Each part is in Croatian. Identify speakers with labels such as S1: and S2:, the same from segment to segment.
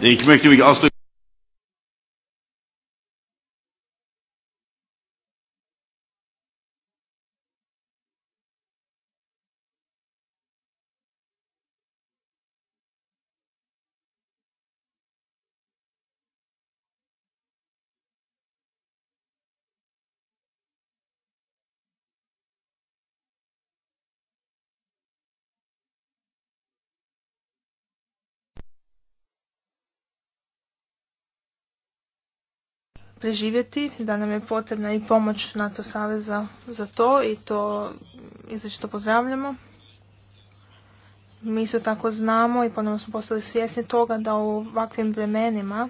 S1: Ich möchte mich
S2: preživjeti, da nam je potrebna i pomoć NATO saveza za to i to izrečito pozdravljamo. Mi isto tako znamo i ponovno smo postali svjesni toga da u ovakvim vremenima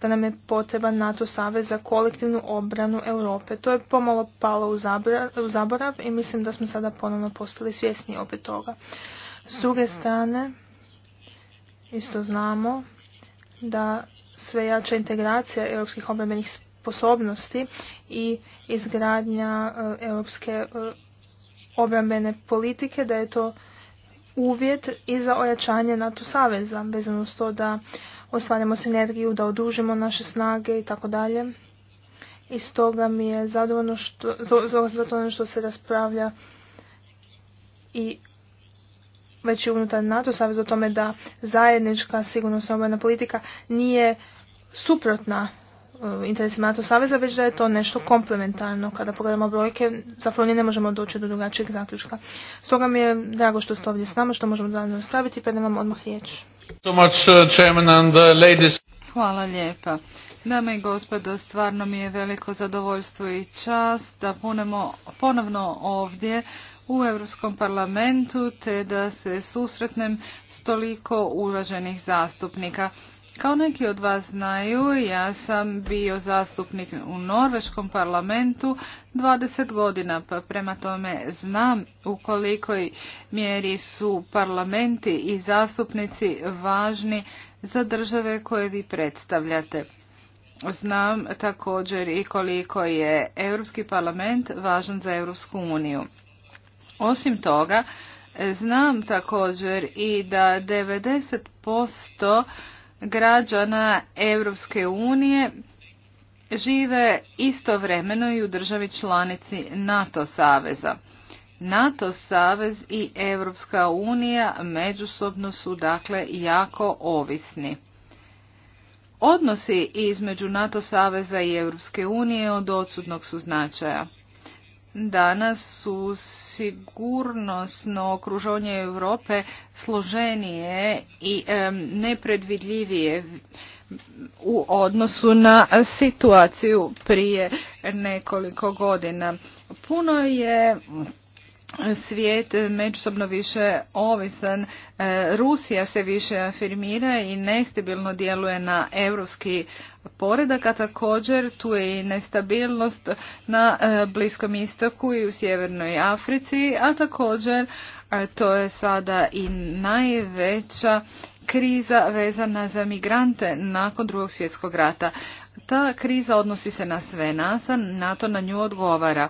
S2: da nam je potreban NATO savez za kolektivnu obranu Europe. To je pomalo palo u zaborav i mislim da smo sada ponovno postali svjesni opet toga. S druge strane, isto znamo da sve jača integracija europskih obrambenih sposobnosti i izgradnja e, europske e, obrambene politike, da je to uvjet i za ojačanje NATO saveza, vezano s to da ostvarimo sinergiju, da odužimo naše snage i tako dalje. I stoga mi je zadovoljno što, što se raspravlja i već i unutar NATO savez o tome da zajednička sigurnosna obrana politika nije suprotna e, interesima NATO saveza, već da je to nešto komplementarno. Kada pogledamo brojke, zapravo ni ne možemo doći do drugačijeg zaključka. Stoga mi je drago što ste ovdje s nama, što možemo zajedno raspraviti i predam vam odmah riječ.
S1: Uh, uh,
S3: Hvala lijepa. Dame i gospodo, stvarno mi je veliko zadovoljstvo i čast da punemo ponovno ovdje u Europskom parlamentu te da se susretnem s toliko uvaženih zastupnika. Kao neki od vas znaju, ja sam bio zastupnik u Norveškom parlamentu 20 godina, pa prema tome znam u kolikoj mjeri su parlamenti i zastupnici važni za države koje vi predstavljate. Znam također i koliko je Europski parlament važan za Europsku uniju. Osim toga, znam također i da 90% građana Europske unije žive istovremeno i u državi članici NATO saveza. NATO savez i Europska unija međusobno su dakle jako ovisni. Odnosi između NATO saveza i Europske unije od odsudnog su značaja danas su sigurnosno okruženje Europe složenije i nepredvidljivije u odnosu na situaciju prije nekoliko godina. Puno je svijet međusobno više ovisan. Rusija se više afirmira i nestabilno djeluje na europski Poredaka, a također tu je i nestabilnost na e, Bliskom istoku i u Sjevernoj Africi, a također e, to je sada i najveća kriza vezana za migrante nakon drugog svjetskog rata. Ta kriza odnosi se na sve nas, a NATO na nju odgovara.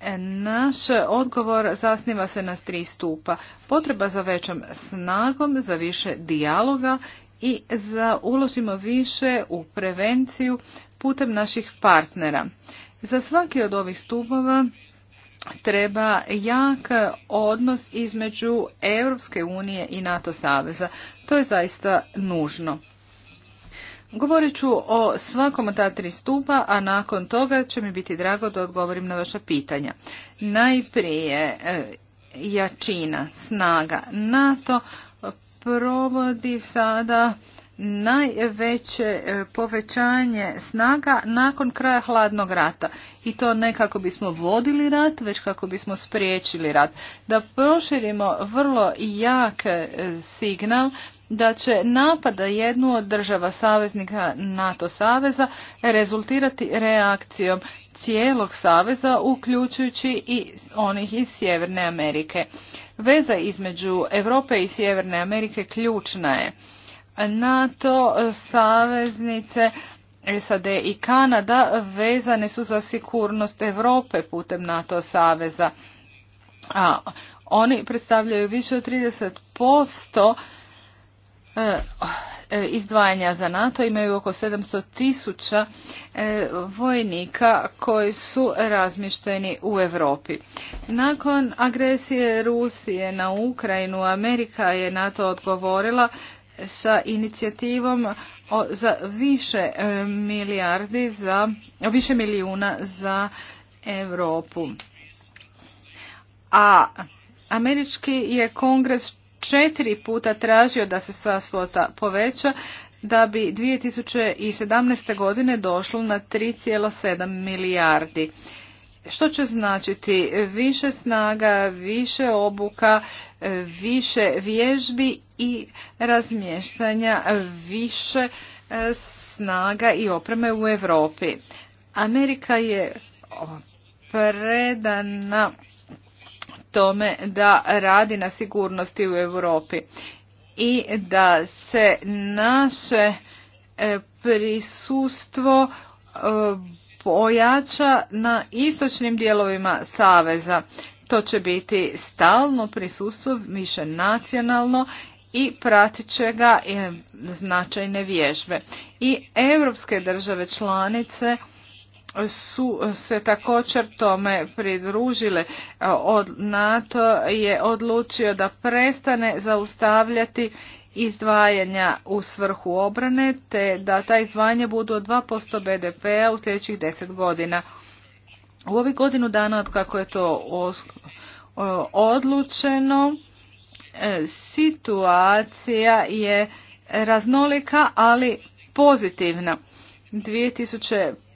S3: E, naš odgovor zasniva se na tri stupa. Potreba za većom snagom, za više dijaloga i za uložimo više u prevenciju putem naših partnera. Za svaki od ovih stupova treba jak odnos između Europske unije i NATO saveza. To je zaista nužno. Govorit ću o svakom od ta tri stupa, a nakon toga će mi biti drago da odgovorim na vaša pitanja. Najprije e, jačina, snaga NATO provodi sada najveće e, povećanje snaga nakon kraja hladnog rata. I to ne kako bismo vodili rat, već kako bismo spriječili rat. Da proširimo vrlo jak e, signal da će napada jednu od država saveznika NATO saveza rezultirati reakcijom cijelog saveza, uključujući i onih iz Sjeverne Amerike. Veza između Europe i Sjeverne Amerike ključna je. NATO saveznice SAD i Kanada vezane su za sigurnost Europe putem NATO saveza. A oni predstavljaju više od 30% E, izdvajanja za NATO imaju oko 700 tisuća e, vojnika koji su razmješteni u Europi. Nakon agresije Rusije na Ukrajinu, Amerika je NATO odgovorila sa inicijativom za više e, milijardi za više milijuna za Europu. A američki je kongres četiri puta tražio da se sva svota poveća da bi 2017. godine došlo na 3,7 milijardi. Što će značiti više snaga, više obuka, više vježbi i razmještanja više e, snaga i opreme u Europi. Amerika je predana tome da radi na sigurnosti u Europi i da se naše e, prisustvo e, pojača na istočnim dijelovima Saveza. To će biti stalno prisustvo, više nacionalno i pratit će ga e, značajne vježbe. I europske države članice su se također tome pridružile. E, od NATO je odlučio da prestane zaustavljati izdvajanja u svrhu obrane, te da ta izdvajanja budu od 2% BDP-a u sljedećih 10 godina. U ovih godinu dana od kako je to odlučeno, e, situacija je raznolika, ali pozitivna.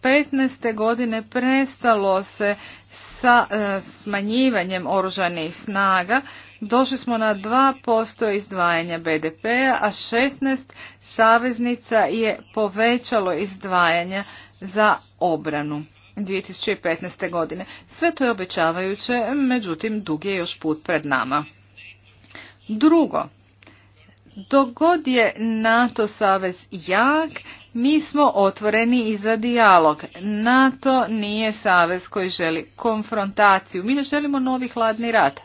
S3: 2015. godine prestalo se sa e, smanjivanjem oružanih snaga. Došli smo na 2% izdvajanja BDP-a, a 16 saveznica je povećalo izdvajanja za obranu 2015. godine. Sve to je obećavajuće, međutim dug je još put pred nama. Drugo, dogod je NATO savez jak, mi smo otvoreni i za dijalog. NATO nije savez koji želi konfrontaciju. Mi ne želimo novi hladni rat.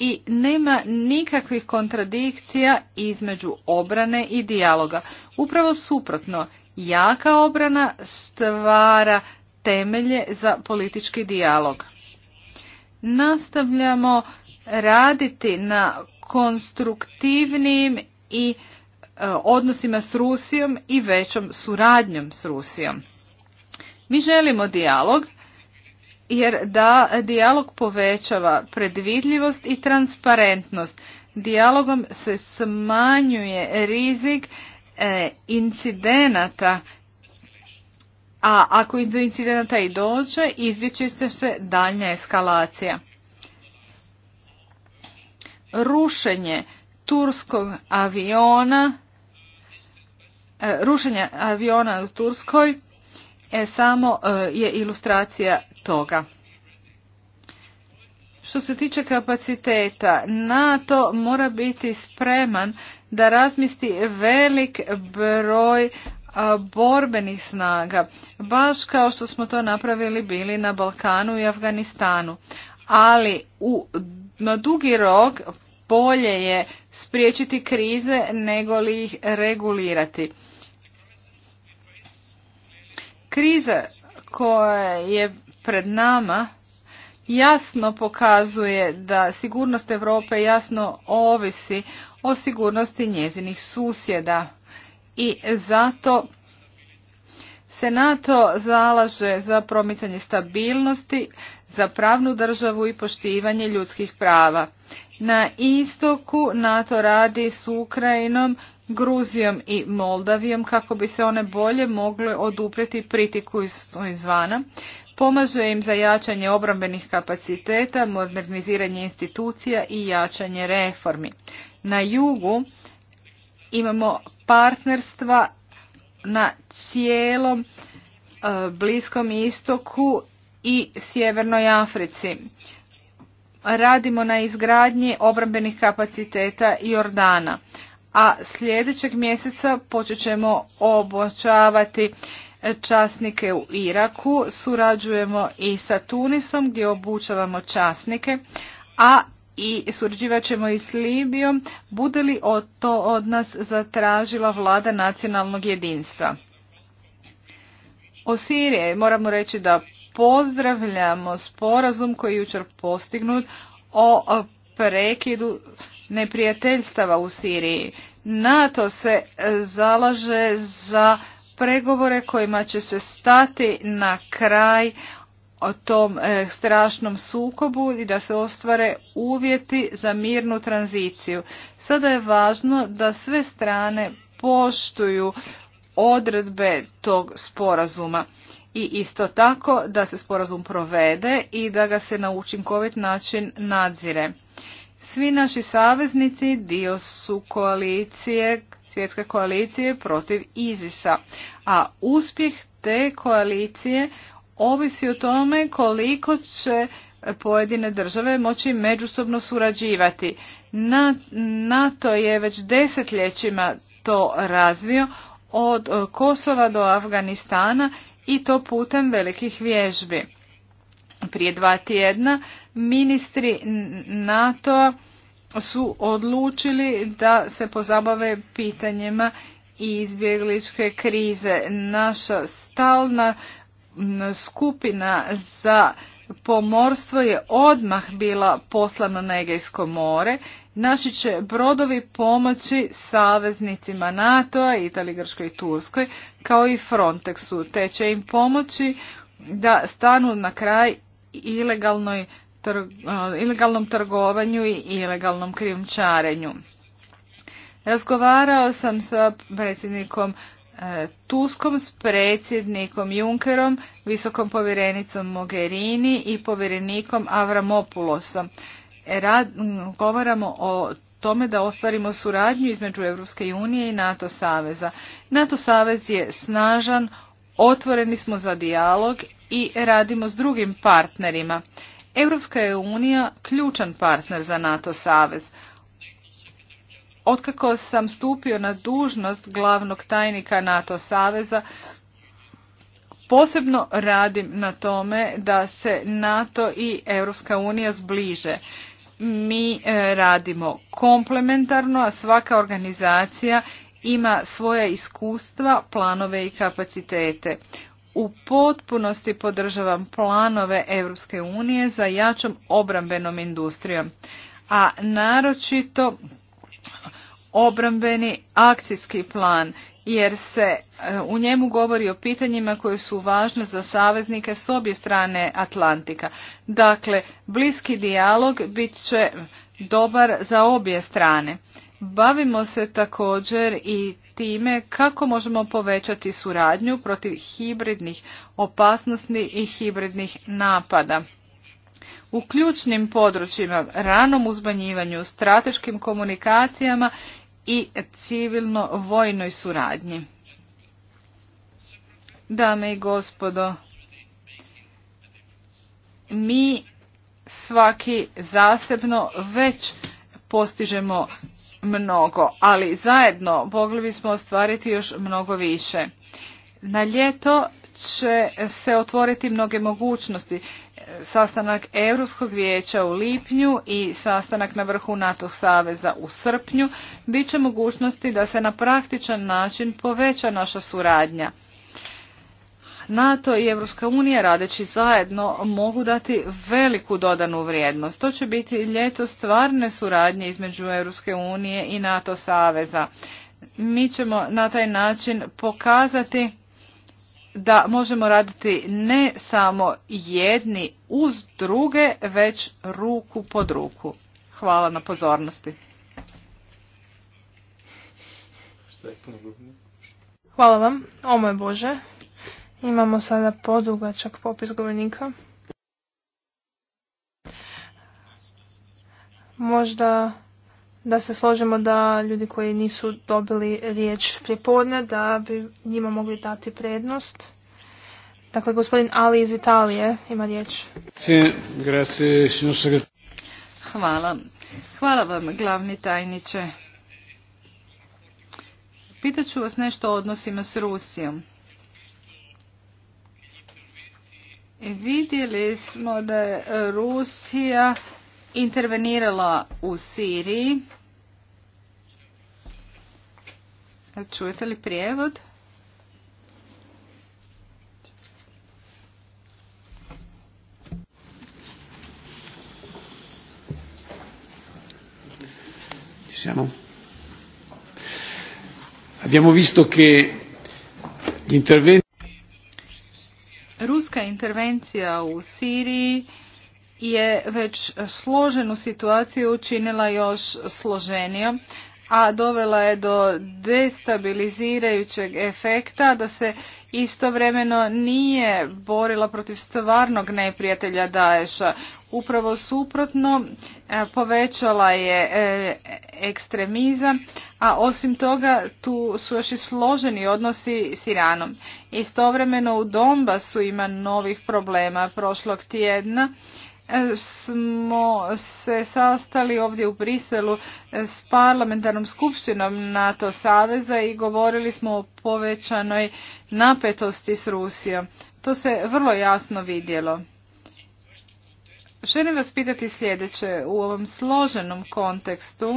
S3: I nema nikakvih kontradikcija između obrane i dijaloga. Upravo suprotno, jaka obrana stvara temelje za politički dijalog. Nastavljamo raditi na konstruktivnim i E, odnosima s Rusijom i većom suradnjom s Rusijom. Mi želimo dijalog jer da dijalog povećava predvidljivost i transparentnost. Dijalogom se smanjuje rizik e, incidenata, a ako do incidenata i dođe, izbjeći će se daljnja eskalacija. Rušenje turskog aviona E, rušenje aviona u Turskoj je samo e, je ilustracija toga. Što se tiče kapaciteta, NATO mora biti spreman da razmisti velik broj e, borbenih snaga, baš kao što smo to napravili bili na Balkanu i Afganistanu. Ali u, na dugi rok bolje je spriječiti krize nego li ih regulirati. Kriza koja je pred nama jasno pokazuje da sigurnost Europe jasno ovisi o sigurnosti njezinih susjeda i zato se NATO zalaže za promicanje stabilnosti, za pravnu državu i poštivanje ljudskih prava. Na istoku NATO radi s Ukrajinom Gruzijom i Moldavijom kako bi se one bolje mogle oduprijeti pritiku izvana. Pomaže im za jačanje obrambenih kapaciteta, moderniziranje institucija i jačanje reformi. Na jugu imamo partnerstva na cijelom e, Bliskom istoku i Sjevernoj Africi. Radimo na izgradnji obrambenih kapaciteta Jordana a sljedećeg mjeseca počet ćemo obočavati e, časnike u Iraku, surađujemo i sa Tunisom gdje obučavamo časnike, a i surađivat ćemo i s Libijom, bude li to od nas zatražila vlada nacionalnog jedinstva. O Sirije moramo reći da pozdravljamo sporazum koji je jučer postignut o prekidu neprijateljstava u Siriji. NATO se e, zalaže za pregovore kojima će se stati na kraj o tom e, strašnom sukobu i da se ostvare uvjeti za mirnu tranziciju. Sada je važno da sve strane poštuju odredbe tog sporazuma i isto tako da se sporazum provede i da ga se na učinkovit način nadzire. Svi naši saveznici dio su koalicije, svjetske koalicije protiv Izisa. a a uspjeh te koalicije ovisi o tome koliko će pojedine države moći međusobno surađivati. NATO je već desetljećima to razvio od Kosova do Afganistana i to putem velikih vježbi. Prije dva tjedna ministri NATO su odlučili da se pozabave pitanjima izbjegličke krize. Naša stalna skupina za pomorstvo je odmah bila poslana na Egejsko more. Naši će brodovi pomoći saveznicima NATO-a, Italiji, Grškoj i Turskoj, kao i Frontexu, te će im pomoći da stanu na kraj ilegalnoj ilegalnom trgovanju i ilegalnom krijumčarenju. Razgovarao sam sa predsjednikom e, Tuskom, s predsjednikom Junkerom, visokom povjerenicom Mogherini i povjerenikom Avramopulosom. E, rad, govoramo o tome da ostvarimo suradnju između Europske unije i NATO saveza. NATO savez je snažan, otvoreni smo za dijalog i radimo s drugim partnerima. Europska je unija ključan partner za NATO savez. Otkako sam stupio na dužnost glavnog tajnika NATO saveza, posebno radim na tome da se NATO i Europska unija zbliže. Mi e, radimo komplementarno, a svaka organizacija ima svoja iskustva, planove i kapacitete u potpunosti podržavam planove Europske unije za jačom obrambenom industrijom, a naročito obrambeni akcijski plan jer se e, u njemu govori o pitanjima koje su važne za saveznike s obje strane Atlantika. Dakle, bliski dijalog bit će dobar za obje strane. Bavimo se također i time kako možemo povećati suradnju protiv hibridnih opasnosti i hibridnih napada. U ključnim područjima, ranom uzbanjivanju, strateškim komunikacijama i civilno-vojnoj suradnji. Dame i gospodo, mi svaki zasebno već postižemo mnogo, ali zajedno mogli bismo ostvariti još mnogo više. Na ljeto će se otvoriti mnoge mogućnosti. Sastanak Europskog vijeća u lipnju i sastanak na vrhu NATO saveza u srpnju bit će mogućnosti da se na praktičan način poveća naša suradnja. NATO i Europska unija radeći zajedno mogu dati veliku dodanu vrijednost. To će biti ljeto stvarne suradnje između Europske unije i NATO saveza. Mi ćemo na taj način pokazati da možemo raditi ne samo jedni uz druge, već ruku pod ruku. Hvala na pozornosti.
S2: Hvala vam, o Bože. Imamo sada podugačak popis govornika. Možda da se složimo da ljudi koji nisu dobili riječ prijepodne, da bi njima mogli dati prednost. Dakle, gospodin Ali iz Italije ima riječ. Hvala. Hvala vam, glavni tajniče.
S3: Pitaću vas nešto o odnosima s Rusijom. Vidjeli smo da je Rusija intervenirala u Siriji. Čujete li prijevod?
S1: Siamo. Abbiamo visto che
S3: gli interventi Ruska intervencija u Siriji je već složenu situaciju učinila još složenijom, a dovela je do destabilizirajućeg efekta da se istovremeno nije borila protiv stvarnog neprijatelja Daesha. Upravo suprotno e, povećala je e, ekstremizam, a osim toga tu su još i složeni odnosi s Iranom. Istovremeno u Donbasu ima novih problema. Prošlog tjedna smo se sastali ovdje u Briselu eh, s parlamentarnom skupštinom NATO saveza i govorili smo o povećanoj napetosti s Rusijom. To se vrlo jasno vidjelo. Želim vas pitati sljedeće u ovom složenom kontekstu,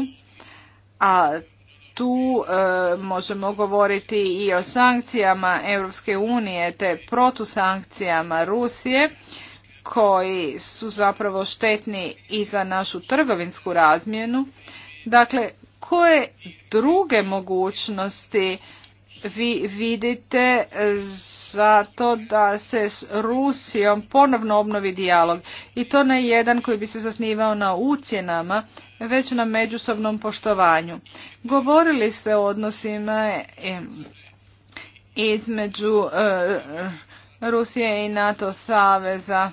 S3: a tu eh, možemo govoriti i o sankcijama Europske unije te protusankcijama Rusije koji su zapravo štetni i za našu trgovinsku razmjenu. Dakle, koje druge mogućnosti vi vidite za to da se s Rusijom ponovno obnovi dijalog i to ne jedan koji bi se zasnivao na ucjenama, već na međusobnom poštovanju. Govorili ste o odnosima između e, e, Rusije i NATO saveza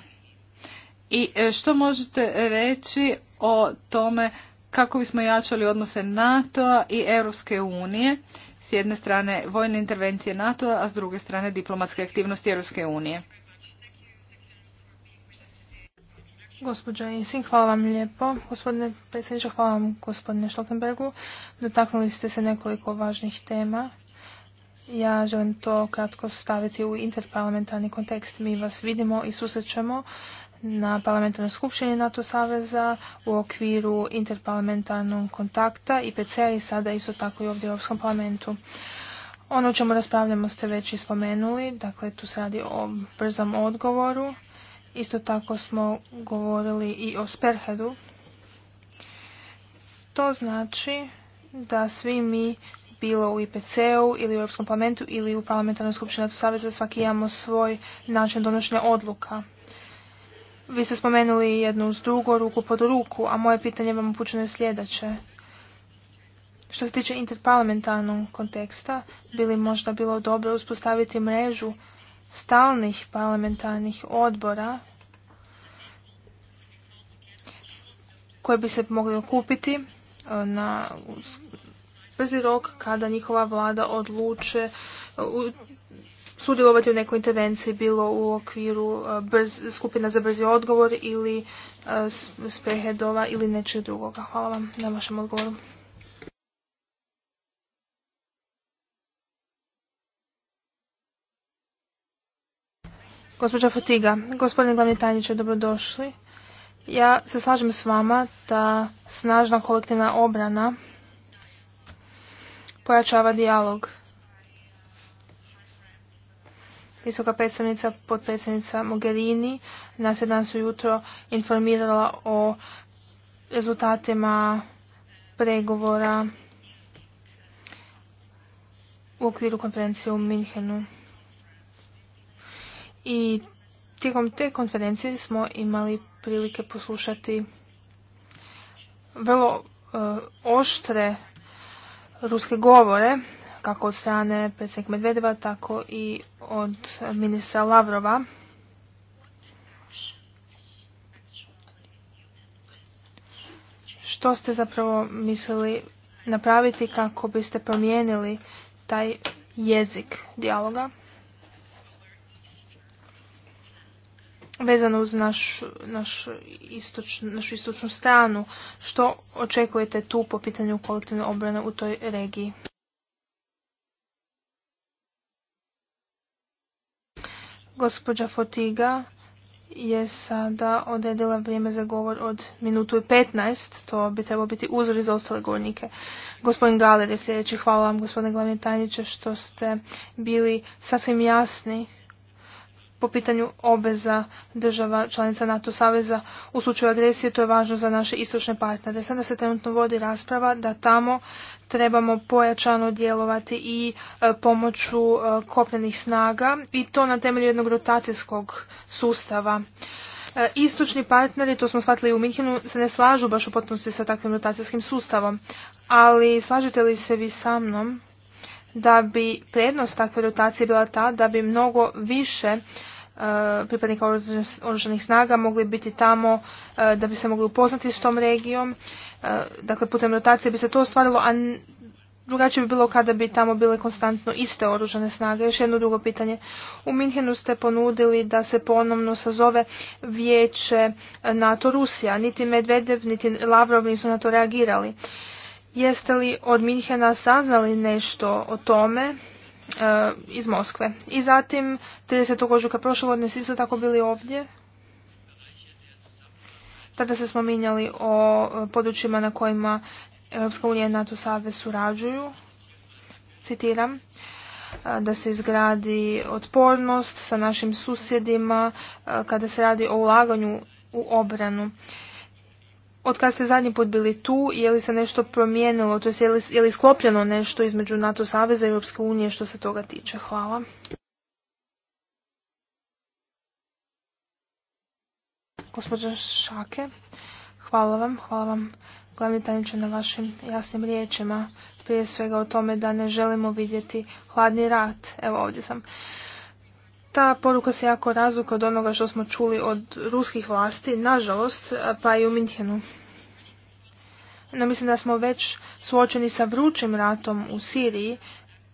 S3: i e, što možete reći o tome kako bismo jačali odnose nato i Europske unije, s jedne strane vojne intervencije NATO-a, s druge strane diplomatske aktivnosti Europske unije?
S2: Gospođo Insing, hvala vam lijepo. Gospodine predsjedniče, hvala vam gospodine Štokenbergu. Dotaknuli ste se nekoliko važnih tema. Ja želim to kratko staviti u interparlamentarni kontekst. Mi vas vidimo i susrećemo na parlamentarno skupštini NATO Saveza u okviru interparlamentarnog kontakta IPC-a i sada isto tako i ovdje u Europskom parlamentu. Ono o čemu raspravljamo ste već i spomenuli, dakle tu se radi o brzom odgovoru. Isto tako smo govorili i o Sperhadu. To znači da svi mi bilo u IPC-u ili u Europskom parlamentu ili u parlamentarnoj skupštini NATO Saveza svaki imamo svoj način donošenja odluka. Vi ste spomenuli jednu uz drugo, ruku pod ruku, a moje pitanje vam upućeno je sljedeće. Što se tiče interparlamentarnog konteksta, bi li možda bilo dobro uspostaviti mrežu stalnih parlamentarnih odbora koje bi se mogli okupiti e, na brzi rok kada njihova vlada odluče e, sudjelovati u nekoj intervenciji bilo u okviru e, skupina za brzi odgovor ili e, sprehedova ili nečeg drugoga. Hvala vam na vašem odgovoru. Gospođa Fotiga, gospodine glavni tajniče, dobrodošli. Ja se slažem s vama da snažna kolektivna obrana pojačava dijalog visoka predstavnica, potpredsjednica Mogherini nas je danas ujutro informirala o rezultatima pregovora u okviru konferencije u Minhenu. I tijekom te konferencije smo imali prilike poslušati vrlo e, oštre ruske govore kako od strane predsjednika Medvedeva, tako i od ministra Lavrova. Što ste zapravo mislili napraviti kako biste promijenili taj jezik dijaloga? vezano uz našu istočnu stranu. Što očekujete tu po pitanju kolektivne obrane u toj regiji? Gospođa Fotiga je sada odredila vrijeme za govor od minutu i 15. To bi trebalo biti uzor za ostale govornike. Gospodin Galer je sljedeći. Hvala vam gospodine glavni tajniče što ste bili sasvim jasni po pitanju obveza država članica NATO saveza u slučaju agresije, to je važno za naše istočne partnere. Sada se trenutno vodi rasprava da tamo trebamo pojačano djelovati i e, pomoću e, kopnenih snaga i to na temelju jednog rotacijskog sustava. E, istočni partneri, to smo shvatili u Minhenu, se ne slažu baš u potpunosti sa takvim rotacijskim sustavom, ali slažete li se vi sa mnom da bi prednost takve rotacije bila ta da bi mnogo više E, pripadnika oružanih snaga mogli biti tamo e, da bi se mogli upoznati s tom regijom. E, dakle, putem rotacije bi se to ostvarilo, a drugačije bi bilo kada bi tamo bile konstantno iste oružane snage. Još jedno drugo pitanje. U Minhenu ste ponudili da se ponovno sazove vijeće NATO-Rusija. Niti Medvedev, niti Lavrov nisu na to reagirali. Jeste li od Minhena saznali nešto o tome? E, iz Moskve. I zatim 30. ožujka prošle godine svi su tako bili ovdje. Tada se smo minjali o e, područjima na kojima Europska unija i NATO savez surađuju. Citiram e, da se izgradi otpornost sa našim susjedima kada se radi o ulaganju u obranu od kada ste zadnji put bili tu, je li se nešto promijenilo, to je, li, je sklopljeno nešto između NATO saveza i Europske unije što se toga tiče? Hvala. Gospođa Šake, hvala vam, hvala vam glavni tajniče na vašim jasnim riječima, prije svega o tome da ne želimo vidjeti hladni rat. Evo ovdje sam ta poruka se jako razlika od onoga što smo čuli od ruskih vlasti, nažalost, pa i u Minhenu. No mislim da smo već suočeni sa vrućim ratom u Siriji,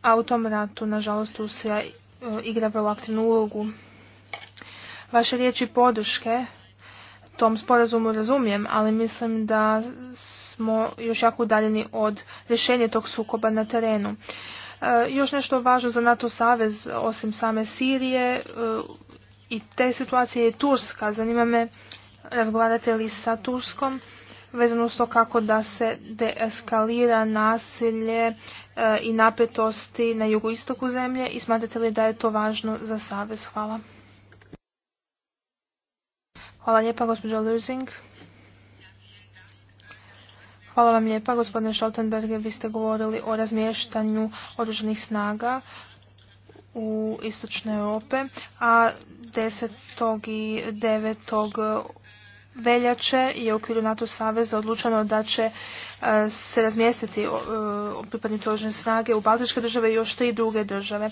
S2: a u tom ratu, nažalost, se igra vrlo aktivnu ulogu. Vaše riječi podrške tom sporazumu razumijem, ali mislim da smo još jako udaljeni od rješenja tog sukoba na terenu. E, još nešto važno za NATO savez osim same Sirije e, i te situacije je Turska. Zanima me razgovarate li sa Turskom vezano s to kako da se deeskalira nasilje e, i napetosti na jugoistoku zemlje i smatrate li da je to važno za savez? Hvala. Hvala lijepa gospođo Hvala vam lijepa, gospodine Šoltenberge. vi ste govorili o razmještanju oružanih snaga u istočne Europe, a 10. i 9. veljače je u okviru NATO saveza odlučeno da će e, se razmjestiti e, pripadnici oružane snage u Baltičke države i još tri druge države.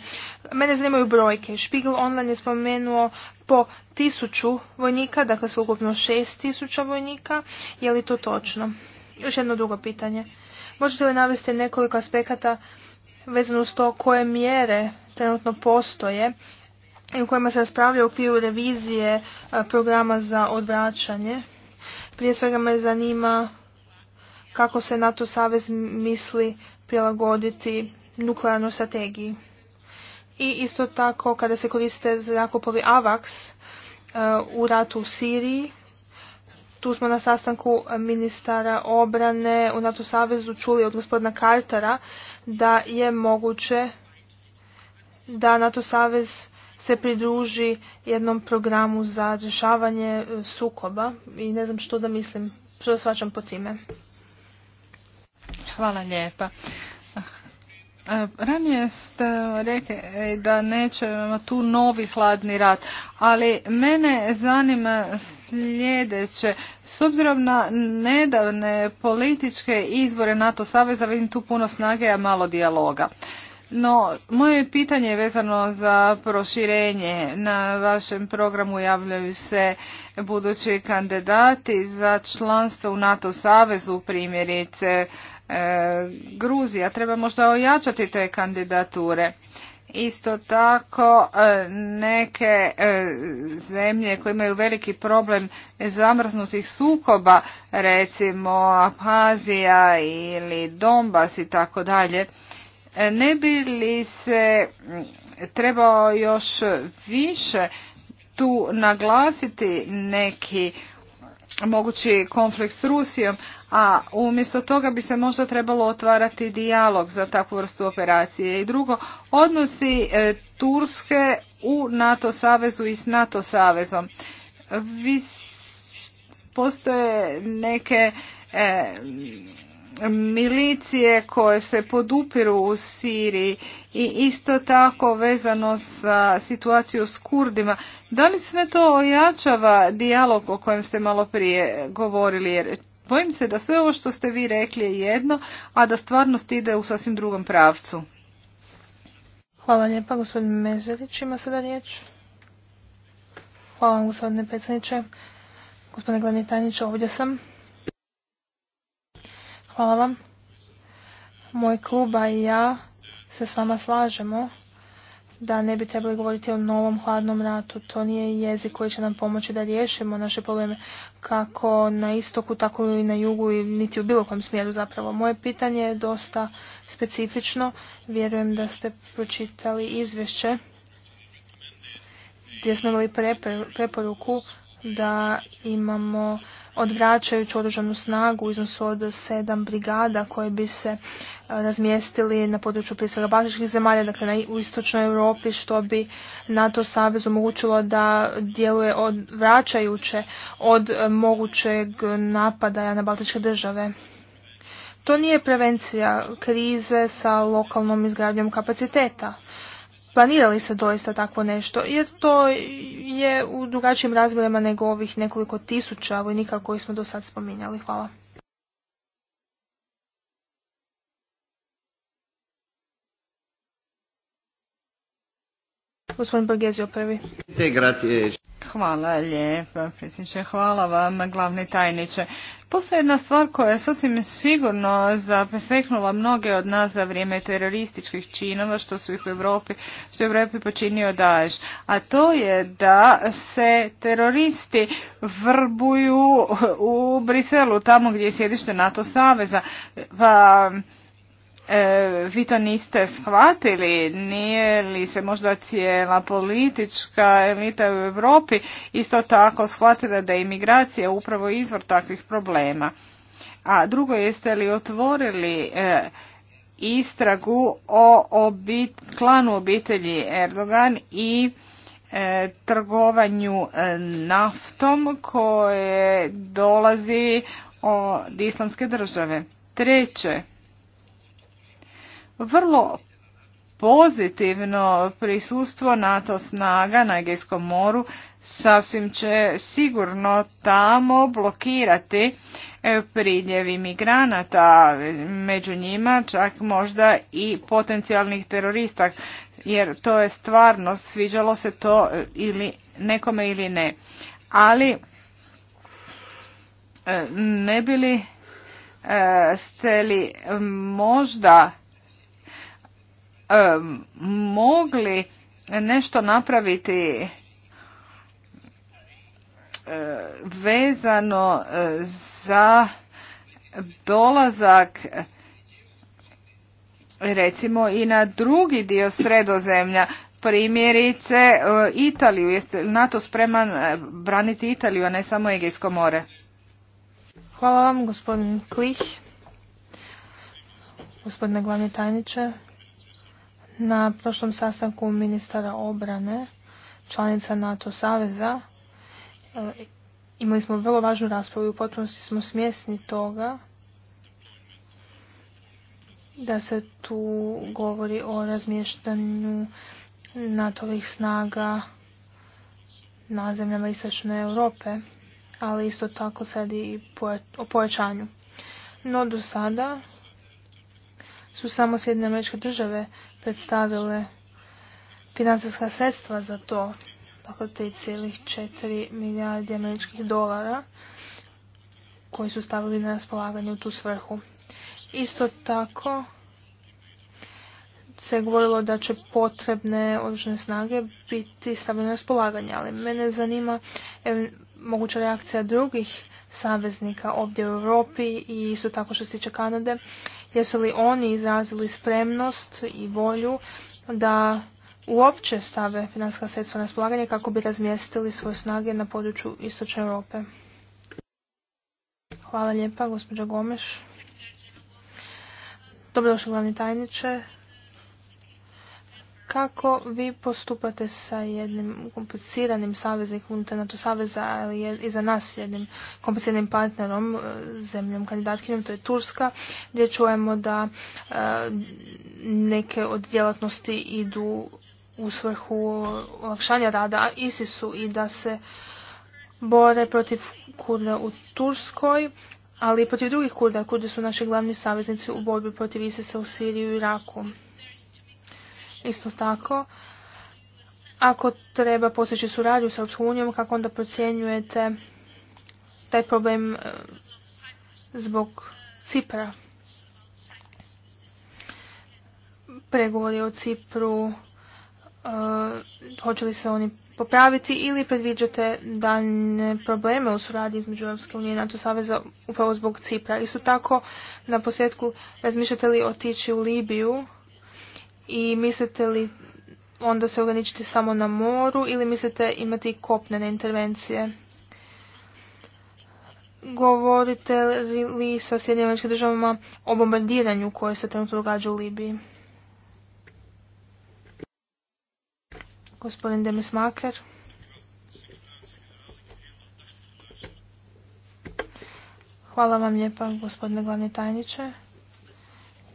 S2: Mene zanimaju brojke. Špigl Online je spomenuo po tisuću vojnika, dakle sveukupno šest tisuća vojnika. Je li to točno? Još jedno drugo pitanje. Možete li navesti nekoliko aspekata vezano uz to koje mjere trenutno postoje i u kojima se raspravlja u okviru revizije programa za odvraćanje? Prije svega me zanima kako se NATO savez misli prilagoditi nuklearnoj strategiji. I isto tako kada se koriste zrakopovi AVAX u ratu u Siriji, tu smo na sastanku ministara obrane u NATO savezu čuli od gospodina Kartara da je moguće da NATO savez se pridruži jednom programu za rješavanje e, sukoba i ne znam što da mislim, što da svačam po time. Hvala lijepa. E, ranije ste rekli e, da nećemo
S3: tu novi hladni rat, ali mene zanima sljedeće. S obzirom na nedavne političke izbore NATO Saveza vidim tu puno snage, a malo dijaloga. No, moje pitanje je vezano za proširenje. Na vašem programu javljaju se budući kandidati za članstvo u NATO savezu primjerice E, Gruzija. Treba možda ojačati te kandidature. Isto tako e, neke e, zemlje koje imaju veliki problem zamrznutih sukoba, recimo Abhazija ili Donbas i tako dalje, ne bi li se trebao još više tu naglasiti neki mogući konflikt s Rusijom, a umjesto toga bi se možda trebalo otvarati dijalog za takvu vrstu operacije. I drugo, odnosi e, Turske u NATO savezu i s NATO savezom. postoje neke e, milicije koje se podupiru u Siriji i isto tako vezano sa situaciju s Kurdima. Da li sve to ojačava dijalog o kojem ste malo prije govorili? Jer bojim se da sve ovo što ste vi rekli je jedno, a da stvarnost ide u sasvim drugom pravcu.
S2: Hvala lijepa, gospodin Mezerić ima sada riječ. Hvala vam, gospodine predsjedniče. Gospodine glavni tajniče, ovdje sam. Hvala vam. Moj kluba i ja se s vama slažemo da ne bi trebali govoriti o novom hladnom ratu. To nije jezik koji će nam pomoći da riješimo naše probleme kako na istoku, tako i na jugu i niti u bilo kom smjeru zapravo. Moje pitanje je dosta specifično. Vjerujem da ste pročitali izvješće gdje smo imali preporuku da imamo odvraćajuću oružanu snagu u iznosu od sedam brigada koje bi se e, razmjestili na području prije svega baltičkih zemalja, dakle na, u istočnoj Europi, što bi NATO savez omogućilo da djeluje odvraćajuće od e, mogućeg napadaja na baltičke države. To nije prevencija krize sa lokalnom izgradnjom kapaciteta planira se doista takvo nešto, jer to je u drugačijim razmjerima nego ovih nekoliko tisuća vojnika koji smo do sad spominjali. Hvala. Gospodin Borgezio prvi. Hvala lijepa, predsjedniče. Hvala vam,
S3: glavni tajniče. Postoje jedna stvar koja je sasvim sigurno zapeseknula mnoge od nas za vrijeme terorističkih činova što su ih u Europi, počinio Daesh, a to je da se teroristi vrbuju u Briselu, tamo gdje je sjedište NATO saveza. Pa, E, vi to niste shvatili, nije li se možda cijela politička elita u Europi isto tako shvatila da je imigracija upravo izvor takvih problema. A drugo, jeste li otvorili e, istragu o obit, klanu obitelji Erdogan i e, trgovanju naftom koje dolazi od islamske države. Treće, vrlo pozitivno prisustvo NATO snaga na Egejskom moru sasvim će sigurno tamo blokirati e, priljevi migranata, među njima čak možda i potencijalnih terorista, jer to je stvarno sviđalo se to ili nekome ili ne. Ali e, ne bili e, ste li možda E, mogli nešto napraviti e, vezano e, za dolazak recimo i na drugi dio sredozemlja primjerice Italiju jeste NATO spreman braniti Italiju a ne samo Egejsko more
S2: Hvala vam gospodin Klih gospodine glavni tajniče na prošlom sastanku ministara obrane, članica NATO saveza, e, imali smo vrlo važnu raspravu i u potpunosti smo smjesni toga da se tu govori o razmještanju NATO-ovih snaga na zemljama Istočne Europe, ali isto tako sad i o pojačanju. No do sada su samo Sjedine američke države predstavile financijska sredstva za to, dakle 3,4 milijardi američkih dolara koji su stavili na raspolaganje u tu svrhu. Isto tako se je govorilo da će potrebne oružane snage biti stavljene na raspolaganje, ali mene zanima moguća reakcija drugih saveznika ovdje u Europi i isto tako što se tiče Kanade Jesu li oni izrazili spremnost i volju da uopće stave financijska sredstva na spolaganje kako bi razmjestili svoje snage na području Istočne Europe? Hvala lijepa, gospođa Gomeš. Dobrodošli, glavni tajniče kako vi postupate sa jednim kompliciranim saveznikom unutar NATO saveza, ali i za nas jednim kompliciranim partnerom, e, zemljom kandidatkinjom, to je Turska, gdje čujemo da e, neke od djelatnosti idu u svrhu olakšanja rada ISIS-u i da se bore protiv kurda u Turskoj, ali i protiv drugih kurda. kurde su naši glavni saveznici u borbi protiv ISIS-a u Siriju i Iraku. Isto tako, ako treba postići suradnju sa Europskom kako onda procjenjujete taj problem e, zbog Cipra? Pregovori o Cipru, e, hoće li se oni popraviti ili predviđate daljne probleme u suradnji između Europske unije i NATO saveza upravo zbog Cipra. Isto tako, na posljedku, razmišljate li otići u Libiju i mislite li onda se ograničiti samo na moru ili mislite imati kopnene intervencije? Govorite li sa Sjedinim državama o bombardiranju koje se trenutno događa u Libiji? Gospodin Maker. Hvala vam lijepa, gospodine glavni tajniče.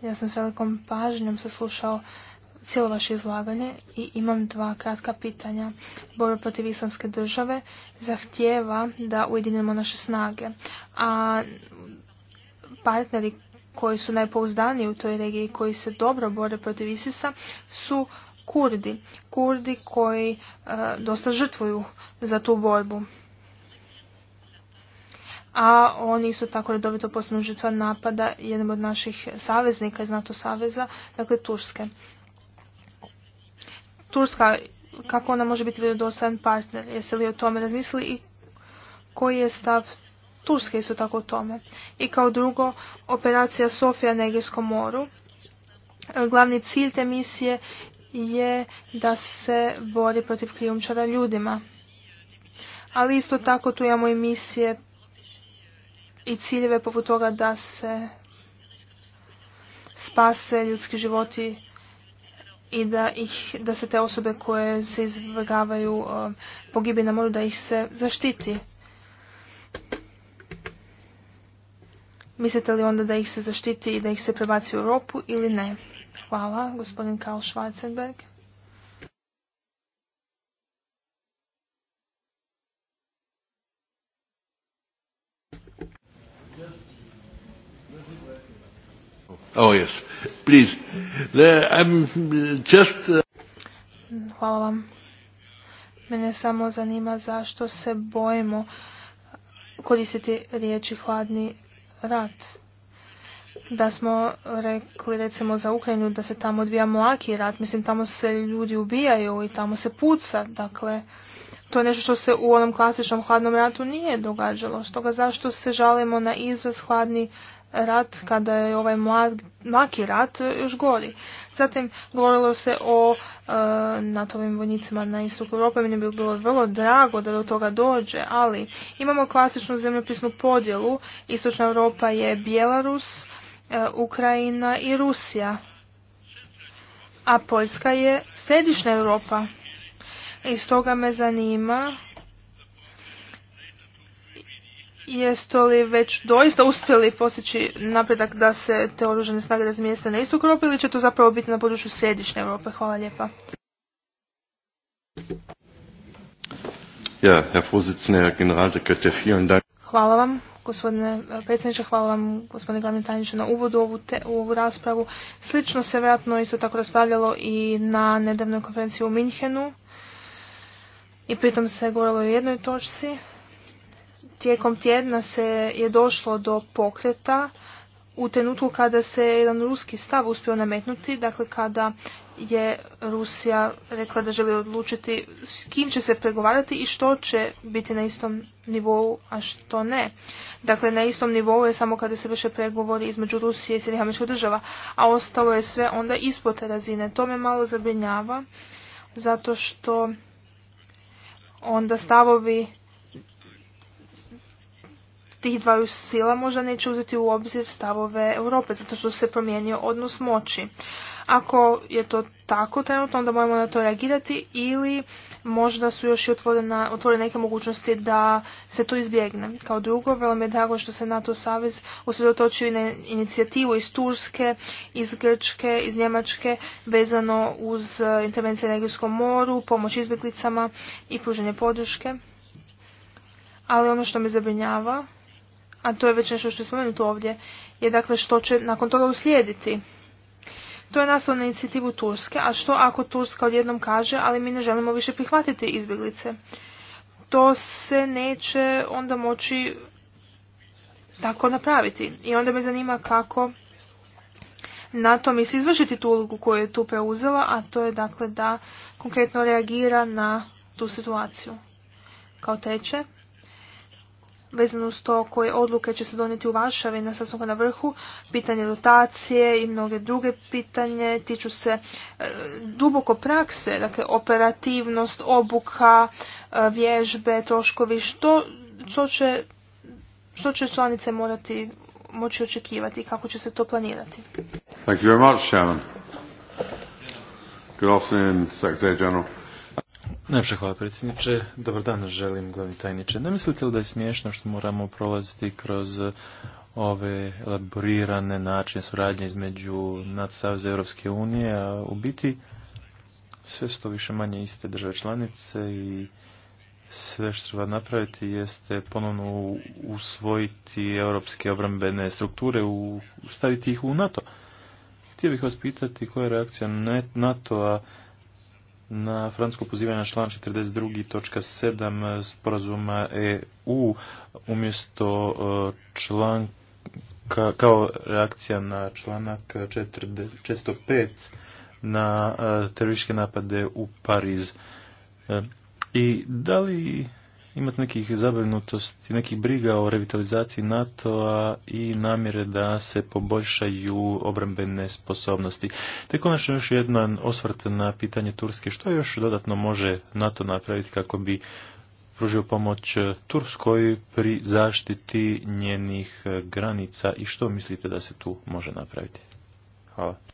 S2: Ja sam s velikom pažnjom saslušao cijelo vaše izlaganje i imam dva kratka pitanja. Borba protiv islamske države zahtjeva da ujedinimo naše snage, a partneri koji su najpouzdaniji u toj regiji koji se dobro bore protiv Isisa su Kurdi. Kurdi koji e, dosta žrtvuju za tu borbu a oni isto tako redovito postanu žrtva napada jednog od naših saveznika iz NATO saveza, dakle Turske. Turska, kako ona može biti vjerodostojan partner? Jeste li o tome razmislili i koji je stav Turske isto tako o tome? I kao drugo, operacija Sofija na Egejskom moru. Glavni cilj te misije je da se bori protiv krijumčara ljudima. Ali isto tako tu imamo i misije i ciljeve poput toga da se spase ljudski životi i da, ih, da se te osobe koje se izvrgavaju uh, pogibi na moru, da ih se zaštiti. Mislite li onda da ih se zaštiti i da ih se prebaci u Europu ili ne? Hvala, gospodin Karl Schwarzenberg.
S1: Oh yes, please. I'm just... Uh,
S2: Hvala vam. Mene samo zanima zašto se bojimo koristiti riječi hladni rat. Da smo rekli recimo za Ukrajinu da se tamo odvija mlaki rat, mislim tamo se ljudi ubijaju i tamo se puca, dakle to je nešto što se u onom klasičnom hladnom ratu nije događalo. Stoga zašto se žalimo na izraz hladni rat kada je ovaj mlaki rat još gori. Zatim govorilo se o e, NATO-ovim vojnicima na istoku Europe. Meni bi bilo vrlo drago da do toga dođe, ali imamo klasičnu zemljopisnu podjelu. Istočna Europa je Bjelarus, e, Ukrajina i Rusija. A Poljska je središnja Europa. I stoga me zanima Jeste li već doista uspjeli postići napredak da se te oružane snage razmijeste na istok Europe ili će to zapravo biti na području središnje Europe? Hvala lijepa.
S1: Ja, Herr Vorsitzender,
S2: Hvala vam, gospodine predsjedniče, hvala vam, gospodine glavni tajniče, na uvodu ovu u ovu raspravu. Slično se vjerojatno isto tako raspravljalo i na nedavnoj konferenciji u Minhenu. I pritom se govorilo o jednoj točci, tijekom tjedna se je došlo do pokreta u trenutku kada se jedan ruski stav uspio nametnuti, dakle kada je Rusija rekla da želi odlučiti s kim će se pregovarati i što će biti na istom nivou, a što ne. Dakle, na istom nivou je samo kada se vrše pregovori između Rusije i američkih država, a ostalo je sve onda ispod te razine. To me malo zabrinjava, zato što onda stavovi tih dvaju sila možda neće uzeti u obzir stavove Europe, zato što se promijenio odnos moći. Ako je to tako trenutno, onda moramo na to reagirati ili možda su još i otvorene neke mogućnosti da se to izbjegne. Kao drugo, velo mi je drago što se NATO savez usredotočio i na inicijativu iz Turske, iz Grčke, iz Njemačke vezano uz eh, intervencije na Egijskom moru, pomoć izbjeglicama i pruženje podrške. Ali ono što me zabrinjava a to je već nešto što je spomenuto ovdje, je dakle što će nakon toga uslijediti. To je naslov na inicijativu Turske, a što ako Turska odjednom kaže, ali mi ne želimo više prihvatiti izbjeglice? To se neće onda moći tako napraviti. I onda me zanima kako na to misli izvršiti tu ulogu koju je tu preuzela, a to je dakle da konkretno reagira na tu situaciju. Kao teče, vezano s to koje odluke će se donijeti u Varšavi na sastanku na vrhu, pitanje rotacije i mnoge druge pitanje tiču se e, duboko prakse, dakle operativnost, obuka, e, vježbe, troškovi, što, će, članice morati moći očekivati i kako će se to planirati.
S1: Secretary General hvala predsjedniče. Dobar dan želim glavni tajniče. Ne mislite li da je smiješno što moramo prolaziti kroz ove elaborirane načine suradnje između NATO Saveza Europske unije, a u biti sve to više manje iste države članice i sve što treba napraviti jeste ponovno usvojiti europske obrambene strukture, staviti ih u NATO. Htio bih vas pitati koja je reakcija NATO-a na francusko pozivanje na član 42.7 sporazuma EU umjesto e, član kao reakcija na članak 405 na e, terorističke napade u Pariz. E, I da li imati nekih zabrinutosti, nekih briga o revitalizaciji NATO-a i namjere da se poboljšaju obrambene sposobnosti. Te konačno još jedan osvrt na pitanje Turske. Što još dodatno može NATO napraviti kako bi pružio pomoć Turskoj pri zaštiti njenih granica i što mislite da se tu može napraviti? Hvala.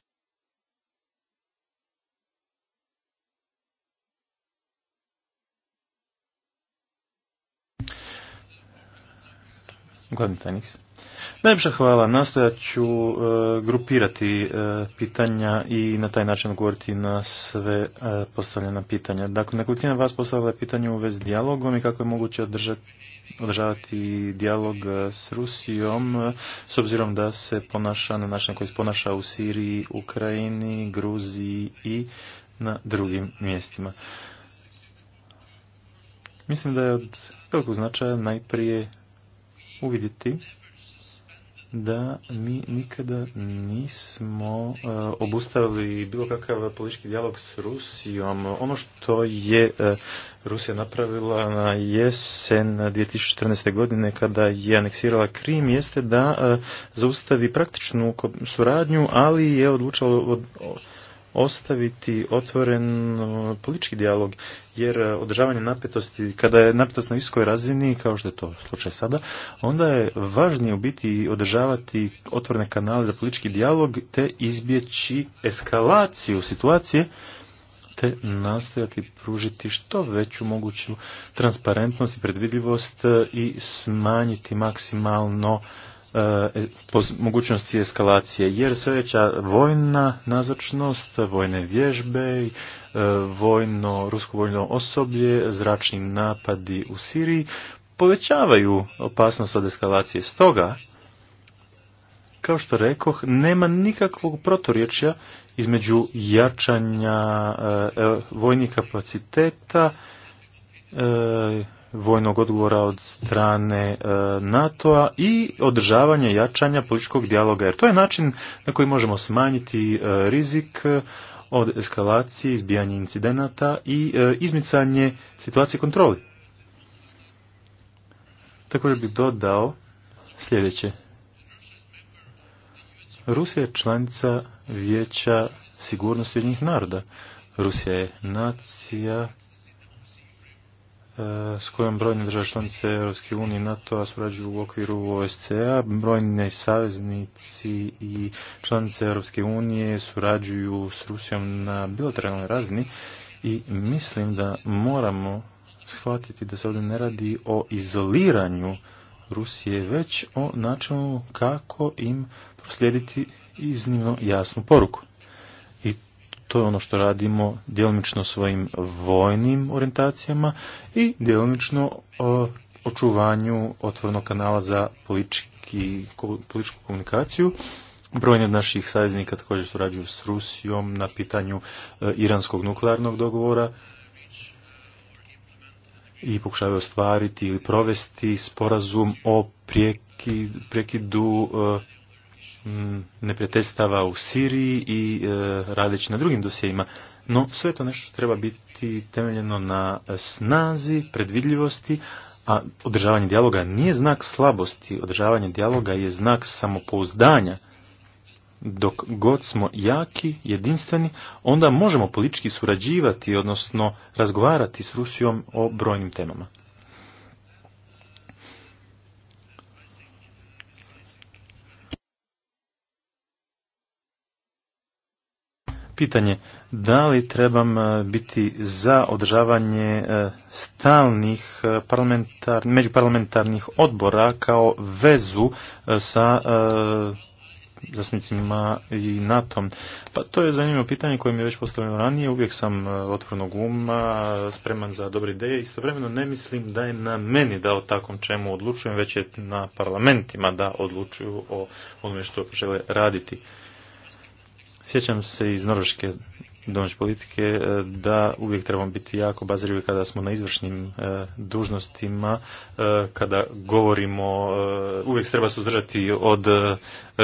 S1: Glavni tajnik. hvala. Nastojat ću e, grupirati e, pitanja i na taj način govoriti na sve e, postavljena pitanja. Dakle, nekolicina vas postavila je pitanje u vezi s dijalogom i kako je moguće održati održavati dijalog s Rusijom s obzirom da se ponaša na način koji se ponaša u Siriji, Ukrajini, Gruziji i na drugim mjestima. Mislim da je od velikog značaja najprije uvidjeti da mi nikada nismo e, obustavili bilo kakav politički dijalog s Rusijom. Ono što je e, Rusija napravila na jesen 2014. godine kada je aneksirala Krim jeste da e, zaustavi praktičnu suradnju, ali je odlučila od, od, ostaviti otvoren uh, politički dijalog, jer uh, održavanje napetosti, kada je napetost na viskoj razini, kao što je to slučaj sada, onda je važnije u biti održavati otvorene kanale za politički dijalog, te izbjeći eskalaciju situacije, te nastojati pružiti što veću moguću transparentnost i predvidljivost uh, i smanjiti maksimalno E, e, mogućnosti eskalacije, jer sve veća vojna nazočnost, vojne vježbe, e, vojno, rusko vojno osoblje, zračni napadi u Siriji povećavaju opasnost od eskalacije. Stoga, kao što rekoh, nema nikakvog protorječja između jačanja vojnih kapaciteta vojnog odgovora od strane e, NATO-a i održavanje jačanja političkog dijaloga. Jer to je način na koji možemo smanjiti e, rizik od eskalacije, izbijanje incidenata i e, izmicanje situacije kontroli. Također bih dodao sljedeće. Rusija je članica vijeća sigurnosti jednih naroda. Rusija je nacija E, s kojom brojne države članice Europske unije i NATO-a surađuju u okviru OSCE-a. Brojne saveznici i članice Europske unije surađuju s Rusijom na bilateralnoj razini i mislim da moramo shvatiti da se ovdje ne radi o izoliranju Rusije, već o načinu kako im proslijediti iznimno jasnu poruku to je ono što radimo djelomično svojim vojnim orientacijama i djelomično očuvanju otvornog kanala za političku komunikaciju. Brojni od naših saveznika također surađuju s Rusijom na pitanju e, iranskog nuklearnog dogovora i pokušavaju ostvariti ili provesti sporazum o prekidu e, ne mm, neprijateljstava u Siriji i e, radeći na drugim dosjeima, No sve to nešto treba biti temeljeno na snazi, predvidljivosti, a održavanje dijaloga nije znak slabosti, održavanje dijaloga je znak samopouzdanja. Dok god smo jaki, jedinstveni, onda možemo politički surađivati, odnosno razgovarati s Rusijom o brojnim temama. pitanje da li trebam e, biti za održavanje e, stalnih e, parlamentar, međuparlamentarnih odbora kao vezu sa zasnicima i nato Pa to je zanimljivo pitanje koje mi je već postavljeno ranije. Uvijek sam otvornog uma, spreman za dobre ideje. Istovremeno ne mislim da je na meni da o takvom čemu odlučujem, već je na parlamentima da odlučuju o onome što žele raditi. Sjećam se iz norveške domaće politike e, da uvijek trebamo biti jako bazirivi kada smo na izvršnim e, dužnostima, e, kada govorimo, uvijek treba se od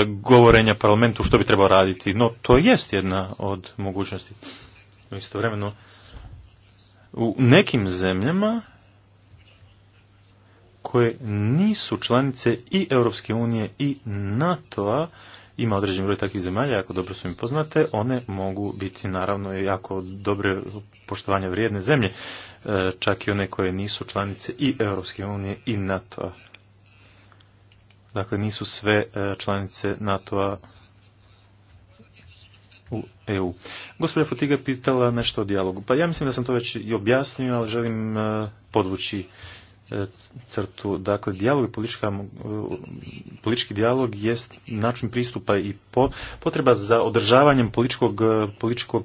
S1: govorenja parlamentu što bi trebao raditi. No, to jest jedna od mogućnosti. Istovremeno, u nekim zemljama koje nisu članice i Europske unije i NATO-a, ima određen broj takvih zemalja, ako dobro su im poznate, one mogu biti naravno jako dobre poštovanja vrijedne zemlje, e, čak i one koje nisu članice i Europske unije i NATO-a. Dakle, nisu sve e, članice NATO-a u EU. Gospođa Fotiga pitala nešto o dijalogu. Pa ja mislim da sam to već i objasnio, ali želim e, podvući E, crtu. Dakle, dijalog politička, e, politički dijalog jest način pristupa i potreba za održavanjem političkog, e, političkog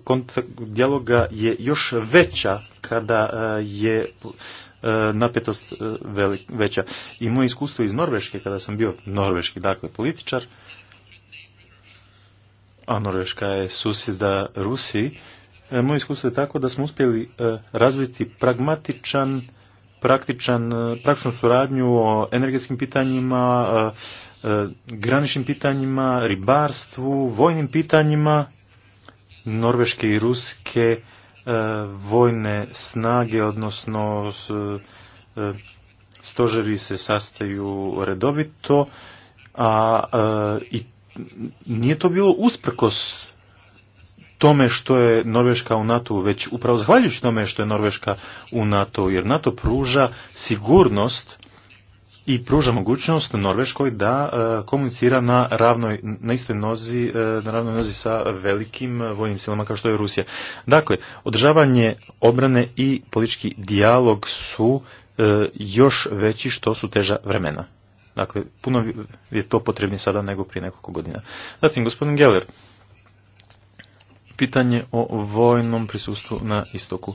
S1: dijaloga je još veća kada je napetost veća. I moje iskustvo iz Norveške, kada sam bio norveški, dakle, političar, a Norveška je susjeda Rusiji, moje iskustvo je tako da smo uspjeli razviti pragmatičan praktičan, e, praktičnu suradnju o energetskim pitanjima, e, e, graničnim pitanjima, ribarstvu, vojnim pitanjima, norveške i ruske vojne snage, odnosno stožeri se sastaju redovito, a i nije to bilo usprkos tome što je Norveška u NATO, već upravo zahvaljujući tome što je Norveška u NATO, jer NATO pruža sigurnost i pruža mogućnost Norveškoj da e, komunicira na ravnoj, na istoj nozi, e, na ravnoj nozi sa velikim vojnim silama kao što je Rusija. Dakle, održavanje obrane i politički dijalog su e, još veći što su teža vremena. Dakle, puno je to potrebnije sada nego prije nekoliko godina. Zatim, gospodin Geller, pitanje o vojnom prisustvu na istoku.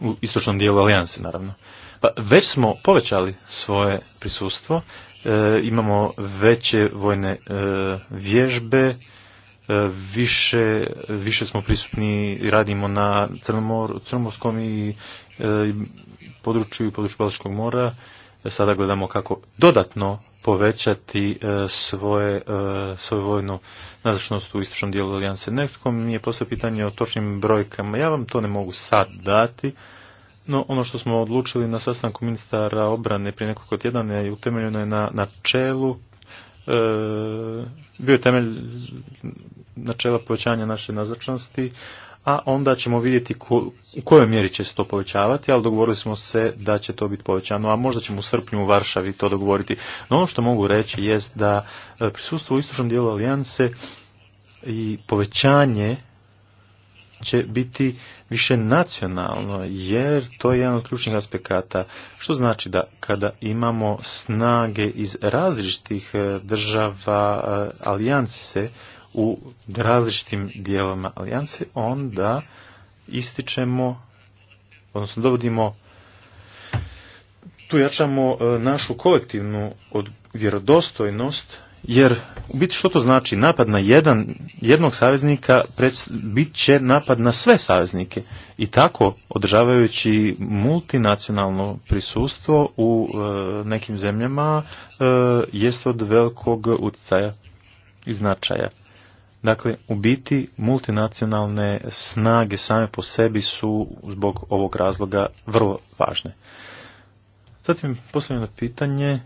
S1: U istočnom dijelu alijanse, naravno. Pa već smo povećali svoje prisustvo, e, imamo veće vojne e, vježbe, e, više, više smo prisutni i radimo na Crnomor, Crnomorskom i području i području Baltičkog mora. Sada gledamo kako dodatno povećati e, svoje, e, svoju vojnu nazočnost u istočnom dijelu alijanse. Nekako mi je postoje pitanje o točnim brojkama. Ja vam to ne mogu sad dati, no ono što smo odlučili na sastanku ministara obrane prije nekoliko tjedana je utemeljeno je na načelu e, bio je temelj načela povećanja naše nazočnosti, a onda ćemo vidjeti u kojoj mjeri će se to povećavati, ali dogovorili smo se da će to biti povećano, a možda ćemo u srpnju u Varšavi to dogovoriti. No ono što mogu reći jest da e, prisustvo u istočnom dijelu alijanse i povećanje će biti više nacionalno, jer to je jedan od ključnih aspekata. Što znači da kada imamo snage iz različitih e, država e, alijanse, u različitim dijelovima alijanse, onda ističemo, odnosno dovodimo, tu jačamo e, našu kolektivnu vjerodostojnost, jer u biti što to znači? Napad na jedan, jednog saveznika bit će napad na sve saveznike. I tako, održavajući multinacionalno prisustvo u e, nekim zemljama, e, jest od velikog utjecaja i značaja. Dakle, u biti multinacionalne snage same po sebi su zbog ovog razloga vrlo važne. Zatim, posljedno pitanje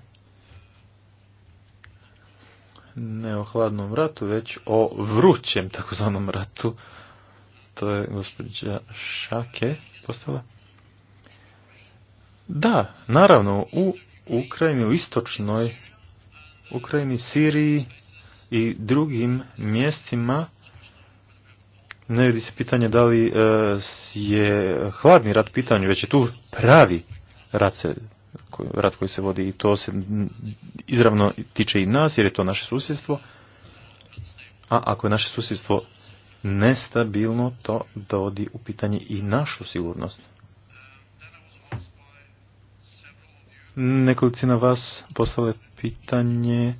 S1: ne o hladnom ratu, već o vrućem takozvanom ratu. To je gospođa Šake postala. Da, naravno, u Ukrajini, u istočnoj Ukrajini, Siriji, i drugim mjestima ne vidi se pitanje da li e, je hladni rat pitanju, već je tu pravi rat, se, rat koji se vodi i to se izravno tiče i nas jer je to naše susjedstvo. A ako je naše susjedstvo nestabilno, to dovodi u pitanje i našu sigurnost. Nekolicina vas postavlja pitanje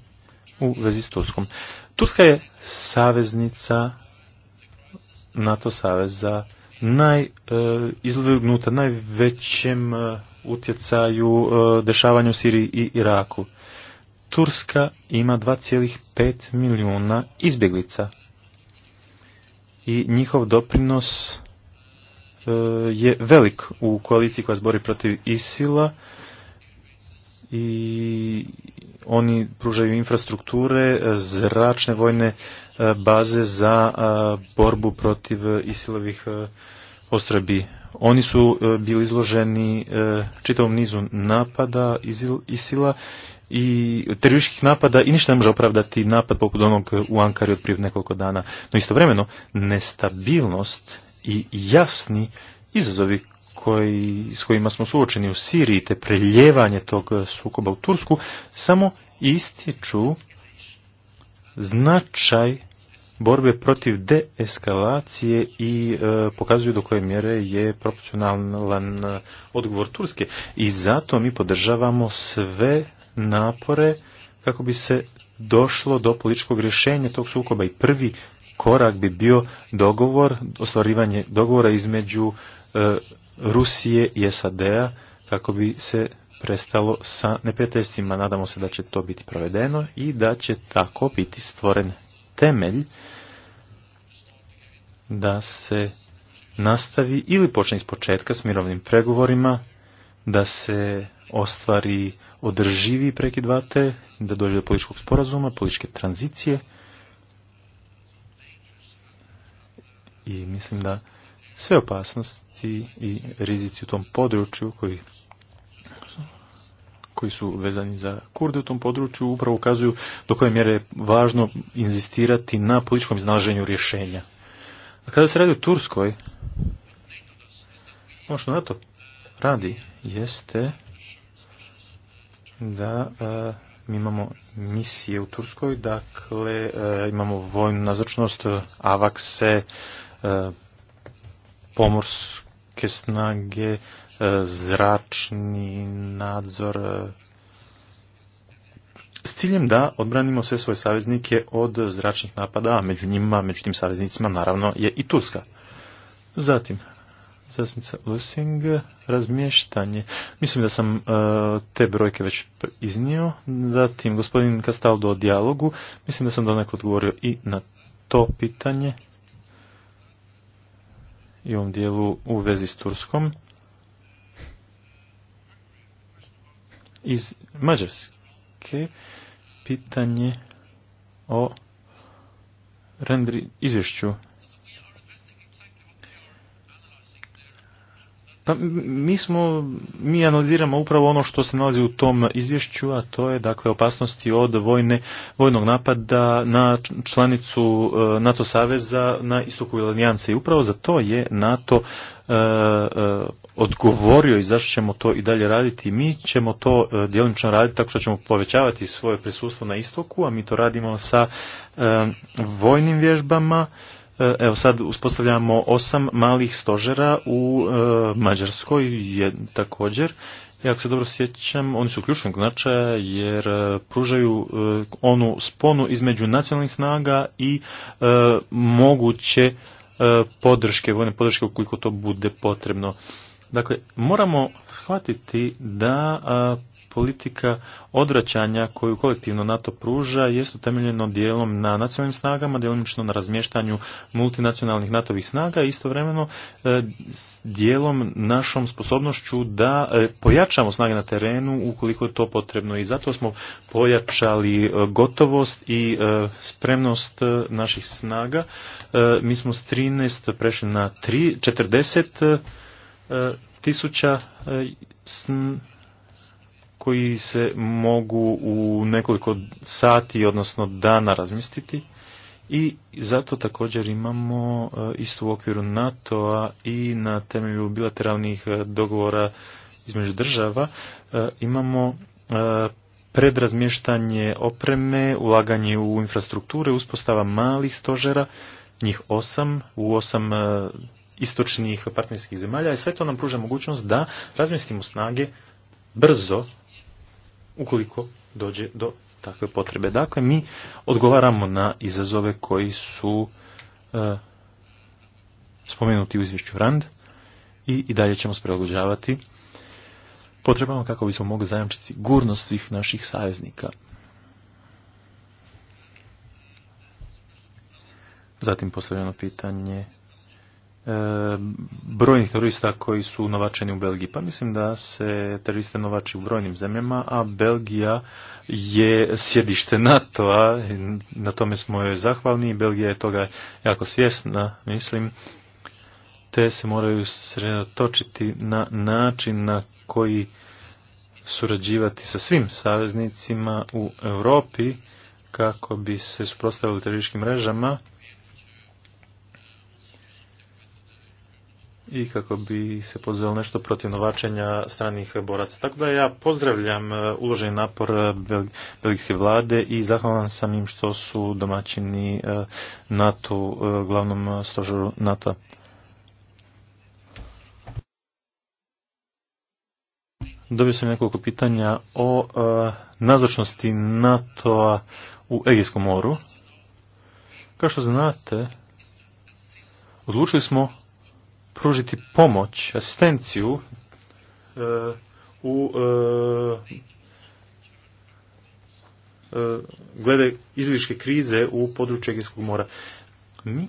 S1: u vezi s Turskom. Turska je saveznica NATO saveza naj, e, izvrgnuta najvećem e, utjecaju e, dešavanju u Siriji i Iraku. Turska ima 2,5 milijuna izbjeglica i njihov doprinos je velik u koaliciji koja zbori protiv Isila i oni pružaju infrastrukture, e, zračne vojne e, baze za e, borbu protiv isilovih ostrojbi. Oni su bili izloženi čitavom nizu napada isila i terorističkih napada i ništa ne može opravdati napad poput onog u Ankari od prije nekoliko dana. No istovremeno nestabilnost i jasni izazovi koji, s kojima smo suočeni u Siriji, te preljevanje tog sukoba u Tursku, samo ističu značaj borbe protiv deeskalacije i e, pokazuju do koje mjere je proporcionalan e, odgovor Turske. I zato mi podržavamo sve napore kako bi se došlo do političkog rješenja tog sukoba i prvi korak bi bio dogovor, ostvarivanje dogovora između e, Rusije i SAD-a kako bi se prestalo sa neprijateljstvima. Nadamo se da će to biti provedeno i da će tako biti stvoren temelj da se nastavi ili počne iz početka s mirovnim pregovorima, da se ostvari održivi prekidvate, da dođe do političkog sporazuma, političke tranzicije i mislim da sve opasnosti i rizici u tom području koji koji su vezani za kurde u tom području upravo ukazuju do koje mjere je važno inzistirati na političkom iznalaženju rješenja. A kada se radi o Turskoj, ono što to radi jeste da e, mi imamo misije u Turskoj, dakle e, imamo vojnu nazočnost, avakse, E, pomorske snage, e, zračni nadzor, e, s ciljem da odbranimo sve svoje saveznike od zračnih napada, a među njima, među tim saveznicima, naravno, je i Turska. Zatim, Zasnica Lusing, razmještanje. Mislim da sam te brojke već iznio. Zatim, gospodin Kastaldo o dijalogu. Mislim da sam donekle odgovorio i na to pitanje i ovom dijelu u vezi s Turskom iz Mađarske pitanje o rendri izvješću Pa mi smo, mi analiziramo upravo ono što se nalazi u tom izvješću, a to je dakle opasnosti od vojne, vojnog napada na članicu e, NATO saveza na istoku alijanse i upravo za to je NATO e, e, odgovorio i zašto ćemo to i dalje raditi. Mi ćemo to e, djelomično raditi tako što ćemo povećavati svoje prisustvo na istoku, a mi to radimo sa vojnim vježbama, E, evo sad uspostavljamo osam malih stožera u e, Mađarskoj je također. I ako se dobro sjećam, oni su ključnog značaja jer e, pružaju onu sponu između nacionalnih snaga i moguće podrške, vojne podrške ukoliko to bude potrebno. Dakle, moramo shvatiti da politika odvraćanja koju kolektivno NATO pruža jest utemeljeno dijelom na nacionalnim snagama, djelomično na razmještanju multinacionalnih NATOvih snaga i istovremeno e, dijelom našom sposobnošću da e, pojačamo snage na terenu ukoliko je to potrebno i zato smo pojačali e, gotovost i spremnost naših snaga. Mi smo s 13 prešli na 3, 40 tisuća koji se mogu u nekoliko sati, odnosno dana razmisliti i zato također imamo e, isto u okviru NATO-a i na temelju bilateralnih e, dogovora između država e, imamo predrazmještanje opreme, ulaganje u infrastrukture, uspostava malih stožera, njih osam, u osam istočnih partnerskih zemalja i sve to nam pruža mogućnost da razmjestimo snage brzo ukoliko dođe do takve potrebe. Dakle, mi odgovaramo na izazove koji su e, spomenuti u izvješću RAND i, i dalje ćemo prilagođavati potrebama kako bismo mogli zajamčiti sigurnost svih naših saveznika. Zatim postavljeno pitanje E, brojnih terorista koji su novačeni u Belgiji. Pa mislim da se teroriste novači u brojnim zemljama, a Belgija je sjedište NATO-a, na tome smo joj zahvalni i Belgija je toga jako svjesna, mislim, te se moraju sredotočiti na način na koji surađivati sa svim saveznicima u Europi kako bi se suprotstavili terorističkim mrežama i kako bi se poduzelo nešto protiv novačenja stranih boraca. Tako da ja pozdravljam e, uloženi napor e, belgijske vlade i zahvalan sam im što su domaćini e, NATO, glavnom stožeru NATO. Dobio sam nekoliko pitanja o nazočnosti NATO-a u Egijskom moru. Kao što znate, odlučili smo pružiti pomoć, asistenciju e, u e, e, glede izbjegličke krize u području Egejskog mora. Mi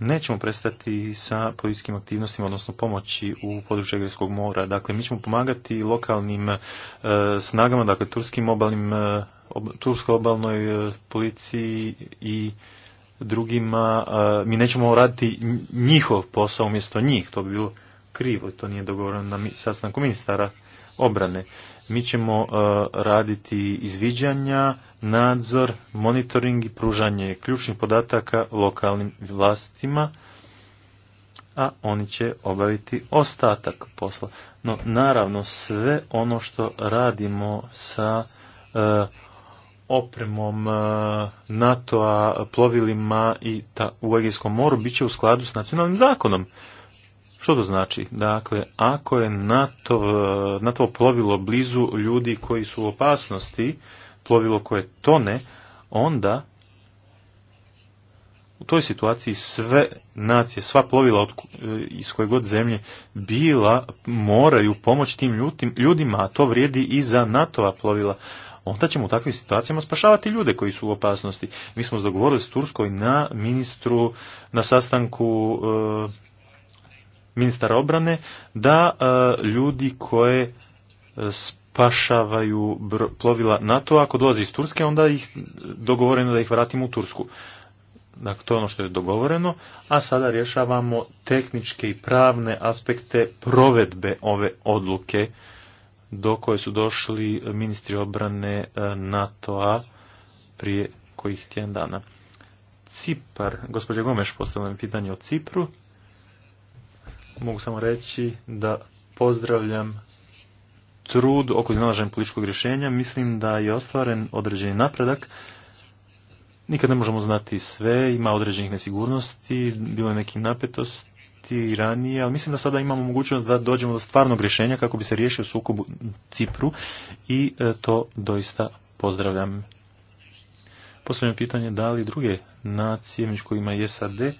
S1: nećemo prestati sa policijskim aktivnostima, odnosno pomoći u području Egejskog mora. Dakle, mi ćemo pomagati lokalnim snagama, dakle, turskim obalnim, turskoj obalnoj policiji i drugima, mi nećemo raditi njihov posao umjesto njih, to bi bilo krivo, to nije dogovoreno na sastanku ministara obrane. Mi ćemo raditi izviđanja, nadzor, monitoring i pružanje ključnih podataka lokalnim vlastima, a oni će obaviti ostatak posla. No, naravno, sve ono što radimo sa opremom e, NATO-a, plovilima i ta, u Egejskom moru bit će u skladu s nacionalnim zakonom. Što to znači? Dakle, ako je NATO, e, NATO plovilo blizu ljudi koji su u opasnosti, plovilo koje tone, onda u toj situaciji sve nacije, sva plovila e, iz koje god zemlje bila moraju pomoći tim ljudima, a to vrijedi i za NATO-a plovila onda ćemo u takvim situacijama spašavati ljude koji su u opasnosti. Mi smo dogovorili s Turskoj na ministru, na sastanku e, ministara obrane, da e, ljudi koje e, spašavaju plovila NATO, ako dolazi iz Turske, onda ih dogovoreno da ih vratimo u Tursku. Dakle, to je ono što je dogovoreno, a sada rješavamo tehničke i pravne aspekte provedbe ove odluke do koje su došli ministri obrane e, NATO-a prije kojih tjedan dana. Cipar, gospođa Gomeš postavila pitanje o Cipru. Mogu samo reći da pozdravljam trud oko iznalaženja političkog rješenja. Mislim da je ostvaren određeni napredak. Nikad ne možemo znati sve, ima određenih nesigurnosti, bilo je neki napetost i ranije, ali mislim da sada imamo mogućnost da dođemo do stvarnog rješenja kako bi se riješio sukob u Cipru i e, to doista pozdravljam. Posljedno pitanje da li druge nacije, među kojima je SAD,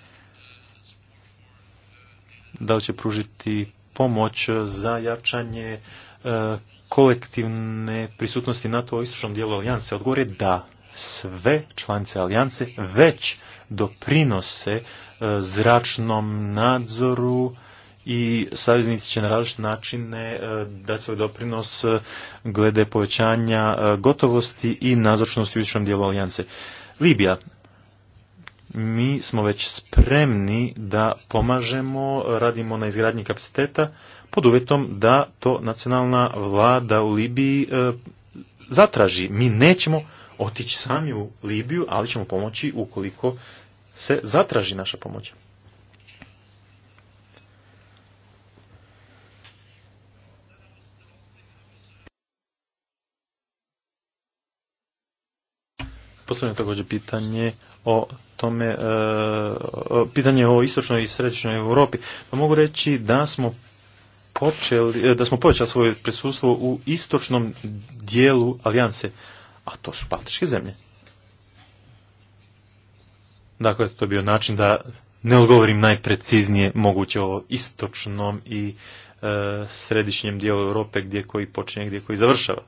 S1: da li će pružiti pomoć za jačanje e, kolektivne prisutnosti NATO u istočnom dijelu alijanse? Odgovor je da sve članice alijance već doprinose e, zračnom nadzoru i saveznici će na različite načine e, dati svoj doprinos e, glede povećanja gotovosti i nazočnosti u ičnom dijelu alijance. Libija. Mi smo već spremni da pomažemo, radimo na izgradnji kapaciteta pod uvjetom da to nacionalna vlada u Libiji zatraži. Mi nećemo otići sami u Libiju, ali ćemo pomoći ukoliko se zatraži naša pomoć. je također pitanje o tome, e, pitanje o istočnoj i središnjoj Europi. Pa mogu reći da smo počeli, e, da smo povećali svoje prisustvo u istočnom dijelu alijanse a to su baltičke zemlje. Dakle, to je bio način da ne odgovorim najpreciznije moguće o istočnom i e, središnjem dijelu Europe gdje koji počinje, gdje koji završava.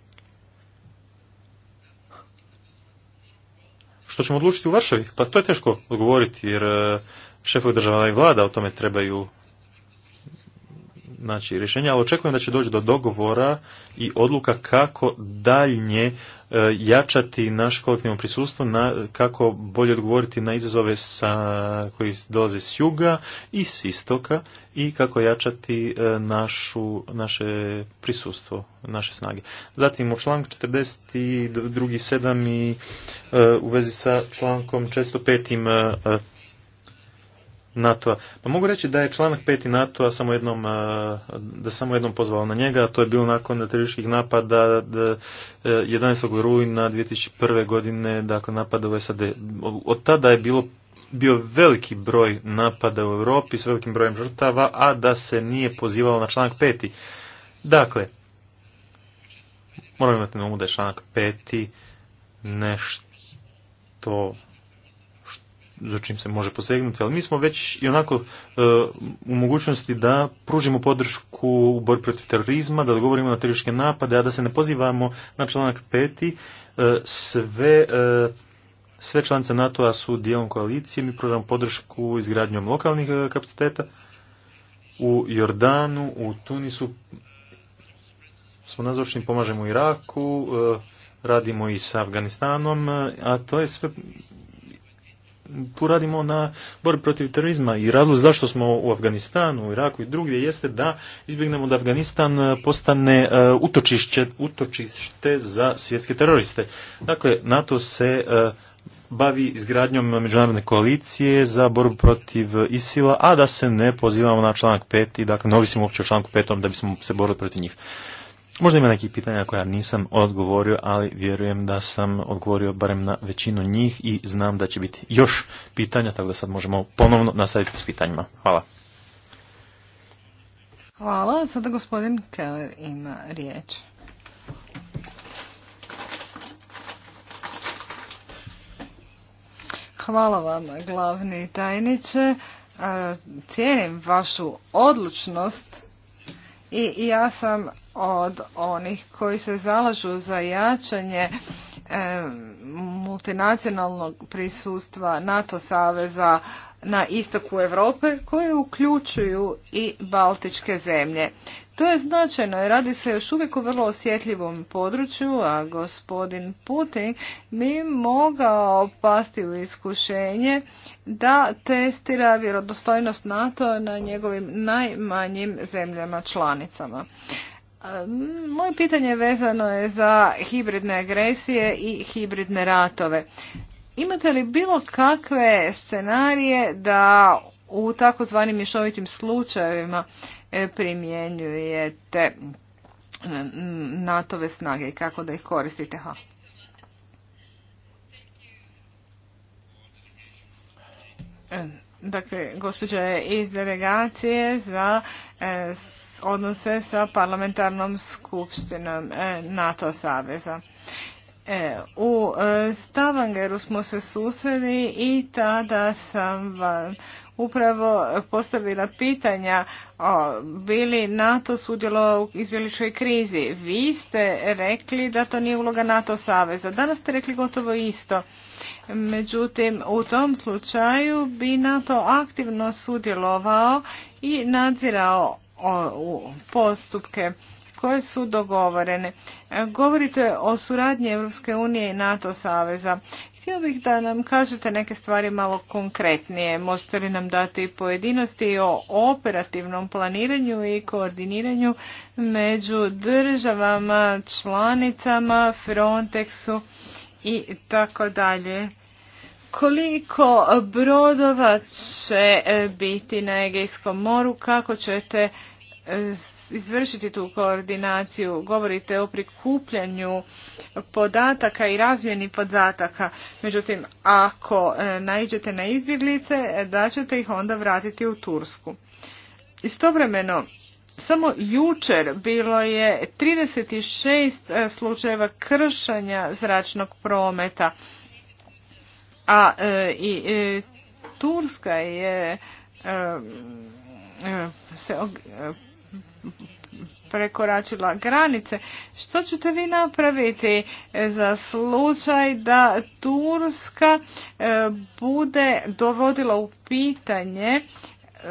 S1: Što ćemo odlučiti u Varšavi? Pa to je teško odgovoriti jer e, šefovi država i vlada o tome trebaju znači rješenja, ali očekujem da će doći do dogovora i odluka kako daljnje e, jačati naše kolektivno prisustvo, na, kako bolje odgovoriti na izazove sa, koji dolaze s juga i s istoka i kako jačati e, našu, naše prisustvo, naše snage. Zatim u članku 42.7 i e, u vezi sa člankom 405. NATO-a. Pa mogu reći da je članak 5. NATO-a samo jednom, da samo jednom pozvao na njega, a to je bilo nakon terorističkih napada 11. E, rujna 2001. godine, dakle napada u SAD. Od tada je bilo bio veliki broj napada u Europi s velikim brojem žrtava, a da se nije pozivalo na članak 5. Dakle, moramo imati na umu da je članak 5. nešto za čim se može posegnuti, ali mi smo već i onako e, u mogućnosti da pružimo podršku u borbi protiv terorizma, da odgovorimo na terorističke napade, a da se ne pozivamo na članak peti. E, sve, e, sve članice NATO-a su dijelom koalicije, mi pružamo podršku izgradnjom lokalnih e, kapaciteta u Jordanu, u Tunisu, smo nazočni, pomažemo Iraku, radimo i sa Afganistanom, a to je sve Poradimo radimo na borbi protiv terorizma i razlog zašto smo u Afganistanu, u Iraku i drugdje jeste da izbjegnemo da Afganistan e, postane e, utočište, utočište za svjetske teroriste. Dakle, NATO se e, bavi izgradnjom međunarodne koalicije za borbu protiv Isila, a da se ne pozivamo na članak 5 i dakle ne ovisimo uopće o članku 5 da bismo se borili protiv njih. Možda ima nekih pitanja koja nisam odgovorio, ali vjerujem da sam odgovorio barem na većinu njih i znam da će biti još pitanja, tako da sad možemo ponovno nastaviti s pitanjima. Hvala.
S3: Hvala. Sada gospodin Keller ima riječ. Hvala vam, glavni tajniče. E, cijenim vašu odlučnost i ja sam od onih koji se zalažu za jačanje e, multinacionalnog prisustva NATO saveza na istoku Europe koje uključuju i baltičke zemlje. To je značajno i radi se još uvijek o vrlo osjetljivom području, a gospodin Putin bi mogao pasti u iskušenje da testira vjerodostojnost NATO na njegovim najmanjim zemljama članicama. Moje pitanje vezano je za hibridne agresije i hibridne ratove. Imate li bilo kakve scenarije da u takozvanim mješovitim slučajevima e, primjenjujete NATO-ve snage i kako da ih koristite? Ha. Dakle, gospođa je iz delegacije za e, odnose sa parlamentarnom skupštinom e, NATO saveza. E, u e, Stavangeru smo se susreli i tada sam vam upravo postavila pitanja o, bili NATO sudjelo u izbjegličkoj krizi. Vi ste rekli da to nije uloga NATO saveza. Danas ste rekli gotovo isto. Međutim, u tom slučaju bi NATO aktivno sudjelovao i nadzirao postupke koje su dogovorene. E, govorite o suradnji Europske unije i NATO saveza. Htio bih da nam kažete neke stvari malo konkretnije. Možete li nam dati pojedinosti o operativnom planiranju i koordiniranju među državama, članicama, Frontexu i tako dalje? Koliko brodova će e, biti na Egejskom moru? Kako ćete izvršiti tu koordinaciju. Govorite o prikupljanju podataka i razmjeni podataka. Međutim, ako e, naiđete na izbjeglice, e, da ćete ih onda vratiti u Tursku. Istovremeno, samo jučer bilo je 36 e, slučajeva kršanja zračnog prometa. A i Turska je se prekoračila granice. Što ćete vi napraviti e, za slučaj da Turska e, bude dovodila u pitanje e,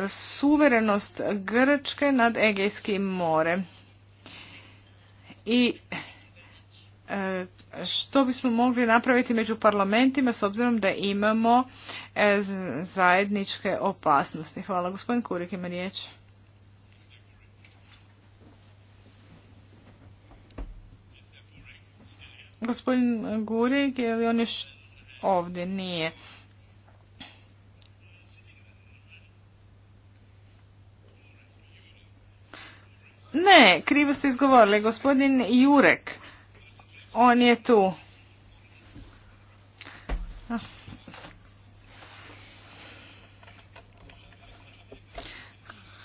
S3: suverenost Grčke nad Egejskim morem? I što bismo mogli napraviti među parlamentima s obzirom da imamo zajedničke opasnosti. Hvala gospodin Kurik, ima riječ. Gospodin Gurek, je li on još ovdje? Nije. Ne, krivo ste izgovorili. Gospodin Jurek, on je tu.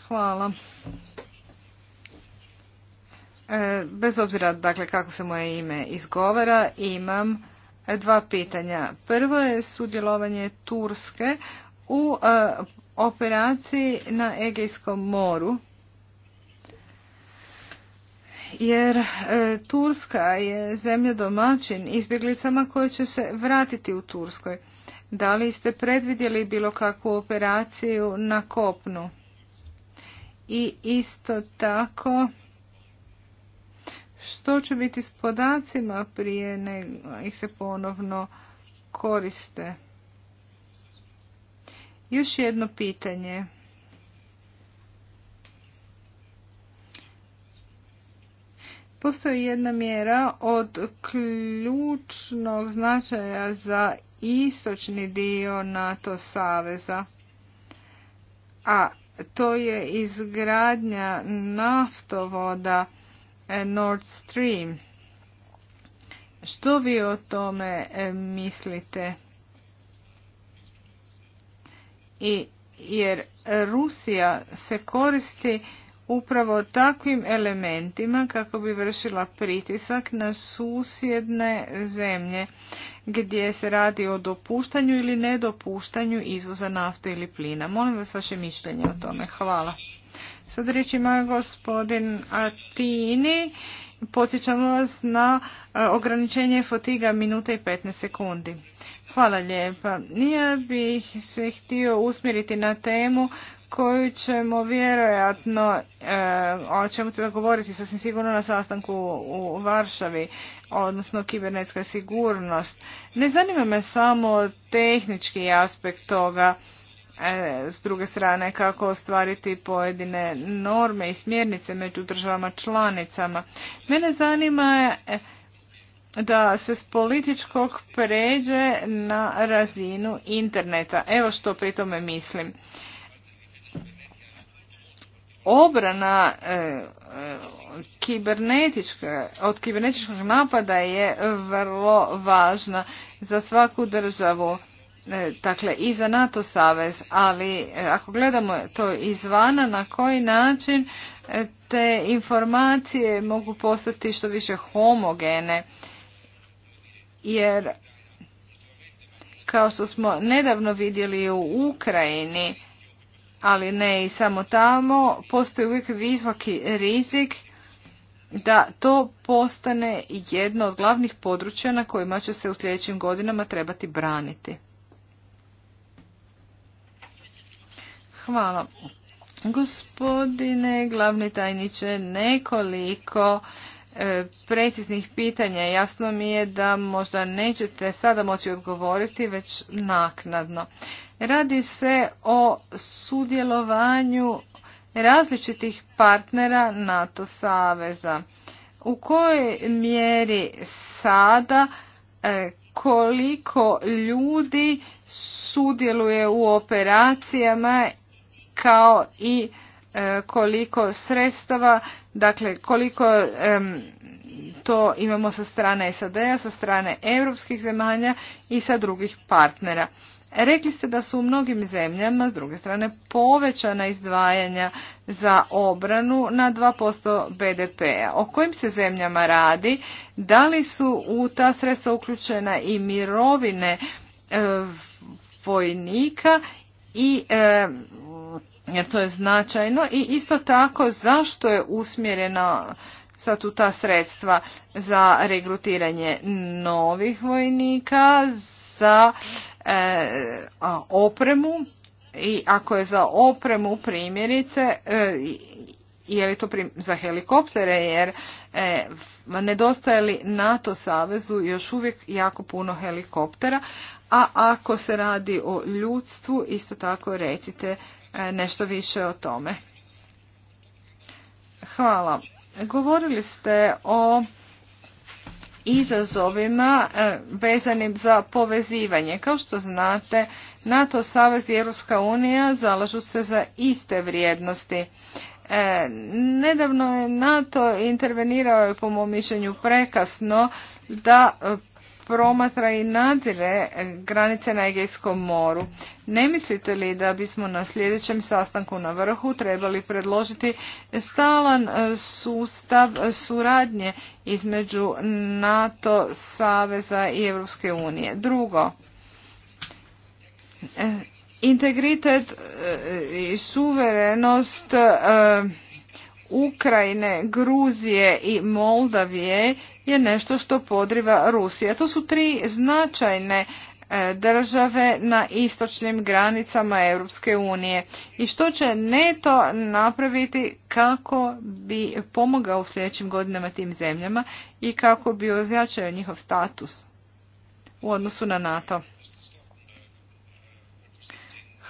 S3: Hvala. E, bez obzira dakle kako se moje ime izgovara, imam dva pitanja. Prvo je sudjelovanje Turske u e, operaciji na Egejskom moru. Jer e, Turska je zemlja domaćin izbjeglicama koje će se vratiti u Turskoj. Da li ste predvidjeli bilo kakvu operaciju na kopnu? I isto tako što će biti s podacima prije nego ih se ponovno koriste? Još jedno pitanje. Postoji jedna mjera od ključnog značaja za istočni dio NATO saveza. A to je izgradnja naftovoda E, Nord Stream. Što vi o tome e, mislite? I jer Rusija se koristi upravo takvim elementima kako bi vršila pritisak na susjedne zemlje gdje se radi o dopuštanju ili nedopuštanju izvoza nafte ili plina. Molim vas vaše mišljenje o tome. Hvala. Sada riječ ima gospodin Atini. Podsjećamo vas na e, ograničenje fotiga minuta i 15 sekundi. Hvala lijepa. Ja bih se htio usmjeriti na temu koju ćemo vjerojatno, e, o čemu ćemo govoriti sasvim sigurno na sastanku u Varšavi, odnosno kibernetska sigurnost. Ne zanima me samo tehnički aspekt toga, E, s druge strane kako ostvariti pojedine norme i smjernice među državama članicama. Mene zanima e, da se s političkog pređe na razinu interneta. Evo što pri tome mislim. Obrana e, od kibernetičkog napada je vrlo važna za svaku državu E, dakle i za NATO savez, ali e, ako gledamo to izvana, na koji način e, te informacije mogu postati što više homogene, jer kao što smo nedavno vidjeli u Ukrajini, ali ne i samo tamo, postoji uvijek visoki rizik da to postane jedno od glavnih područja na kojima će se u sljedećim godinama trebati braniti. Hvala. Gospodine glavni tajniče, nekoliko e, preciznih pitanja. Jasno mi je da možda nećete sada moći odgovoriti, već naknadno. Radi se o sudjelovanju različitih partnera NATO saveza. U kojoj mjeri sada e, koliko ljudi sudjeluje u operacijama kao i e, koliko sredstava, dakle koliko to imamo sa strane SAD-a, sa strane europskih zemalja i sa drugih partnera. Rekli ste da su u mnogim zemljama, s druge strane, povećana izdvajanja za obranu na 2% BDP-a. O kojim se zemljama radi? Da li su u ta sredstva uključena i mirovine e, vojnika i e, jer to je značajno i isto tako zašto je usmjerena sad tu ta sredstva za regrutiranje novih vojnika, za e, opremu i ako je za opremu primjerice e, je li to za helikoptere jer nedostaje li NATO savezu još uvijek jako puno helikoptera a ako se radi o ljudstvu, isto tako recite e, nešto više o tome. Hvala. Govorili ste o izazovima e, vezanim za povezivanje. Kao što znate, NATO, Savez i Europska unija zalažu se za iste vrijednosti. E, nedavno je NATO intervenirao je po mom mišljenju prekasno da promatra i nadzire granice na Egejskom moru. Ne mislite li da bismo na sljedećem sastanku na vrhu trebali predložiti stalan e, sustav suradnje između NATO, Saveza i Europske unije? Drugo, e, integritet e, i suverenost Ukrajine, Gruzije i Moldavije je nešto što podriva Rusija. To su tri značajne e, države na istočnim granicama Europske unije i što će NATO napraviti kako bi pomogao u sljedećim godinama tim zemljama i kako bi ozjačao njihov status u odnosu na NATO.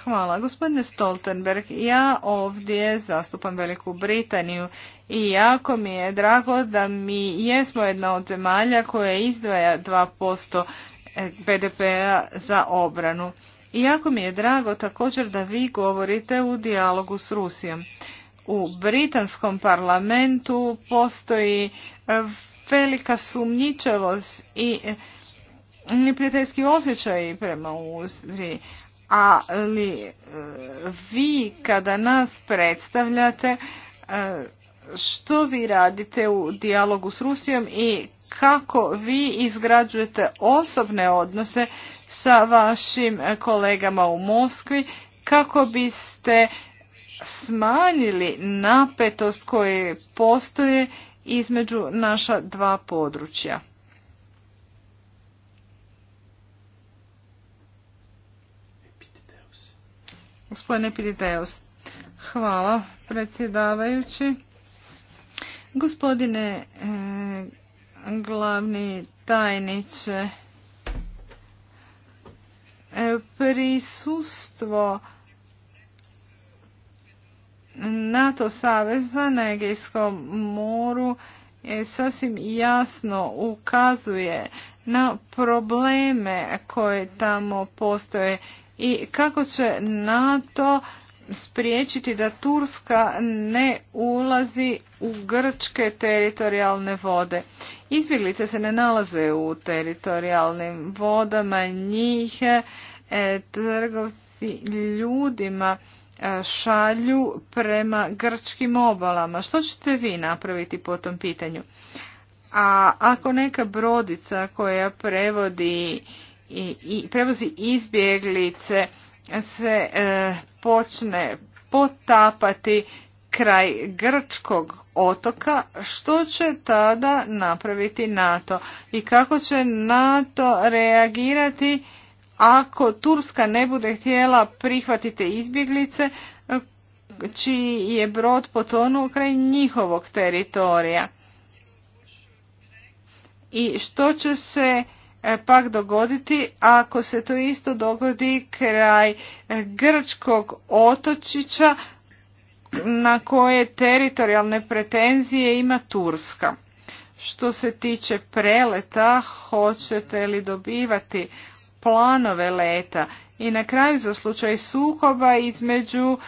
S3: Hvala. Gospodine Stoltenberg, ja ovdje zastupam Veliku Britaniju i jako mi je drago da mi jesmo jedna od zemalja koja izdvaja 2% e, BDP-a za obranu. I jako mi je drago također da vi govorite u dijalogu s Rusijom. U britanskom parlamentu postoji e, velika sumnjičavost i e, neprijateljski osjećaj prema Uzri, ali e, vi kada nas predstavljate e, što vi radite u dijalogu s Rusijom i kako vi izgrađujete osobne odnose sa vašim kolegama u Moskvi kako biste smanjili napetost koje postoje između naša dva područja. Gospodine Piditeos. Hvala, predsjedavajući. Gospodine eh, glavni tajniče, eh, prisustvo NATO saveza na Egejskom moru eh, sasvim jasno ukazuje na probleme koje tamo postoje i kako će NATO spriječiti da Turska ne ulazi u grčke teritorijalne vode. Izbjeglice se ne nalaze u teritorijalnim vodama, njih e, trgovci ljudima e, šalju prema grčkim obalama. Što ćete vi napraviti po tom pitanju? A ako neka brodica koja prevodi i, prevozi izbjeglice se e, počne potapati kraj grčkog otoka, što će tada napraviti NATO i kako će NATO reagirati ako Turska ne bude htjela prihvatiti izbjeglice čiji je brod potonuo kraj njihovog teritorija. I što će se E, pak dogoditi ako se to isto dogodi kraj grčkog otočića na koje teritorijalne pretenzije ima Turska. Što se tiče preleta, hoćete li dobivati planove leta i na kraju za slučaj sukoba između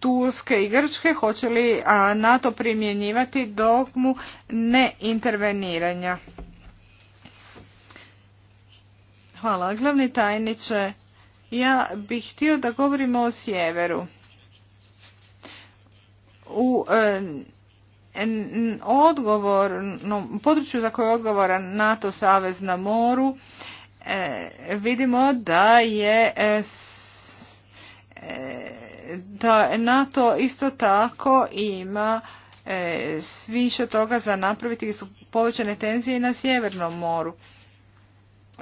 S3: Turske i Grčke hoće li NATO primjenjivati dogmu neinterveniranja? Hvala. Glavni tajniče, ja bih htio da govorimo o sjeveru. U e, odgovor, području za koje je odgovoran NATO savez na moru, e, vidimo da je e, da NATO isto tako ima više toga za napraviti su povećane tenzije na Sjevernom moru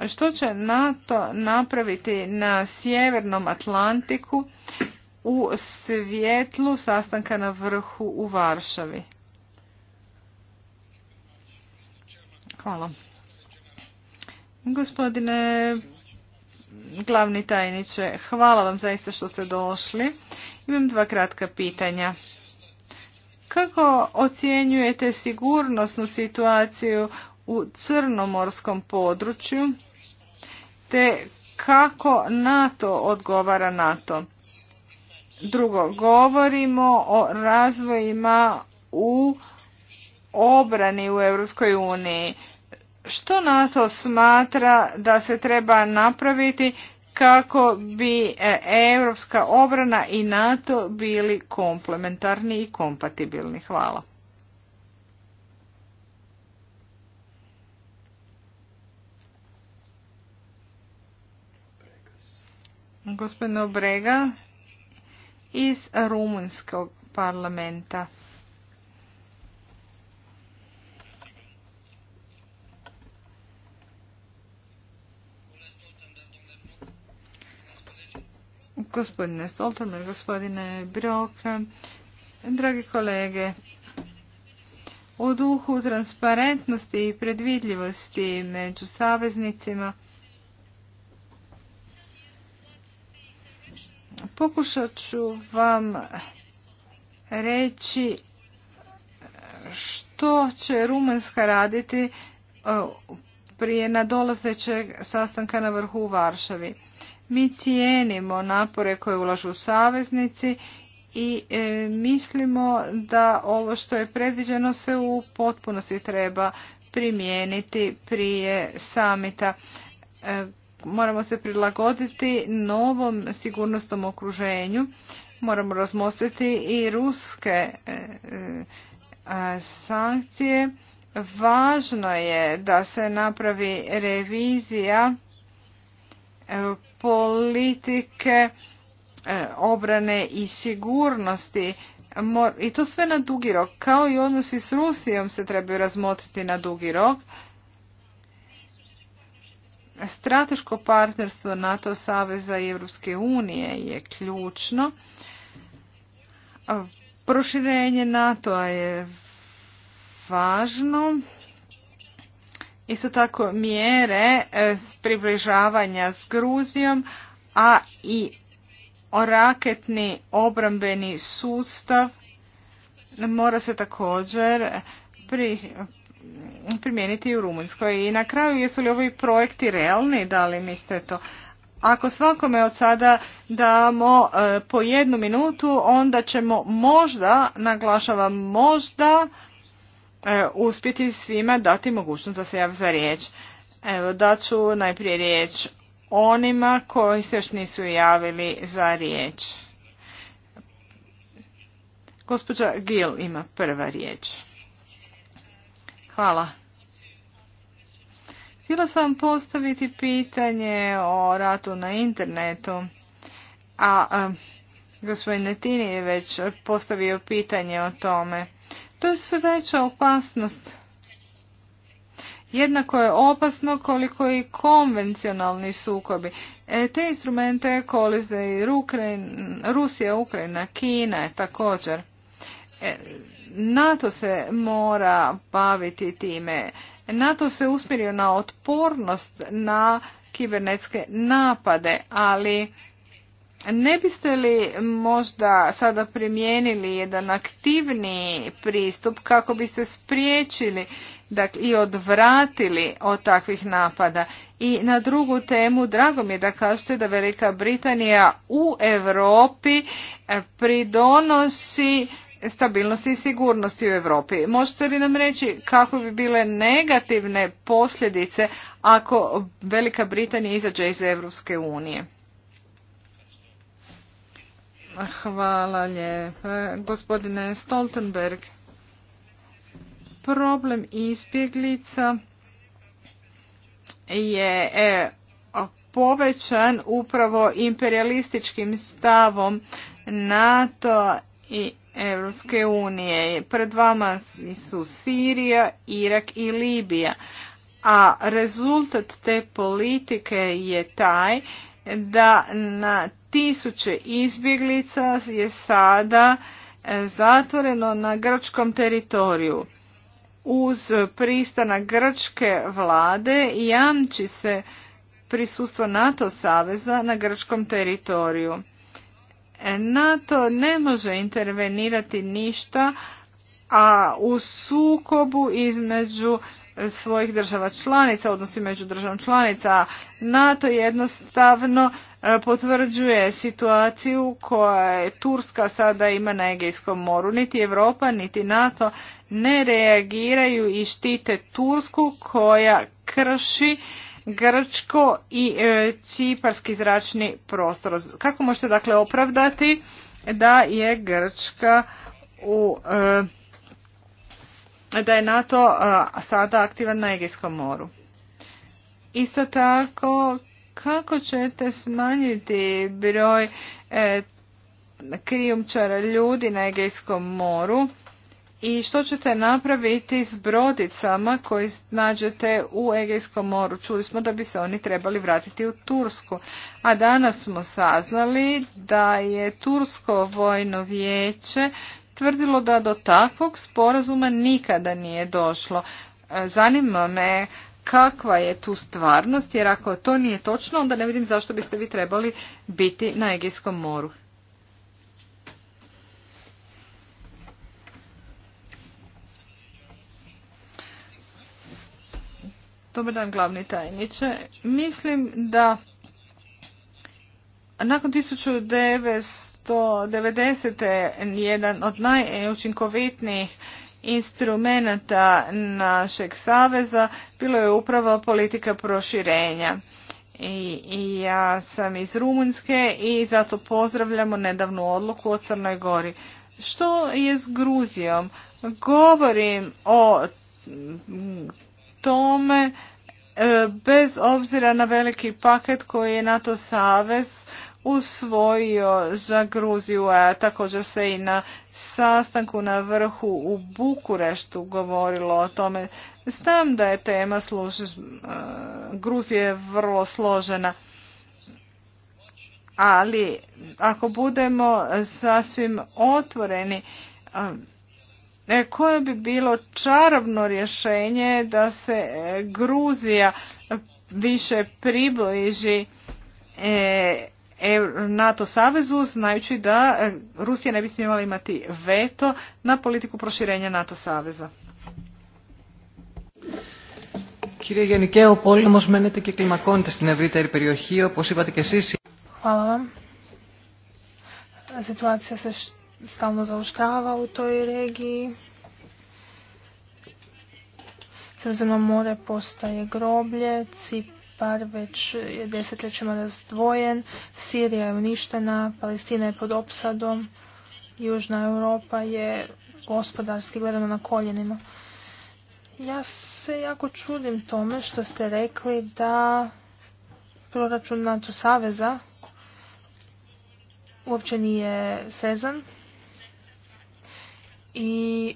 S3: što će NATO napraviti na sjevernom Atlantiku u svjetlu sastanka na vrhu u Varšavi. Hvala. Gospodine glavni tajniče, hvala vam zaista što ste došli. Imam dva kratka pitanja. Kako ocjenjujete sigurnosnu situaciju u crnomorskom području te kako NATO odgovara NATO. Drugo, govorimo o razvojima u obrani u EU. Što NATO smatra da se treba napraviti kako bi e, europska obrana i NATO bili komplementarni i kompatibilni? Hvala. Gospodino Obrega iz Rumunskog parlamenta. Gospodine Stoltenberg, gospodine Brok, dragi kolege, u duhu transparentnosti i predvidljivosti među saveznicima Pokušat ću vam reći što će Rumunjska raditi e, prije nadolazećeg sastanka na vrhu u Varšavi. Mi cijenimo napore koje ulažu saveznici i e, mislimo da ovo što je predviđeno se u potpunosti treba primijeniti prije samita e, moramo se prilagoditi novom sigurnosnom okruženju. Moramo razmotriti i ruske e, e, sankcije. Važno je da se napravi revizija e, politike obrane i sigurnosti i to sve na dugi rok. Kao i odnosi s Rusijom se trebaju razmotriti na dugi rok Strateško partnerstvo NATO saveza i Europske unije je ključno. Proširenje NATO-a je važno. Isto tako mjere e, približavanja s Gruzijom, a i raketni obrambeni sustav mora se također pri primijeniti u Rumunjskoj. I na kraju, jesu li ovi projekti realni, da li mislite to? Ako svakome od sada damo e, po jednu minutu, onda ćemo možda, naglašavam možda, e, uspjeti svima dati mogućnost da se javi za riječ. Evo, daću najprije riječ onima koji se još nisu javili za riječ. Gospođa Gil ima prva riječ. Hvala. Htjela sam postaviti pitanje o ratu na internetu, a, gospodin Netini je već postavio pitanje o tome. To je sve veća opasnost. Jednako je opasno koliko i konvencionalni sukobi. E, te instrumente kolize i Rusija, Ukrajina, Kina je također. E, NATO se mora baviti time. NATO se usmjerio na otpornost na kibernetske napade, ali ne biste li možda sada primijenili jedan aktivni pristup kako biste spriječili dakle, i odvratili od takvih napada? I na drugu temu, drago mi je da kažete da Velika Britanija u Europi pridonosi stabilnosti i sigurnosti u Europi. Možete li nam reći kako bi bile negativne posljedice ako Velika Britanija izađe iz Europske unije? Hvala lijepa. Gospodine Stoltenberg, problem izbjeglica je e, povećan upravo imperialističkim stavom NATO i Europske unije. Pred vama su Sirija, Irak i Libija. A rezultat te politike je taj da na tisuće izbjeglica je sada e, zatvoreno na grčkom teritoriju. Uz pristanak grčke vlade jamči se prisustvo NATO saveza na grčkom teritoriju. NATO ne može intervenirati ništa a u sukobu između svojih država članica, odnosno među državom članica. NATO jednostavno e, potvrđuje situaciju koja je Turska sada ima na Egejskom moru. Niti Europa, niti NATO ne reagiraju i štite Tursku koja krši grčko i e, ciparski zračni prostor. Kako možete dakle opravdati da je Grčka u e, da je NATO e, sada aktivan na Egejskom moru. Isto tako, kako ćete smanjiti broj krijumčara ljudi na Egejskom moru i što ćete napraviti s brodicama koje nađete u Egejskom moru? Čuli smo da bi se oni trebali vratiti u Tursku. A danas smo saznali da je Tursko vojno vijeće tvrdilo da do takvog sporazuma nikada nije došlo. E, zanima me kakva je tu stvarnost, jer ako to nije točno, onda ne vidim zašto biste vi trebali biti na Egejskom moru. Dobar dan, glavni tajniče. Mislim da nakon 1990. jedan od najučinkovitnijih instrumenata našeg saveza bilo je upravo politika proširenja. I, I ja sam iz Rumunjske i zato pozdravljamo nedavnu odluku o Crnoj Gori. Što je s Gruzijom? Govorim o tome, e, bez obzira na veliki paket koji je NATO savez usvojio za Gruziju, a također se i na sastanku na vrhu u Bukureštu govorilo o tome. Znam da je tema e, Gruzije vrlo složena, ali ako budemo sasvim otvoreni, E, koje bi bilo čarobno rješenje da se e, Gruzija više približi e, NATO savezu znajući da Rusija ne bi smjela imati veto na politiku proširenja NATO saveza. Κύριε Γενικέ, ο μένεται και κλιμακώνεται στην
S2: Hvala vam. Situacija se stalno zaoštrava u toj regiji. crzeno more postaje groblje, Cipar već je desetljećima razdvojen, Sirija je uništena, Palestina je pod opsadom, Južna Europa je gospodarski gledano na koljenima. Ja se jako čudim tome što ste rekli da proračun NATO saveza uopće nije sezan i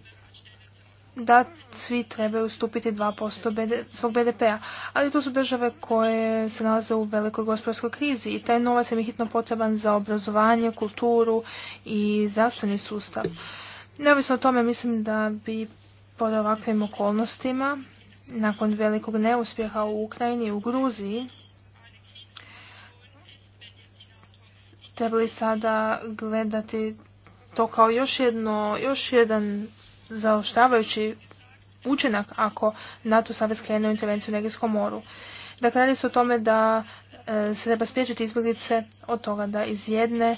S2: da svi trebaju ustupiti 2% svog BDP-a. Ali to su države koje se nalaze u velikoj gospodarskoj krizi i taj novac je mi hitno potreban za obrazovanje, kulturu i zdravstveni sustav. Neovisno o tome mislim da bi pod ovakvim okolnostima, nakon velikog neuspjeha u Ukrajini i u Gruziji, trebali sada gledati to kao još, jedno, još jedan zaoštavajući učinak ako NATO savez krene u intervenciju u Negijskom moru. Dakle, radi se o tome da e, se treba spriječiti izbjeglice od toga da iz jedne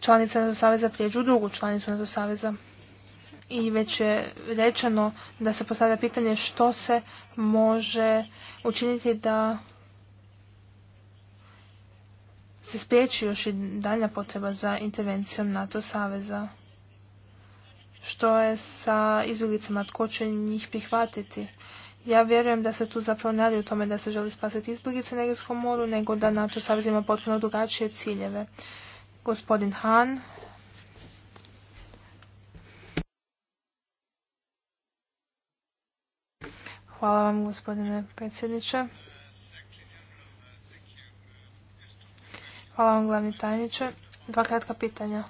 S2: članice NATO saveza prijeđu u drugu članicu NATO saveza. I već je rečeno da se postavlja pitanje što se može učiniti da se spriječi još i dalja potreba za intervencijom NATO saveza. Što je sa izbjeglicama, tko će njih prihvatiti? Ja vjerujem da se tu zapravo ne radi o tome da se želi spasiti izbjeglice na moru, nego da NATO savez ima potpuno drugačije ciljeve. Gospodin Han, Hvala vam gospodine predsjedniče. Hvala vam glavni tajniče. Dva kratka pitanja.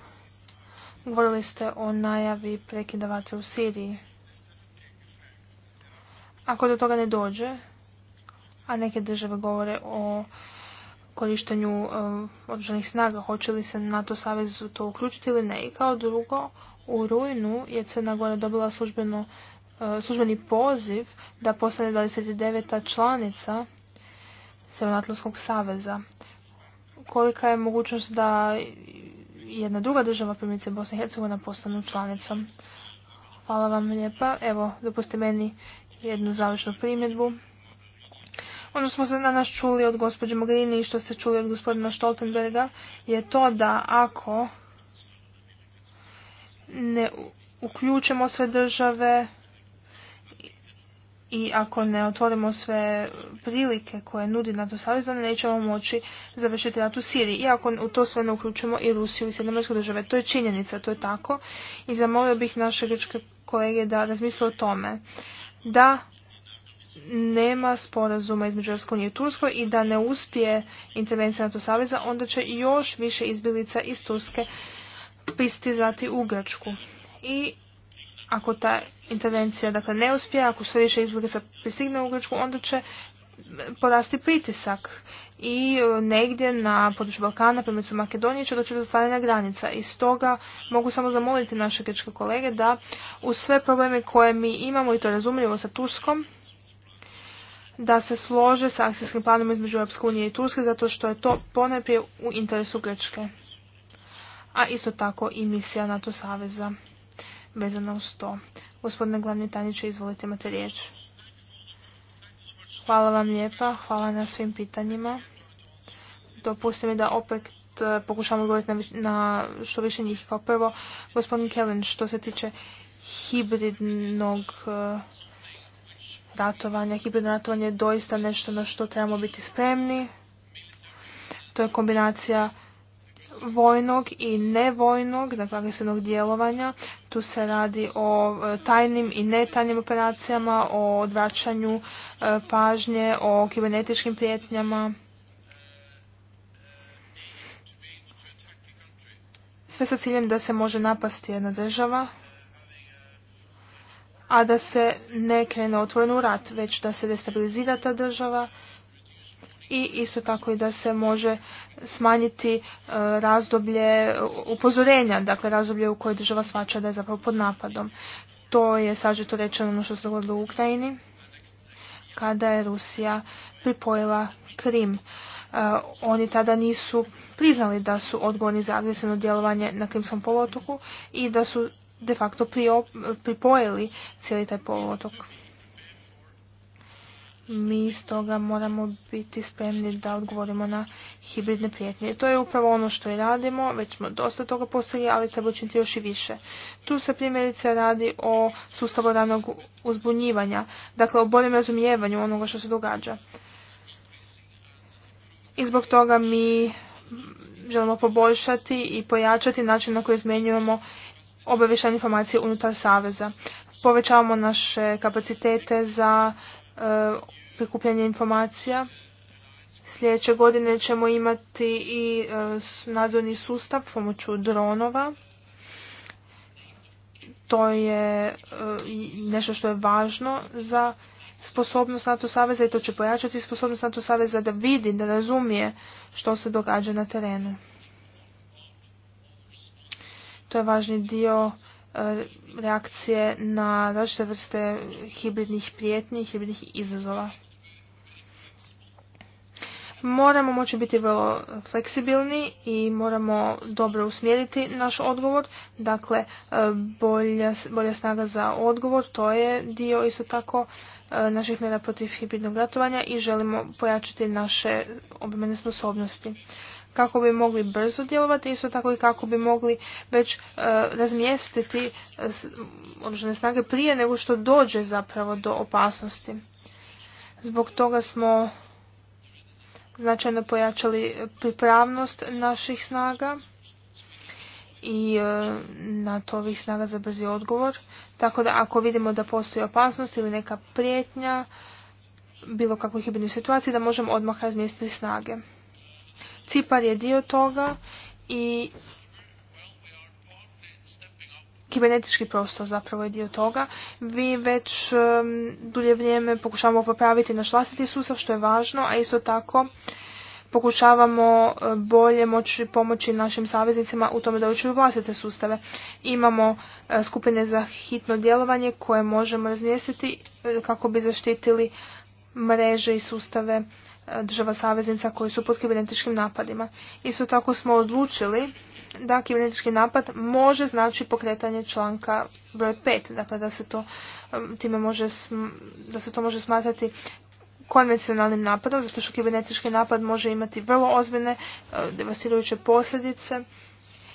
S2: Govorili ste o najavi prekida u Siriji. Ako do toga ne dođe, a neke države govore o korištenju uh, snaga, hoće li se NATO savez to uključiti ili ne. I kao drugo, u rujnu je Crna Gora dobila službeno, e, službeni poziv da postane 29. članica Sjevernoatlantskog saveza kolika je mogućnost da jedna druga država, primjerice Bosne i Hercegovina, postanu članicom. Hvala vam lijepa. Evo, dopustite meni jednu završnu primjedbu. Ono što smo se danas čuli od gospođe Mogherini i što ste čuli od gospodina Stoltenberga je to da ako ne uključimo sve države i ako ne otvorimo sve prilike koje nudi NATO savez, onda nećemo moći završiti rat u Siriji. I ako u to sve ne uključimo i Rusiju i Sjedinamorske države. To je činjenica, to je tako. I zamolio bih naše grčke kolege da razmisle o tome. Da nema sporazuma između EU unije i Turskoj i da ne uspije intervencija NATO saveza, onda će još više izbilica iz Turske pristizati u Grčku. I ako ta intervencija dakle, ne uspije, ako sve više izbjeglica pristigne u Grčku, onda će porasti pritisak i e, negdje na području Balkana, primjerice Makedonije, će doći do stvaranja granica. I stoga mogu samo zamoliti naše grčke kolege da u sve probleme koje mi imamo i to je razumljivo sa Turskom, da se slože sa akcijskim planom između Europske unije i Turske, zato što je to ponajprije u interesu Grčke. A isto tako i misija NATO saveza vezana uz to. Gospodine glavni tajniče, izvolite imate riječ. Hvala vam lijepa, hvala na svim pitanjima. Dopustite mi da opet e, pokušamo govoriti na što više njih. Kao prvo, gospodin Kellen, što se tiče hibridnog e, ratovanja. Hibridno ratovanje je doista nešto na što trebamo biti spremni. To je kombinacija vojnog i nevojnog, dakle agresivnog djelovanja. Tu se radi o e, tajnim i netajnim operacijama, o odvraćanju e, pažnje, o kibernetičkim prijetnjama. Sve sa ciljem da se može napasti jedna država, a da se ne krene otvoren u rat, već da se destabilizira ta država i isto tako i da se može smanjiti e, razdoblje upozorenja, dakle razdoblje u kojoj država svača da je zapravo pod napadom. To je sažeto rečeno ono što se dogodilo u Ukrajini kada je Rusija pripojila Krim. E, oni tada nisu priznali da su odgovorni za agresivno djelovanje na Krimskom poluotoku i da su de facto pripojili cijeli taj poluotok mi stoga moramo biti spremni da odgovorimo na hibridne prijetnje. to je upravo ono što i radimo, već smo dosta toga postigli, ali treba učiniti još i više. Tu se primjerice radi o sustavu ranog uzbunjivanja, dakle o boljem razumijevanju onoga što se događa. I zbog toga mi želimo poboljšati i pojačati način na koji izmenjujemo obavještajne informacije unutar Saveza. Povećavamo naše kapacitete za e, prikupljanje informacija. Sljedeće godine ćemo imati i e, nadzorni sustav pomoću dronova. To je e, nešto što je važno za sposobnost NATO saveza i to će pojačati sposobnost NATO saveza da vidi, da razumije što se događa na terenu. To je važni dio e, reakcije na različite vrste hibridnih prijetnji hibridnih izazova moramo moći biti vrlo fleksibilni i moramo dobro usmjeriti naš odgovor. Dakle, e, bolja, snaga za odgovor, to je dio isto tako e, naših mjera protiv hibridnog ratovanja i želimo pojačati naše obrambene sposobnosti kako bi mogli brzo djelovati, isto tako i kako bi mogli već e, razmjestiti e, snage prije nego što dođe zapravo do opasnosti. Zbog toga smo značajno pojačali pripravnost naših snaga i e, na to ovih snaga za brzi odgovor. Tako da ako vidimo da postoji opasnost ili neka prijetnja, bilo kakvoj hibridnoj situaciji, da možemo odmah razmijestiti snage. Cipar je dio toga i kibernetički prostor zapravo je dio toga. Vi već dulje vrijeme pokušavamo popraviti naš vlastiti sustav, što je važno, a isto tako pokušavamo e, bolje moći pomoći našim saveznicima u tome da učuju vlastite sustave. Imamo e, skupine za hitno djelovanje koje možemo razmjestiti e, kako bi zaštitili mreže i sustave država saveznica koji su pod kibernetičkim napadima. Isto tako smo odlučili da kibernetički napad može znači pokretanje članka broj 5, dakle da se to time može da se to može smatrati konvencionalnim napadom, zato što kibernetički napad može imati vrlo ozbiljne e, devastirajuće posljedice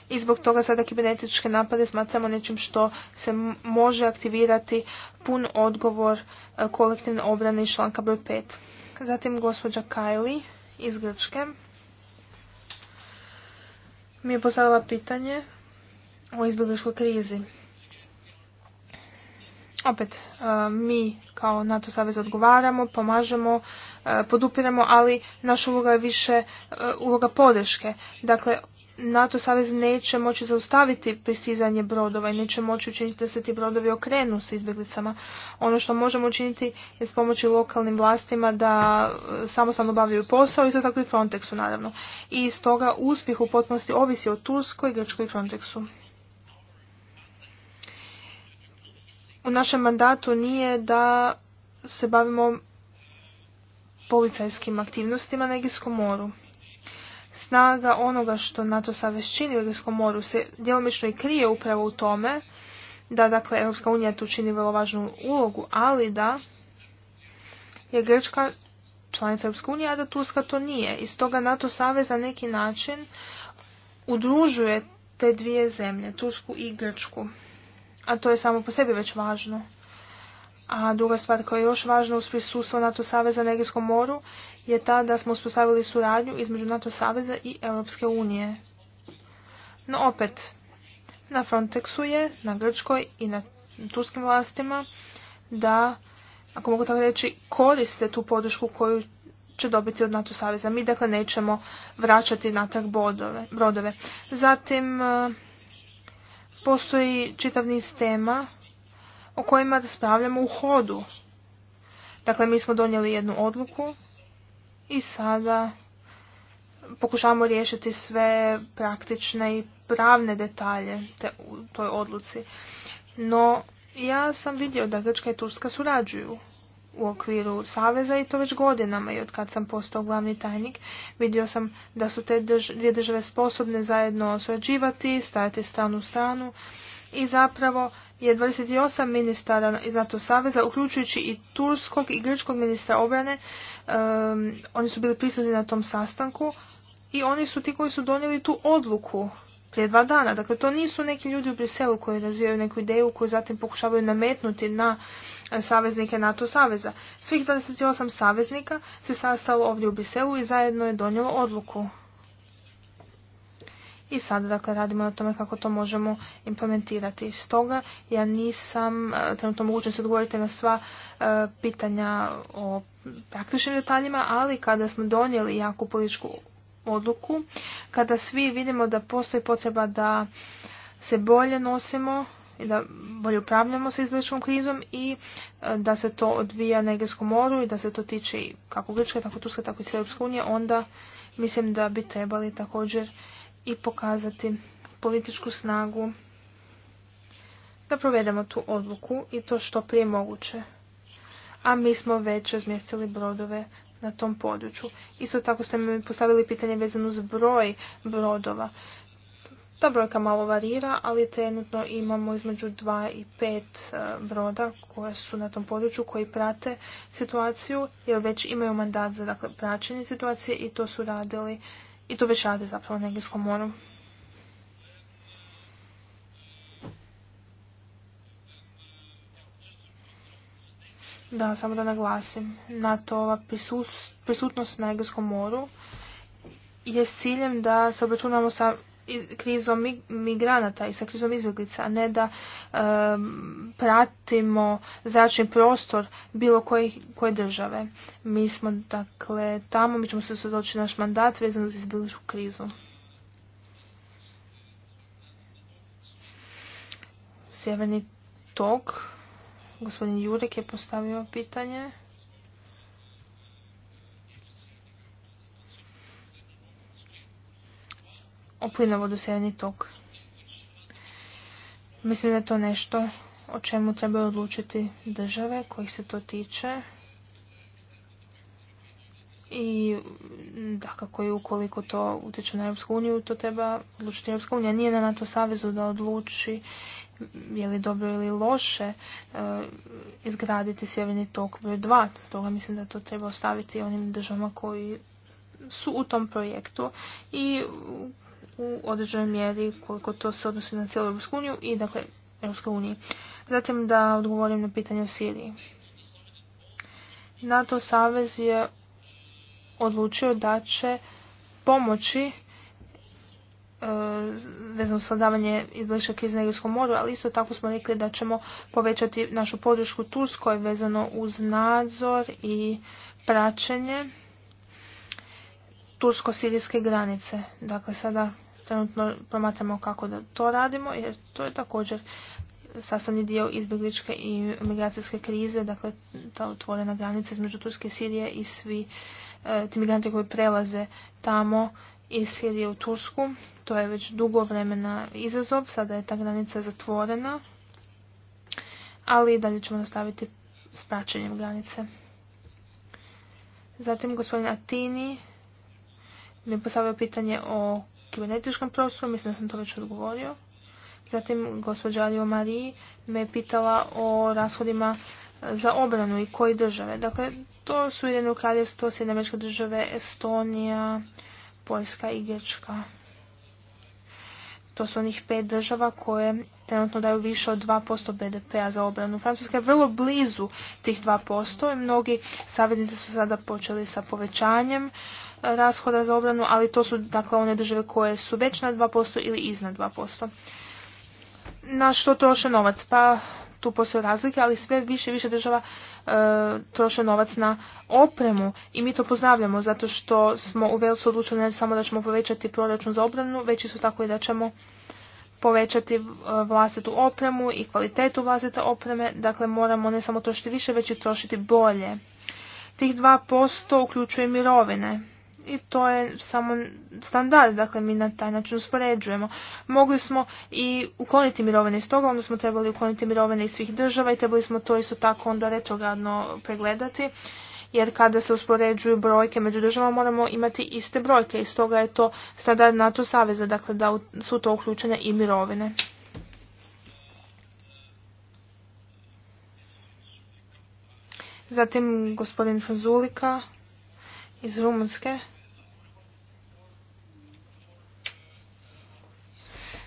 S2: i zbog toga sada kibernetičke napade smatramo nečim što se može aktivirati pun odgovor e, kolektivne obrane iz članka broj 5. Zatim gospođa Kajli iz Grčke mi je postavila pitanje o izbjegličkoj krizi. Opet, e, mi kao NATO savez odgovaramo, pomažemo, e, podupiramo, ali naša uloga je više e, uloga podrške. Dakle, NATO savez neće moći zaustaviti pristizanje brodova i neće moći učiniti da se ti brodovi okrenu s izbjeglicama. Ono što možemo učiniti je s pomoći lokalnim vlastima da e, samostalno obavljaju posao i za tako i Frontexu naravno. I stoga uspjeh u potpunosti ovisi o Turskoj, Grčkoj i Frontexu. U našem mandatu nije da se bavimo policajskim aktivnostima na Egijskom moru snaga onoga što NATO savez čini u Egejskom moru se djelomično i krije upravo u tome da dakle Europska unija tu čini vrlo važnu ulogu, ali da je Grčka članica Europske unije, a da Turska to nije. I stoga NATO savez na neki način udružuje te dvije zemlje, Tursku i Grčku. A to je samo po sebi već važno. A druga stvar koja je još važna uz prisustvo NATO saveza na Egejskom moru je ta da smo uspostavili suradnju između NATO saveza i Europske unije. No opet, na Frontexu je, na Grčkoj i na turskim vlastima da, ako mogu tako reći, koriste tu podršku koju će dobiti od NATO saveza. Mi dakle nećemo vraćati natrag brodove. Zatim eh, postoji čitav niz tema o kojima raspravljamo u hodu. Dakle, mi smo donijeli jednu odluku i sada pokušavamo riješiti sve praktične i pravne detalje te, u toj odluci. No, ja sam vidio da Grčka i Turska surađuju u okviru Saveza i to već godinama i od kad sam postao glavni tajnik vidio sam da su te dvije države sposobne zajedno surađivati, stajati stranu u stranu i zapravo je 28 ministara iz NATO saveza, uključujući i turskog i grčkog ministra obrane, oni su bili prisutni na tom sastanku i oni su ti koji su donijeli tu odluku prije dva dana. Dakle, to nisu neki ljudi u Briselu koji razvijaju neku ideju koju zatim pokušavaju nametnuti na saveznike NATO saveza. Svih 28 saveznika se sastalo ovdje u Briselu i zajedno je donijelo odluku i sada dakle radimo na tome kako to možemo implementirati. Stoga ja nisam e, trenutno se odgovoriti na sva e, pitanja o praktičnim detaljima, ali kada smo donijeli jaku političku odluku, kada svi vidimo da postoji potreba da se bolje nosimo i da bolje upravljamo sa izbjegličkom krizom i e, da se to odvija na Egejskom moru i da se to tiče kako Grčke, tako Turske, tako i Europske unije, onda mislim da bi trebali također i pokazati političku snagu da provedemo tu odluku i to što prije moguće. A mi smo već razmjestili brodove na tom području. Isto tako ste mi postavili pitanje vezano uz broj brodova. Ta brojka malo varira, ali trenutno imamo između dva i pet e, broda koje su na tom području koji prate situaciju, jer već imaju mandat za dakle, praćenje situacije i to su radili i to već rade zapravo na Egijskom moru. Da, samo da naglasim, NATO-ova prisutnost na Engleskom moru je s ciljem da se obračunamo sa krizom migranata i sa krizom izbjeglica, a ne da pratimo zračni prostor bilo koje, koje države. Mi smo dakle tamo, mi ćemo se usredočiti naš mandat vezan uz izbjegličku krizu. Sjeverni tok, gospodin Jurek je postavio pitanje. o plinovodu Sjeverni tok. Mislim da je to nešto o čemu treba odlučiti države kojih se to tiče i da kako je ukoliko to utječe na Europsku uniju, to treba odlučiti Europska unija. Nije na NATO savezu da odluči je li dobro ili loše e, izgraditi sjeverni tok broj 2. Stoga mislim da to treba ostaviti onim državama koji su u tom projektu i u određenoj mjeri koliko to se odnosi na cijelu Europsku uniju i dakle Europskoj uniji. Zatim da odgovorim na pitanje o Siriji. NATO savez je odlučio da će pomoći e, vezano sladavanje izbliša krize na mora, moru, ali isto tako smo rekli da ćemo povećati našu podršku Turskoj vezano uz nadzor i praćenje tursko-sirijske granice. Dakle, sada trenutno promatramo kako da to radimo jer to je također sastavni dio izbjegličke i migracijske krize, dakle ta otvorena granica između Turske i Sirije i svi e, ti migranti koji prelaze tamo iz Sirije u Tursku. To je već dugo vremena izazov, sada je ta granica zatvorena, ali dalje ćemo nastaviti s praćenjem granice. Zatim gospodin Atini mi je postavio pitanje o kibernetičkom prostoru, mislim da sam to već odgovorio. Zatim gospođa Alio Mariji me pitala o rashodima e, za obranu i koje države. Dakle, to su Ujedinjeno kraljevstvo, Američka države, Estonija, Poljska i Grčka. To su onih pet država koje trenutno daju više od 2% BDP-a za obranu. Francuska je vrlo blizu tih 2% i mnogi saveznici su sada počeli sa povećanjem rashoda za obranu, ali to su dakle one države koje su već na 2% ili iznad 2%. Na što troše novac? Pa tu postoje razlike, ali sve više i više država e, troše novac na opremu i mi to pozdravljamo zato što smo u Velsu odlučili ne samo da ćemo povećati proračun za obranu, već su tako i da ćemo povećati e, vlastitu opremu i kvalitetu vlastite opreme, dakle moramo ne samo trošiti više, već i trošiti bolje. Tih 2% uključuje mirovine i to je samo standard, dakle mi na taj način uspoređujemo. Mogli smo i ukloniti mirovine iz toga, onda smo trebali ukloniti mirovine iz svih država i trebali smo to isto tako onda retrogradno pregledati. Jer kada se uspoređuju brojke među državama moramo imati iste brojke i stoga je to standard NATO saveza, dakle da su to uključene i mirovine. Zatim gospodin Franzulika iz Rumunske.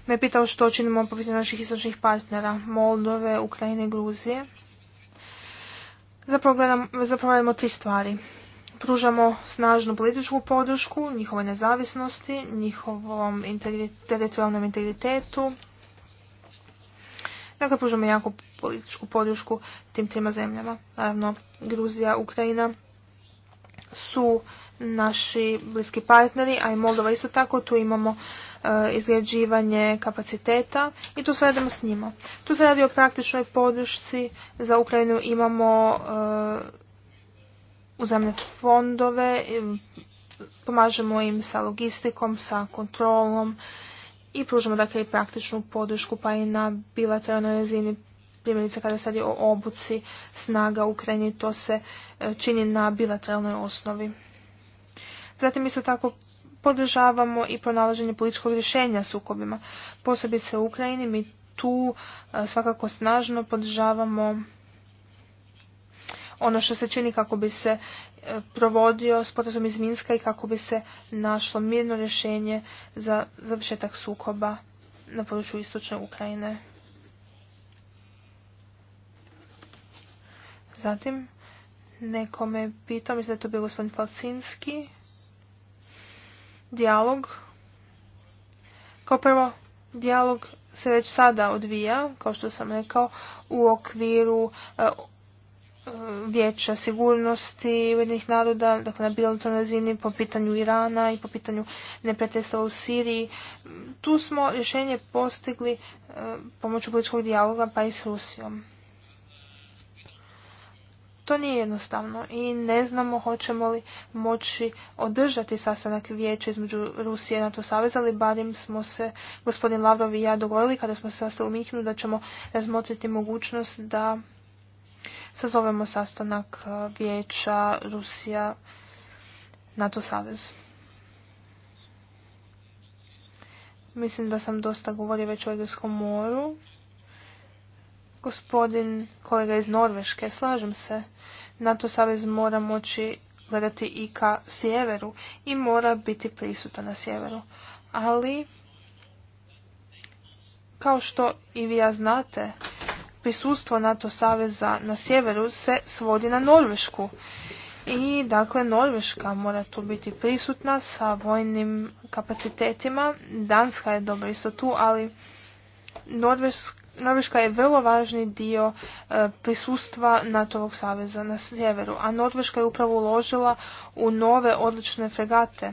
S2: me pitao što činimo po pitanju naših istočnih partnera, Moldove, Ukrajine i Gruzije. Zapravo, gledamo tri stvari. Pružamo snažnu političku podršku, njihovoj nezavisnosti, njihovom teritorijalnom integritetu. Dakle, pružamo jako političku podršku tim trima zemljama. Naravno, Gruzija, Ukrajina su naši bliski partneri, a i Moldova isto tako. Tu imamo E, izgrađivanje kapaciteta i tu sve radimo s njima. Tu se radi o praktičnoj podršci. Za Ukrajinu imamo e, uzemne fondove, pomažemo im sa logistikom, sa kontrolom i pružamo dakle i praktičnu podršku pa i na bilateralnoj razini primjerice kada se radi o obuci snaga Ukrajini, to se e, čini na bilateralnoj osnovi. Zatim isto tako podržavamo i pronalaženje političkog rješenja sukobima. Posebice u Ukrajini mi tu e, svakako snažno podržavamo ono što se čini kako bi se e, provodio sporazum iz Minska i kako bi se našlo mirno rješenje za završetak sukoba na području istočne Ukrajine. Zatim, nekome pitao, mislim da je to bio gospodin Falcinski, dijalog. Kao prvo, dijalog se već sada odvija, kao što sam rekao, u okviru e, e, vijeća sigurnosti Ujedinih naroda, dakle na bilateralnoj razini po pitanju Irana i po pitanju neprijateljstva u Siriji. Tu smo rješenje postigli e, pomoću političkog dijaloga pa i s Rusijom. To nije jednostavno i ne znamo hoćemo li moći održati sastanak vijeća između Rusije i NATO saveza, ali barim smo se gospodin Lavrov i ja dogovorili kada smo se sastali u Mihnu da ćemo razmotriti mogućnost da sazovemo sastanak e, vijeća Rusija NATO savez. Mislim da sam dosta govorio već o Egerskom moru. Gospodin kolega iz Norveške, slažem se, NATO savez mora moći gledati i ka sjeveru i mora biti prisutan na sjeveru. Ali, kao što i vi ja znate, prisustvo NATO saveza na sjeveru se svodi na Norvešku. I dakle Norveška mora tu biti prisutna sa vojnim kapacitetima. Danska je dobro isto tu, ali Norveška Norveška je vrlo važni dio e, prisustva NATO-ovog saveza na sjeveru, a Norveška je upravo uložila u nove odlične fregate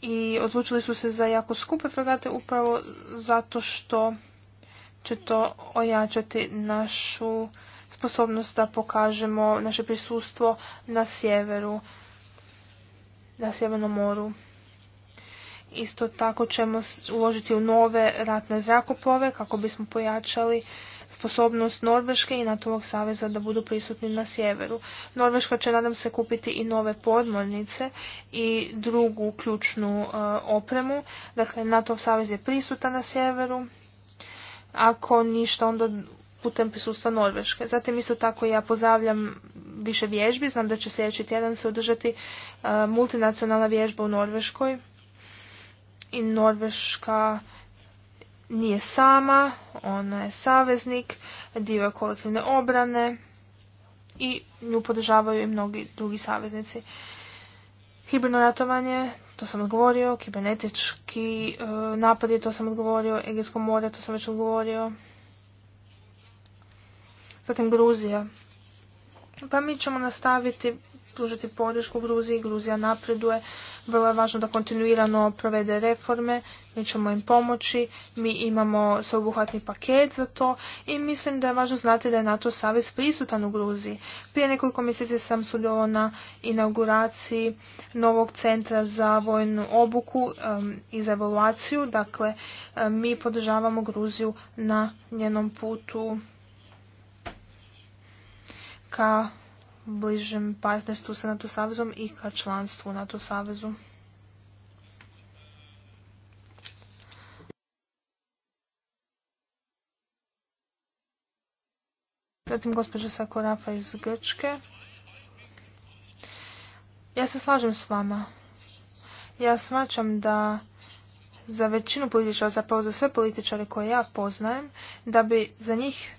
S2: i odlučili su se za jako skupe fregate upravo zato što će to ojačati našu sposobnost da pokažemo naše prisustvo na sjeveru, na sjevernom moru. Isto tako ćemo uložiti u nove ratne zrakoplove kako bismo pojačali sposobnost Norveške i NATO-ovog saveza da budu prisutni na sjeveru. Norveška će, nadam se, kupiti i nove podmornice i drugu ključnu e, opremu. Dakle, NATO-ov savez je prisutan na sjeveru. Ako ništa, onda putem prisutstva Norveške. Zatim isto tako ja pozavljam više vježbi. Znam da će sljedeći tjedan se održati e, multinacionalna vježba u Norveškoj i Norveška nije sama, ona je saveznik, dio je kolektivne obrane i nju podržavaju i mnogi drugi saveznici. Hibrno ratovanje, to sam odgovorio, kibernetički napad e, napadi, to sam odgovorio, Egejsko more, to sam već odgovorio. Zatim Gruzija. Pa mi ćemo nastaviti pružati podršku Gruziji, Gruzija napreduje, vrlo je važno da kontinuirano provede reforme, mi ćemo im pomoći, mi imamo sveobuhvatni paket za to i mislim da je važno znati da je NATO savez prisutan u Gruziji. Prije nekoliko mjeseci sam sudjelovao na inauguraciji novog centra za vojnu obuku i za evaluaciju, dakle mi podržavamo Gruziju na njenom putu ka bližem partnerstvu sa NATO savezom i ka članstvu u NATO savezu. Zatim gospođa Sakorafa iz Grčke. Ja se slažem s vama. Ja smačam da za većinu političara, zapravo za sve političare koje ja poznajem, da bi za njih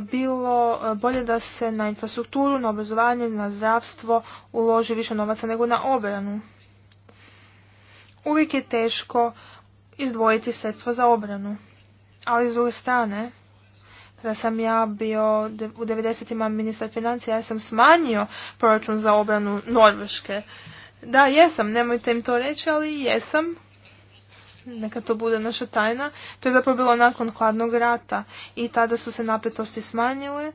S2: bilo e, bolje da se na infrastrukturu, na obrazovanje, na zdravstvo uloži više novaca nego na obranu. Uvijek je teško izdvojiti sredstva za obranu. Ali s druge strane, kada sam ja bio u 90 ministar financija, ja sam smanjio proračun za obranu Norveške. Da, jesam, nemojte im to reći, ali jesam neka to bude naša tajna, to je zapravo bilo nakon hladnog rata i tada su se napetosti smanjile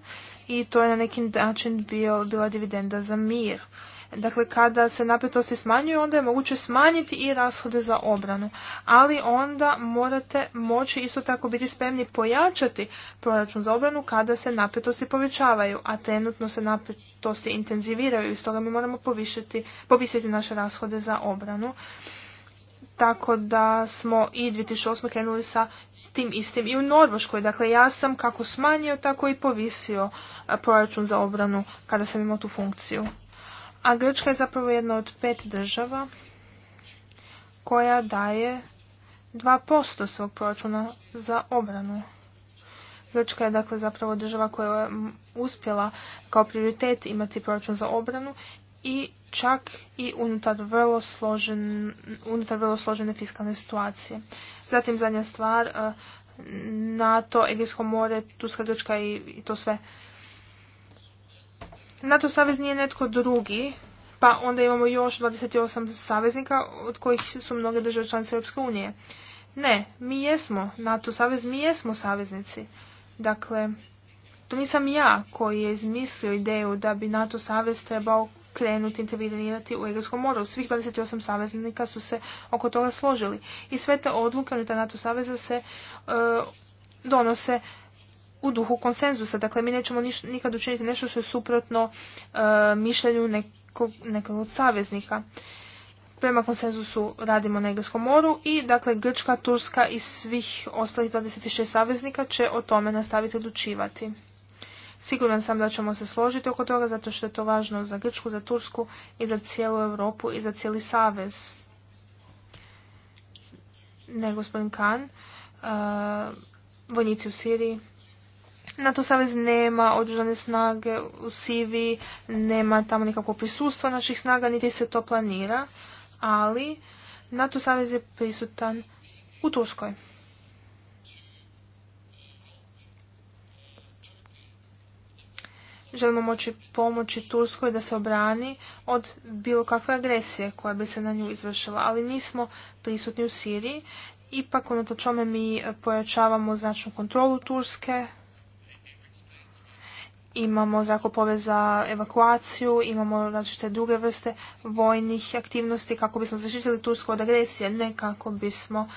S2: i to je na neki način bio, bila dividenda za mir. Dakle, kada se napetosti smanjuju, onda je moguće smanjiti i rashode za obranu. Ali onda morate moći isto tako biti spremni pojačati proračun za obranu kada se napetosti povećavaju, a trenutno se napetosti intenziviraju i stoga mi moramo povisiti naše rashode za obranu tako da smo i 2008. krenuli sa tim istim i u Norveškoj. Dakle, ja sam kako smanjio, tako i povisio e, proračun za obranu kada sam imao tu funkciju. A Grčka je zapravo jedna od pet država koja daje 2% svog proračuna za obranu. Grčka je dakle zapravo država koja je uspjela kao prioritet imati proračun za obranu i čak i unutar vrlo, složen, unutar vrlo složene fiskalne situacije. Zatim zadnja stvar, e, NATO, Egejsko more, Turska, Grčka i, i to sve. NATO savez nije netko drugi, pa onda imamo još 28 saveznika od kojih su mnoge države članice Europske unije. Ne, mi jesmo NATO savez, mi jesmo saveznici. Dakle, to nisam ja koji je izmislio ideju da bi NATO savez trebao krenuti intervenirati u Egejskom moru. Svih 28 saveznika su se oko toga složili. I sve te odluke unutar NATO saveza se e, donose u duhu konsenzusa. Dakle, mi nećemo nikad učiniti nešto što je suprotno e, mišljenju nekog, od saveznika. Prema konsenzusu radimo na Egejskom moru i dakle Grčka, Turska i svih ostalih 26 saveznika će o tome nastaviti odlučivati. Siguran sam da ćemo se složiti oko toga zato što je to važno za Grčku, za Tursku i za cijelu Europu i za cijeli savez. Ne, gospodin Kan, e, vojnici u Siriji. NATO savez nema održane snage u Siviji, nema tamo nikakvo prisustvo naših snaga, niti se to planira, ali NATO savez je prisutan u Turskoj. želimo moći pomoći Turskoj da se obrani od bilo kakve agresije koja bi se na nju izvršila, ali nismo prisutni u Siriji. Ipak, ono to čome mi pojačavamo značnu kontrolu Turske, imamo zakopove za evakuaciju, imamo različite druge vrste vojnih aktivnosti kako bismo zaštitili Tursku od agresije, ne kako bismo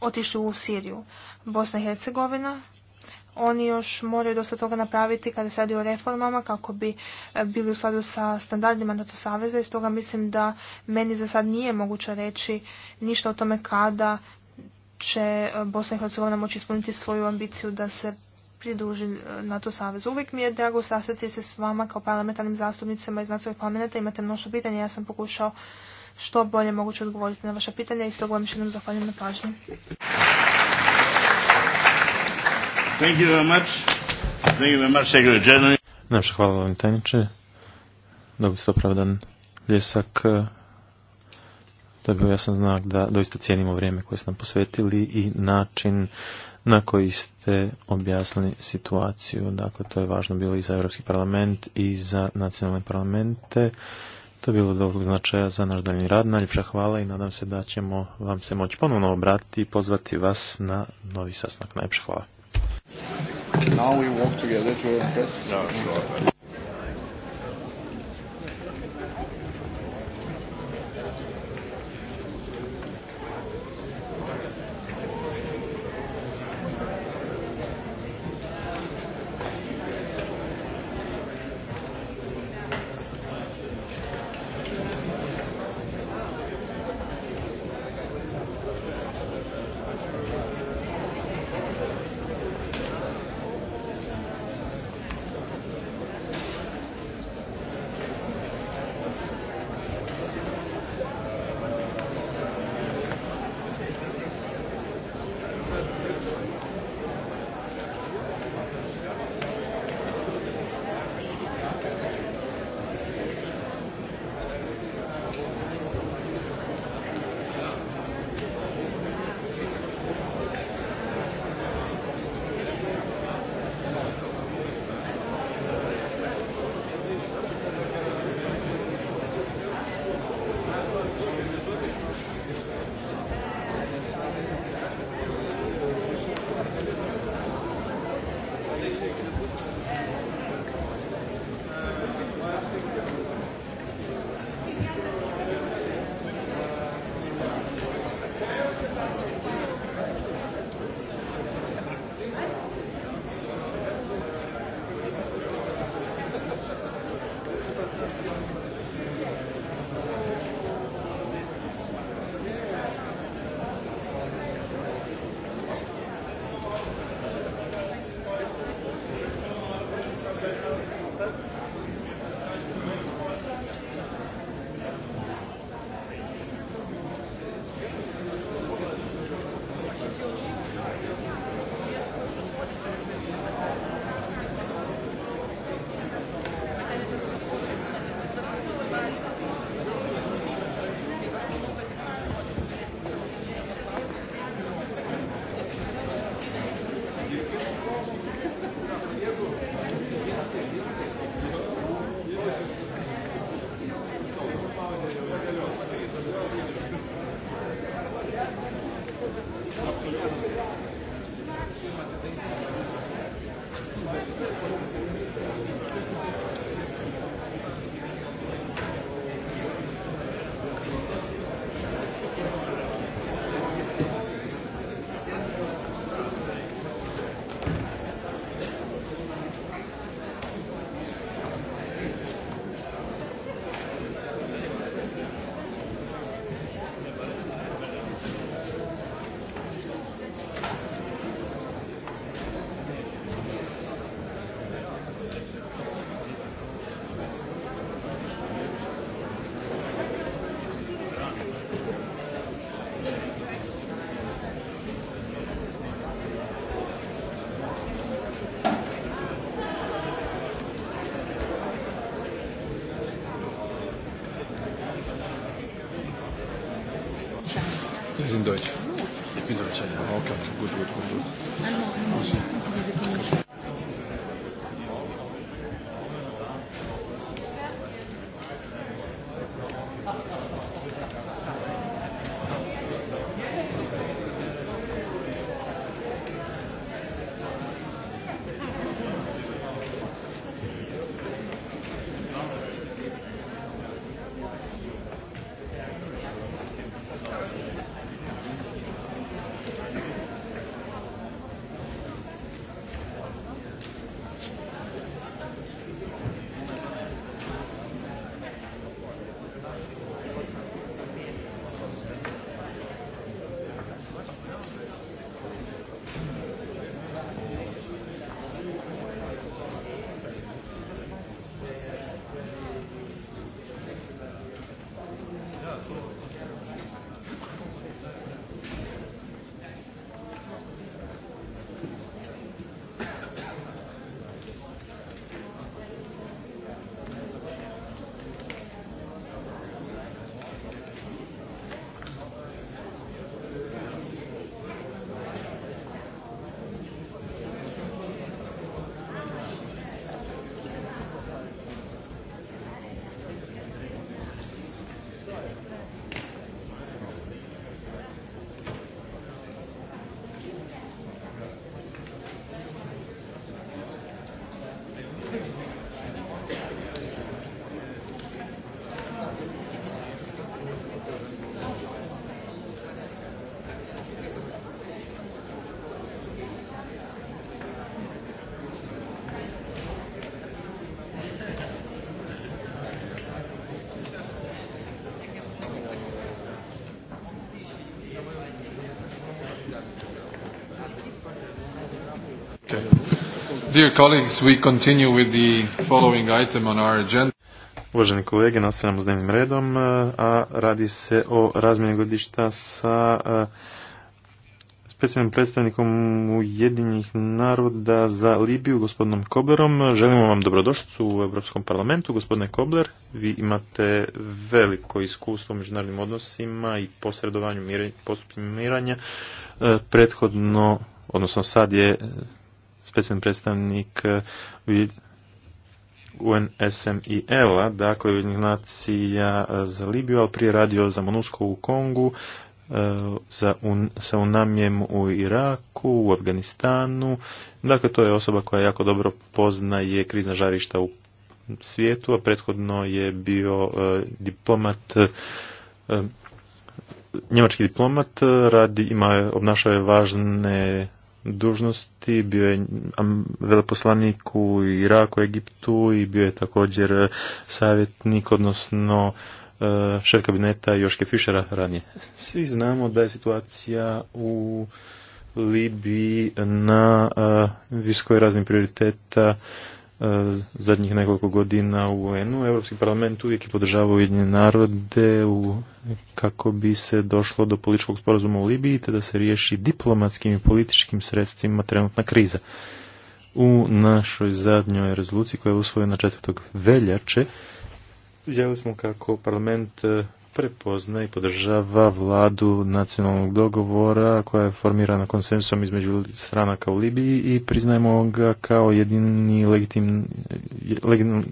S2: otišli u Siriju. Bosna i Hercegovina, oni još moraju dosta toga napraviti kada se radi o reformama kako bi e, bili u skladu sa standardima NATO saveza i stoga mislim da meni za sad nije moguće reći ništa o tome kada će e, Bosna i Hercegovina moći ispuniti svoju ambiciju da se pridruži e, NATO savezu. Uvijek mi je drago sastati se s vama kao parlamentarnim zastupnicima iz nacionalnih parlamenta. Imate mnoštvo pitanja, ja sam pokušao što bolje moguće odgovoriti na vaša pitanja i stoga vam još jednom zahvaljujem na pažnju. Thank you
S3: very
S1: much. hvala vam, tajniče. Dobili ste opravdan ljesak. To je bio jasan znak da doista cijenimo vrijeme koje ste nam posvetili i način na koji ste objasnili situaciju. Dakle, to je važno bilo i za Europski parlament i za nacionalne parlamente. To je bilo dobrog značaja za naš daljni rad. Najljepša hvala i nadam se da ćemo vam se moći ponovno obratiti i pozvati vas na novi sastanak. Najljepša hvala
S3: now we walk together to a press. No, sure.
S1: Dear colleagues, we continue with the following item on Uvaženi kolege, nastavljamo s dnevnim redom, e, a radi se o razmjeni gledišta sa e, specijalnim predstavnikom Ujedinjih naroda za Libiju, gospodinom Koblerom. Želimo vam dobrodošlicu u Europskom parlamentu. Gospodine Kobler, vi imate veliko iskustvo u međunarodnim odnosima i posredovanju postupcima miranja. E, prethodno, odnosno sad je specijalni predstavnik eh, UNSMIL-a, dakle Ujedinjenih nacija eh, za Libiju, ali prije radio za Monusko u Kongu, eh, za un, sa UNAMIjem u Iraku, u Afganistanu. Dakle, to je osoba koja jako dobro poznaje krizna žarišta u svijetu, a prethodno je bio diplomat njemački diplomat, radi, ima, obnašao je važne dužnosti, bio je veleposlanik u Iraku, Egiptu i bio je također e, savjetnik, odnosno e, šef kabineta Joške Fišera ranije. Svi znamo da je situacija u Libiji na e, viskoj raznim prioriteta E, zadnjih nekoliko godina u UN-u. Europski parlament uvijek je podržavao Ujedinjene narode kako bi se došlo do političkog sporazuma u Libiji te da se riješi diplomatskim i političkim sredstvima trenutna kriza. U našoj zadnjoj rezoluciji koja je usvojena 4. veljače izjavili smo kako parlament e, prepozna i podržava vladu nacionalnog dogovora koja je formirana konsensom između stranaka u Libiji i priznajemo ga kao jedini legitim,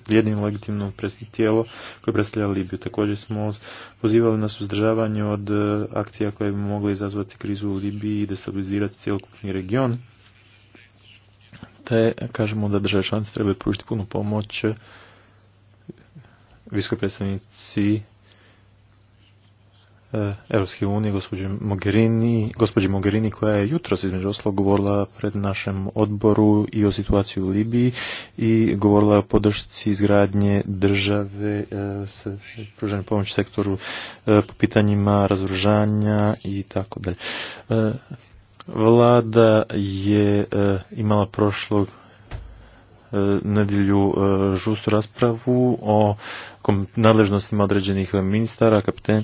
S1: jedino legitimno tijelo koje predstavlja Libiju. Također smo pozivali na suzdržavanje od e, akcija koje bi mogle izazvati krizu u Libiji i destabilizirati cjelokupni region. Te kažemo da države članice trebaju pružiti punu pomoć viskoj predstavnici E, Europske unije, gospođe Mogherini, gospođe koja je jutros između oslo govorila pred našem odboru i o situaciji u Libiji i govorila o podršci izgradnje države e, s pruženim pomoći sektoru e, po pitanjima razoružanja i tako dalje. Vlada je imala prošlog E, nedjelju e, žustu raspravu o nadležnostima određenih e, ministara, kapiten,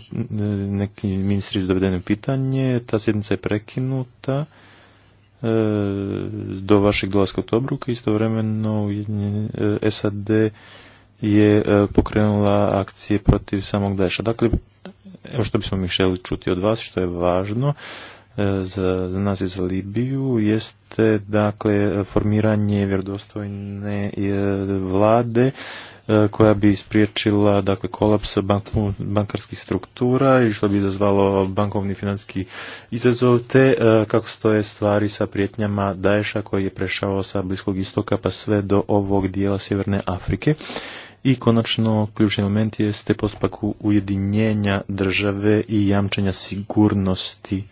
S1: neki ministri su dovedeni u pitanje, ta sjednica je prekinuta do vašeg dolaska u Tobruka, istovremeno SAD je pokrenula akcije protiv samog Daesha. Dakle, evo što bismo mi čuti od vas, što je važno, E, za, za nas i za Libiju jeste dakle formiranje vjerodostojne e, vlade e, koja bi ispriječila dakle kolaps bankarskih struktura i što bi izazvalo bankovni financijski izazov te kako stoje stvari sa prijetnjama Daesha koji je prešao sa Bliskog istoka pa sve do ovog dijela Sjeverne Afrike. I konačno ključni element jeste postupak ujedinjenja države i jamčenja sigurnosti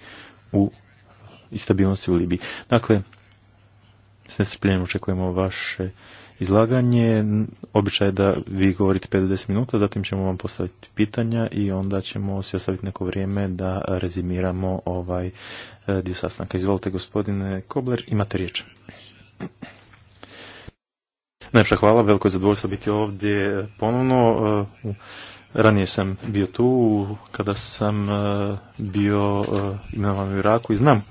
S1: u i stabilnosti u Libiji. Dakle, s nestrpljenjem očekujemo vaše izlaganje. Običaj je da vi govorite 5 10 minuta, zatim ćemo vam postaviti pitanja i onda ćemo se ostaviti neko vrijeme da rezimiramo ovaj e, dio sastanka. Izvolite gospodine Kobler, imate riječ. Najpša hvala, veliko je zadovoljstvo biti ovdje ponovno e, Ranije sam bio tu kada sam e, bio e, imenovan u Iraku i znam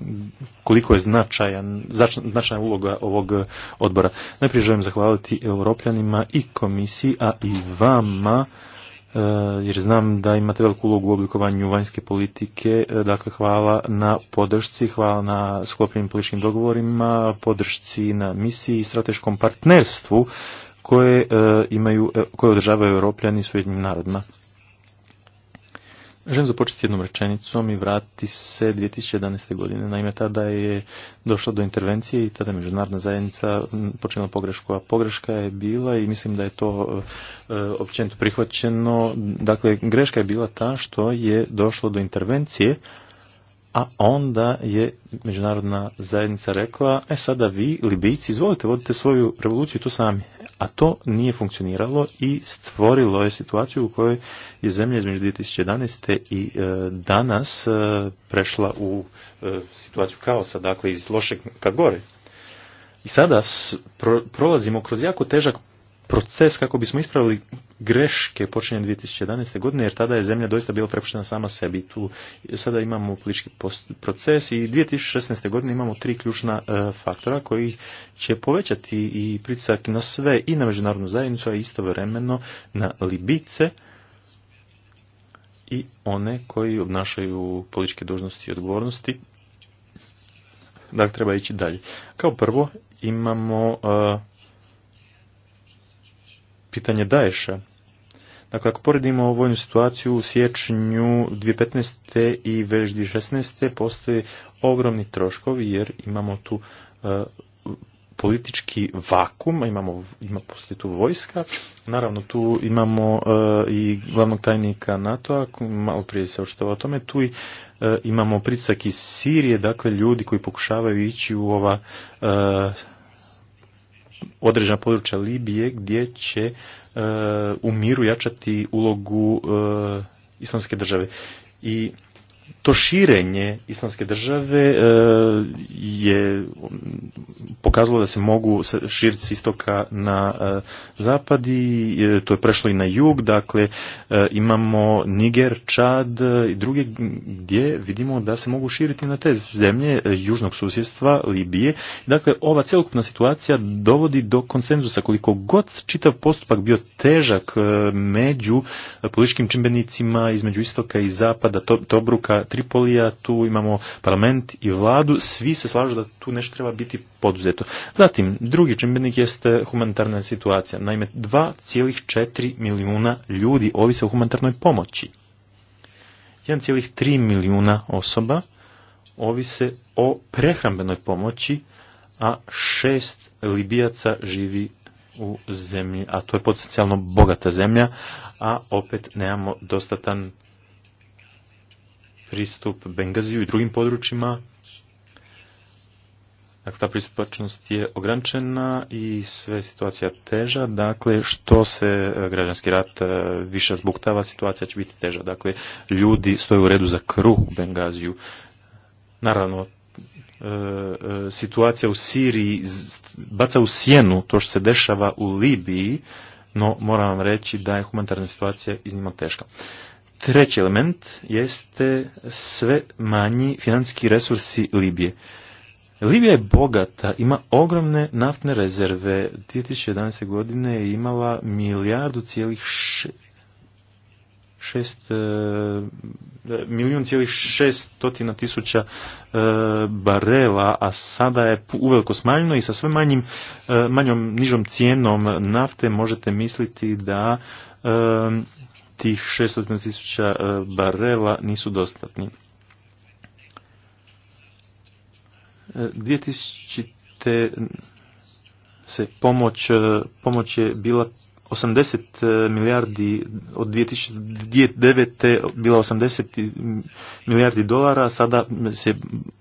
S1: koliko je značajan, značajna uloga ovog odbora. Najprije želim zahvaliti Europljanima i komisiji, a i vama e, jer znam da imate veliku ulogu u oblikovanju vanjske politike. Dakle, hvala na podršci, hvala na sklopljenim političkim dogovorima, podršci na misiji i strateškom partnerstvu koje, e, imaju, e, koje održavaju europljani i ujednim narodima. Želim započeti s jednom rečenicom i vratiti se 2011. godine. Naime, tada je došlo do intervencije i tada je međunarodna zajednica počinila pogrešku, a pogreška je bila i mislim da je to e, općenito prihvaćeno. Dakle, greška je bila ta što je došlo do intervencije, a onda je međunarodna zajednica rekla, e sada vi, Libijci, izvolite, vodite svoju revoluciju to sami. A to nije funkcioniralo i stvorilo je situaciju u kojoj je zemlja između 2011. i e, danas e, prešla u e, situaciju kaosa, dakle iz lošeg ka gore. I sada prolazimo kroz jako težak proces kako bismo ispravili greške počinje 2011. godine, jer tada je zemlja doista bila prepuštena sama sebi. Tu sada imamo politički proces i 2016. godine imamo tri ključna e, faktora koji će povećati i pritisak na sve i na međunarodnu zajednicu, a istovremeno na Libice i one koji obnašaju političke dužnosti i odgovornosti. Dakle, treba ići dalje. Kao prvo imamo e, pitanje Daješa Dakle, ako poredimo vojnu situaciju u siječnju 2015. i već 2016. postoje ogromni troškovi jer imamo tu e, politički vakum, imamo, ima poslije tu vojska, naravno tu imamo e, i glavnog tajnika NATO-a, malo prije se očitava o tome, tu i e, imamo pricak iz Sirije, dakle ljudi koji pokušavaju ići u ova određena područja Libije gdje će e, u miru jačati ulogu e, islamske države. I to širenje islamske države e, je pokazalo da se mogu širiti s istoka na e, zapad i e, to je prešlo i na jug, dakle imamo Niger, Čad i druge gdje vidimo da se mogu širiti na te zemlje južnog susjedstva Libije. Dakle, ova celokupna situacija dovodi do konsenzusa koliko god čitav postupak bio težak među političkim čimbenicima između istoka i zapada, Tobruka, Tripolija, tu imamo parlament i vladu, svi se slažu da tu nešto treba biti poduzeto. Zatim, drugi čimbenik jeste humanitarna situacija. Naime, 2,4 milijuna ljudi ovise o humanitarnoj pomoći. 1,3 milijuna osoba ovise o prehrambenoj pomoći, a šest Libijaca živi u zemlji, a to je potencijalno bogata zemlja, a opet nemamo dostatan pristup Bengaziju i drugim područjima. Dakle, ta pristupačnost je ograničena i sve situacija teža. Dakle, što se e, građanski rat e, više zbuktava, situacija će biti teža. Dakle, ljudi stoje u redu za kruh u Bengaziju. Naravno, e, situacija u Siriji baca u sjenu to što se dešava u Libiji, no moram vam reći da je humanitarna situacija iznimno teška. Treći element jeste sve manji financijski resursi Libije. Libija je bogata, ima ogromne naftne rezerve. 2011. godine je imala milijardu cijelih šest, e, milijun cijelih tisuća e, barela, a sada je uveliko smanjeno i sa sve manjim, e, manjom nižom cijenom nafte možete misliti da tih 600 tisuća e, barela nisu dostatni. 2000 e, se pomoć, e, pomoć je bila 80 milijardi od 2009. bila 80 milijardi dolara, sada se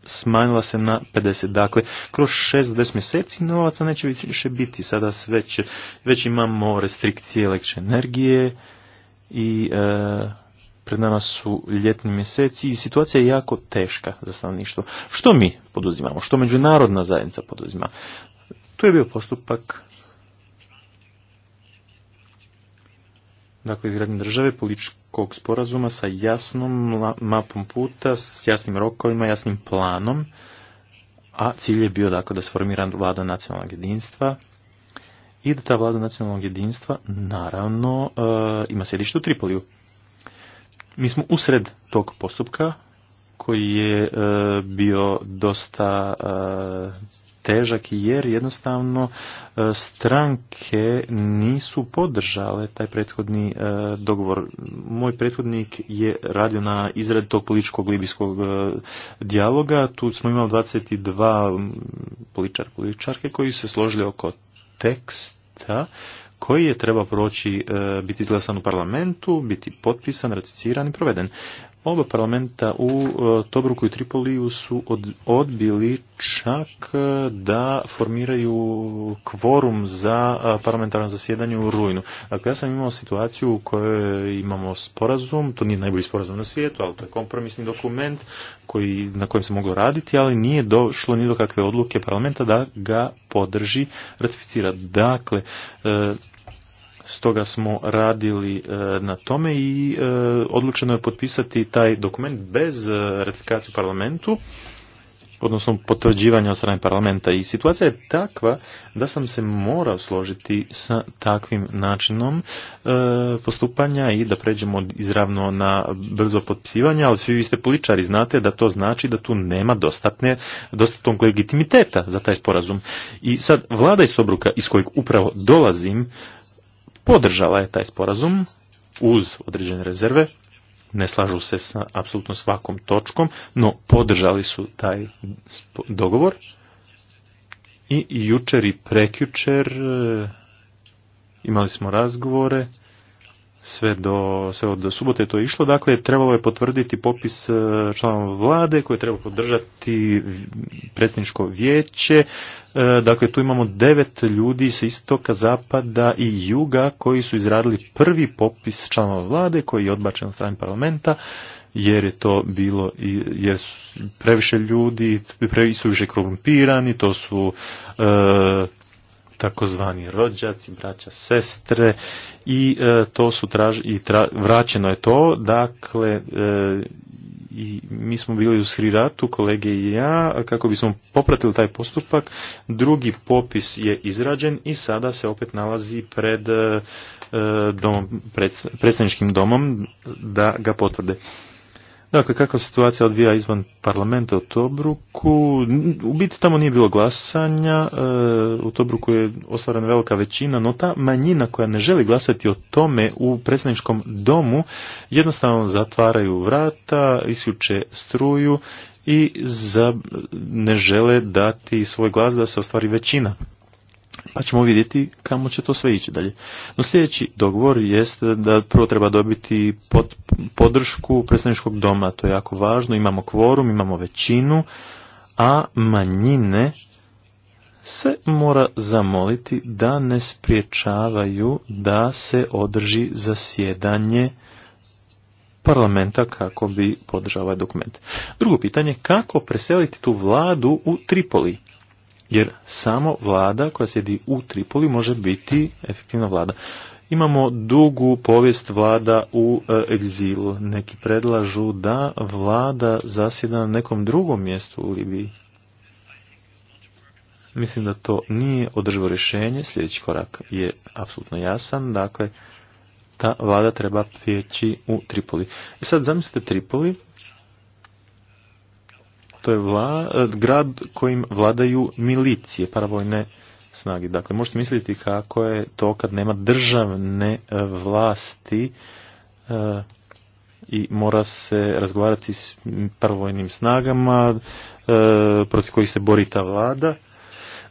S1: smanjila se na 50. Dakle, kroz 6 do 10 mjeseci novaca neće više biti. Sada već, već imamo restrikcije električne energije, i e, pred nama su ljetni mjeseci i situacija je jako teška za stanovništvo. Što mi poduzimamo? Što međunarodna zajednica poduzima? Tu je bio postupak dakle izgradnje države, političkog sporazuma sa jasnom mapom puta, s jasnim rokovima, jasnim planom, a cilj je bio dakle da se formira vlada nacionalnog jedinstva i da ta vlada nacionalnog jedinstva naravno e, ima sjedište u Tripoliju. Mi smo usred tog postupka koji je e, bio dosta e, težak jer jednostavno stranke nisu podržale taj prethodni dogovor. Moj prethodnik je radio na izradi tog političkog libijskog dijaloga. Tu smo imali 22 političar, političarke koji se složili oko teksta koji je treba proći, e, biti izglasan u parlamentu, biti potpisan, ratificiran i proveden. Oba parlamenta u e, Tobruku i Tripoliju su odbili čak e, da formiraju kvorum za e, parlamentarno zasjedanje u rujnu. Dakle, ja sam imao situaciju u kojoj imamo sporazum, to nije najbolji sporazum na svijetu, ali to je kompromisni dokument koji, na kojem se moglo raditi, ali nije došlo ni do kakve odluke parlamenta da ga podrži, ratificira. Dakle, Stoga smo radili e, na tome i e, odlučeno je potpisati taj dokument bez e, ratifikacije parlamentu odnosno potvrđivanja od strane parlamenta i situacija je takva da sam se morao složiti sa takvim načinom postupanja i da pređemo izravno na brzo potpisivanje, ali svi vi ste političari, znate da to znači da tu nema dostatne, dostatnog legitimiteta za taj sporazum. I sad vlada iz Sobruka iz kojeg upravo dolazim podržala je taj sporazum uz određene rezerve, ne slažu se sa apsolutno svakom točkom, no podržali su taj dogovor i jučer i prekjučer e, imali smo razgovore sve, do, sve od subote to išlo. Dakle, trebalo je potvrditi popis e, članova vlade koje treba podržati predsjedničko vijeće. E, dakle, tu imamo devet ljudi sa istoka, zapada i juga koji su izradili prvi popis članova vlade koji je odbačen od strane parlamenta jer je to bilo jer su previše ljudi, previše su više korumpirani, to su e, takozvani rođaci, braća, sestre i e, to su i vraćeno je to, dakle e, i mi smo bili u Sriratu, kolege i ja, kako bismo popratili taj postupak, drugi popis je izrađen i sada se opet nalazi pred e, e predstavničkim domom da ga potvrde. Dakle, kakva situacija odvija izvan parlamenta u Tobruku? U biti tamo nije bilo glasanja, e, u Tobruku je ostvarena velika većina, no ta manjina koja ne želi glasati o tome u predsjedničkom domu jednostavno zatvaraju vrata, isključe struju i za, ne žele dati svoj glas da se ostvari većina pa ćemo vidjeti kamo će to sve ići dalje. No sljedeći dogovor jest da prvo treba dobiti podršku predstavničkog doma, to je jako važno, imamo kvorum, imamo većinu, a manjine se mora zamoliti da ne spriječavaju da se održi zasjedanje parlamenta kako bi podržao ovaj dokument. Drugo pitanje, kako preseliti tu vladu u Tripoli? jer samo vlada koja sjedi u Tripoli može biti efektivna vlada. Imamo dugu povijest vlada u e, egzilu. Neki predlažu da vlada zasjeda na nekom drugom mjestu u Libiji. Mislim da to nije održivo rješenje. Sljedeći korak je apsolutno jasan. Dakle, ta vlada treba prijeći u Tripoli. I e sad zamislite Tripoli to je e, grad kojim vladaju milicije, paravojne snage. Dakle, možete misliti kako je to kad nema državne e, vlasti e, i mora se razgovarati s paravojnim snagama e, protiv kojih se bori ta vlada.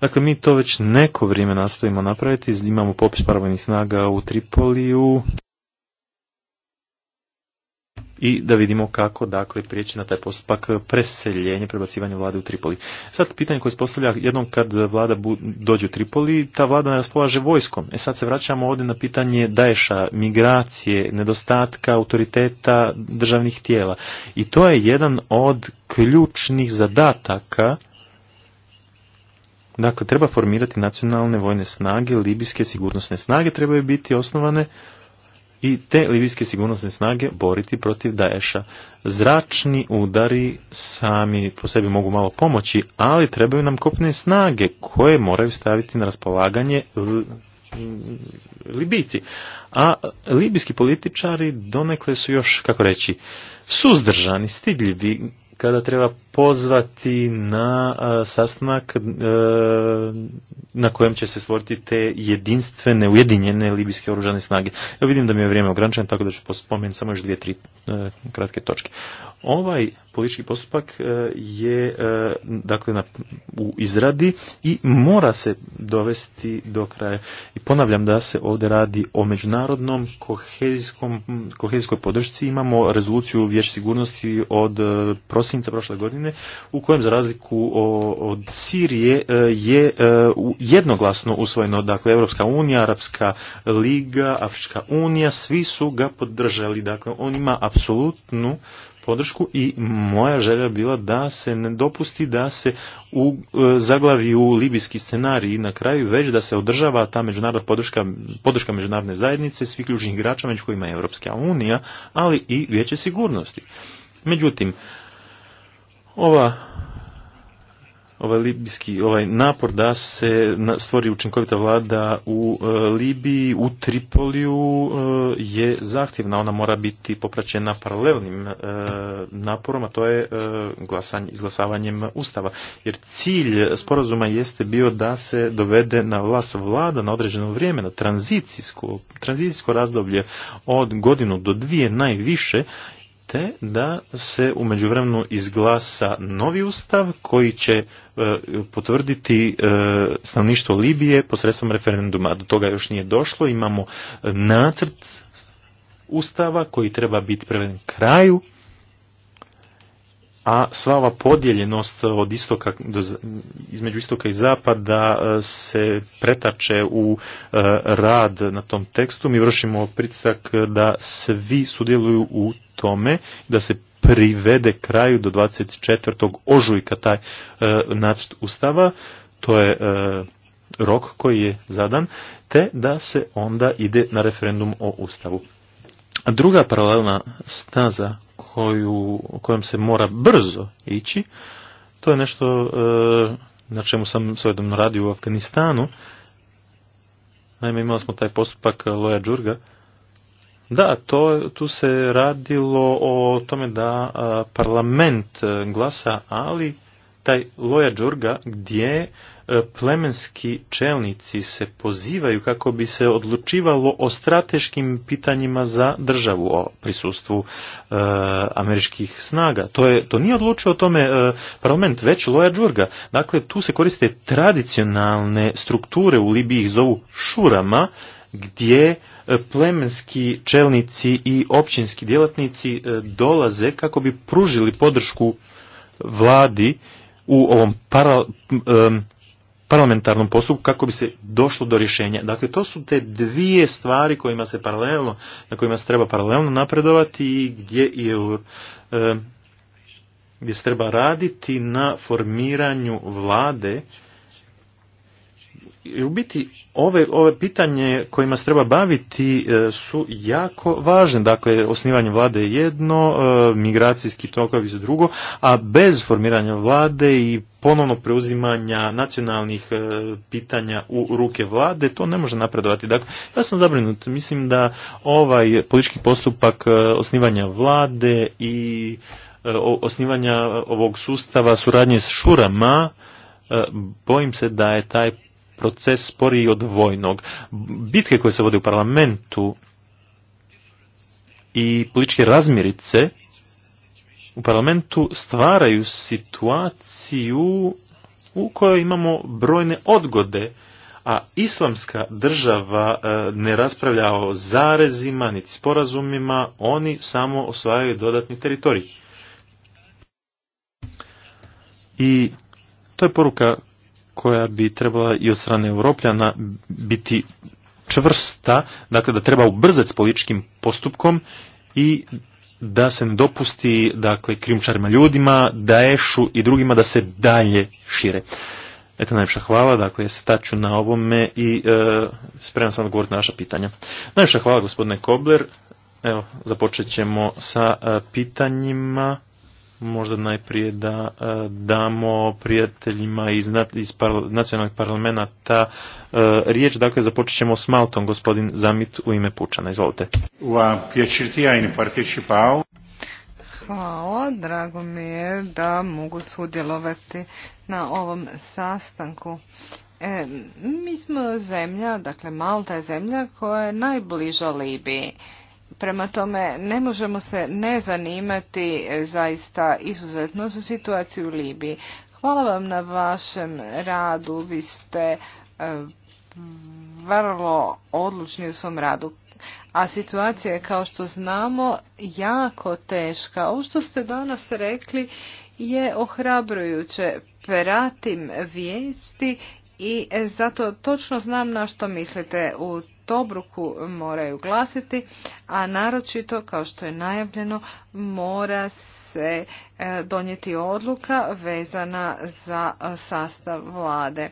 S1: Dakle, mi to već neko vrijeme nastojimo napraviti. Imamo popis paravojnih snaga u Tripoliju i da vidimo kako dakle prijeći na taj postupak preseljenje, prebacivanje vlade u Tripoli. Sad pitanje koje se postavlja jednom kad vlada dođe u Tripoli, ta vlada ne raspolaže vojskom. E sad se vraćamo ovdje na pitanje daješa, migracije, nedostatka autoriteta državnih tijela. I to je jedan od ključnih zadataka Dakle, treba formirati nacionalne vojne snage, libijske sigurnosne snage trebaju biti osnovane i te libijske sigurnosne snage boriti protiv Daesha. Zračni udari sami po sebi mogu malo pomoći, ali trebaju nam kopne snage koje moraju staviti na raspolaganje Libijci. A libijski političari donekle su još, kako reći, suzdržani, stidljivi kada treba pozvati na sastanak e, na kojem će se stvoriti te jedinstvene, ujedinjene libijske oružane snage. Ja vidim da mi je vrijeme ograničeno, tako da ću spomenuti samo još dvije, tri e, kratke točke. Ovaj politički postupak e, je dakle na, u izradi i mora se dovesti do kraja. I ponavljam da se ovdje radi o međunarodnom kohezijskoj podršci. Imamo rezoluciju Vijeća sigurnosti od prosinca prošle godine godine u kojem za razliku od Sirije e, je e, jednoglasno usvojeno dakle Europska unija, Arapska liga, Afrička unija, svi su ga podržali. Dakle on ima apsolutnu podršku i moja želja bila da se ne dopusti da se u, e, zaglavi u libijski scenarij na kraju, već da se održava ta međunarodna podrška, podrška međunarodne zajednice, svih ključnih igrača, među kojima je Europska unija, ali i vijeće sigurnosti. Međutim, ova ovaj libijski ovaj napor da se stvori učinkovita vlada u e, Libiji, u Tripoliju e, je zahtjevna, ona mora biti popraćena paralelnim e, naporom, a to je glasanje, izglasavanjem ustava. Jer cilj sporazuma jeste bio da se dovede na vlast vlada na određeno vrijeme, na tranzicijsko, tranzicijsko razdoblje od godinu do dvije najviše te da se u međuvremenu izglasa novi ustav koji će e, potvrditi e, stanovništvo Libije posredstvom referenduma. Do toga još nije došlo, imamo nacrt ustava koji treba biti preveden kraju a sva ova podijeljenost od istoka do, između istoka i zapada e, se pretače u e, rad na tom tekstu. Mi vršimo pritisak da svi sudjeluju u tome, da se privede kraju do 24. ožujka taj e, nacrt ustava. To je rok koji je zadan, te da se onda ide na referendum o ustavu. Druga paralelna staza koju, kojom se mora brzo ići, to je nešto e, na čemu sam svojedobno radio u Afganistanu. Naime, imali smo taj postupak Loja Đurga. Da, to, tu se radilo o tome da parlament e, glasa, ali taj Loja Đurga gdje e, plemenski čelnici se pozivaju kako bi se odlučivalo o strateškim pitanjima za državu, o prisustvu e, američkih snaga. To, je, to nije odlučio o tome e, parlament, već Loja džurga. Dakle, tu se koriste tradicionalne strukture, u Libiji ih zovu šurama, gdje e, plemenski čelnici i općinski djelatnici dolaze kako bi pružili podršku vladi u ovom parlamentarnom postupku kako bi se došlo do rješenja. Dakle, to su te dvije stvari kojima se paralelno, na kojima se treba paralelno napredovati i gdje i gdje se treba raditi na formiranju vlade u biti ove, ove pitanje kojima se treba baviti e, su jako važne. Dakle, osnivanje vlade je jedno, e, migracijski tokovi su drugo, a bez formiranja vlade i ponovno preuzimanja nacionalnih e, pitanja u ruke vlade, to ne može napredovati. Dakle, ja sam zabrinut. Mislim da ovaj politički postupak osnivanja vlade i osnivanja ovog sustava suradnje s šurama, bojim se da je taj proces sporiji od vojnog. Bitke koje se vode u parlamentu i političke razmirice u parlamentu stvaraju situaciju u kojoj imamo brojne odgode, a islamska država e, ne raspravlja o zarezima niti sporazumima, oni samo osvajaju dodatni teritorij. I to je poruka koja bi trebala i od strane Europljana biti čvrsta, dakle da treba ubrzati s političkim postupkom i da se ne dopusti dakle, krimčarima ljudima, daješu i drugima da se dalje šire. Eto, najviše hvala, dakle, staću na ovome i e, spreman sam odgovoriti na vaša pitanja. Najviše hvala, gospodine Kobler. Evo, započet ćemo sa e, pitanjima možda najprije da e, damo prijateljima iz, nacionalnog parlamenta e, riječ. Dakle, započet ćemo s Maltom, gospodin Zamit u ime Pučana. Izvolite.
S3: Hvala, drago mi je da mogu sudjelovati na ovom sastanku. E, mi smo zemlja, dakle Malta je zemlja koja je najbliža Libiji. Prema tome, ne možemo se ne zanimati e, zaista izuzetno za situaciju u Libiji. Hvala vam na vašem radu. Vi ste e, vrlo odlučni u svom radu. A situacija je, kao što znamo, jako teška. Ovo što ste danas rekli je ohrabrujuće. Pratim vijesti i zato točno znam na što mislite u Tobruku moraju glasiti, a naročito, kao što je najavljeno, mora se e, donijeti odluka vezana za e, sastav vlade.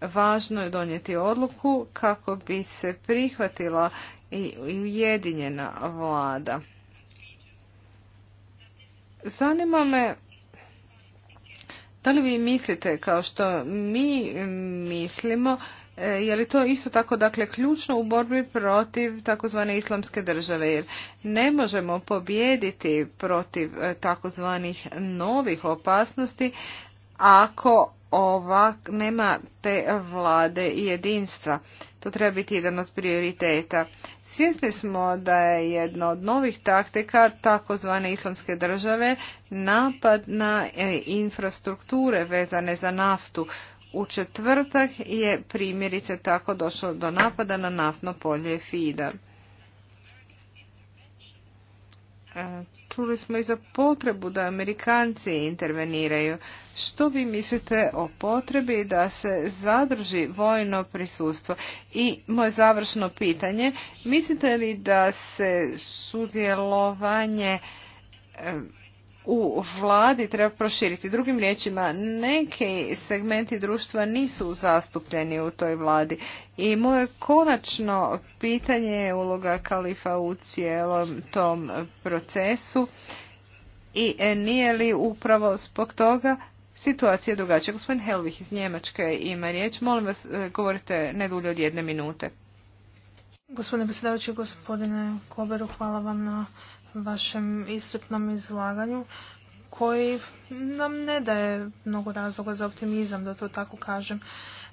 S3: Važno je donijeti odluku kako bi se prihvatila i ujedinjena vlada. Zanima me da li vi mislite kao što mi mislimo E, je li to isto tako dakle ključno u borbi protiv takozvane islamske države jer ne možemo pobijediti protiv e, takozvanih novih opasnosti ako ovak nema te vlade i jedinstva. To treba biti jedan od prioriteta. Svjesni smo da je jedna od novih taktika takozvane islamske države napad na e, infrastrukture vezane za naftu u četvrtak je primjerice tako došlo do napada na naftno polje FIDA. E, čuli smo i za potrebu da Amerikanci interveniraju. Što vi mislite o potrebi da se zadrži vojno prisustvo? I moje završno pitanje, mislite li da se sudjelovanje e, u vladi treba proširiti. Drugim riječima, neki segmenti društva nisu zastupljeni u toj vladi. I moje konačno pitanje je uloga kalifa u cijelom tom procesu i nije li upravo zbog toga situacija drugačija. Gospodin Helvih iz Njemačke ima riječ. Molim vas, e, govorite ne dulje od jedne minute.
S2: Gospodine predsjedavajući, gospodine Koberu, hvala vam na vašem iscrpnom izlaganju koji nam ne daje mnogo razloga za optimizam, da to tako kažem.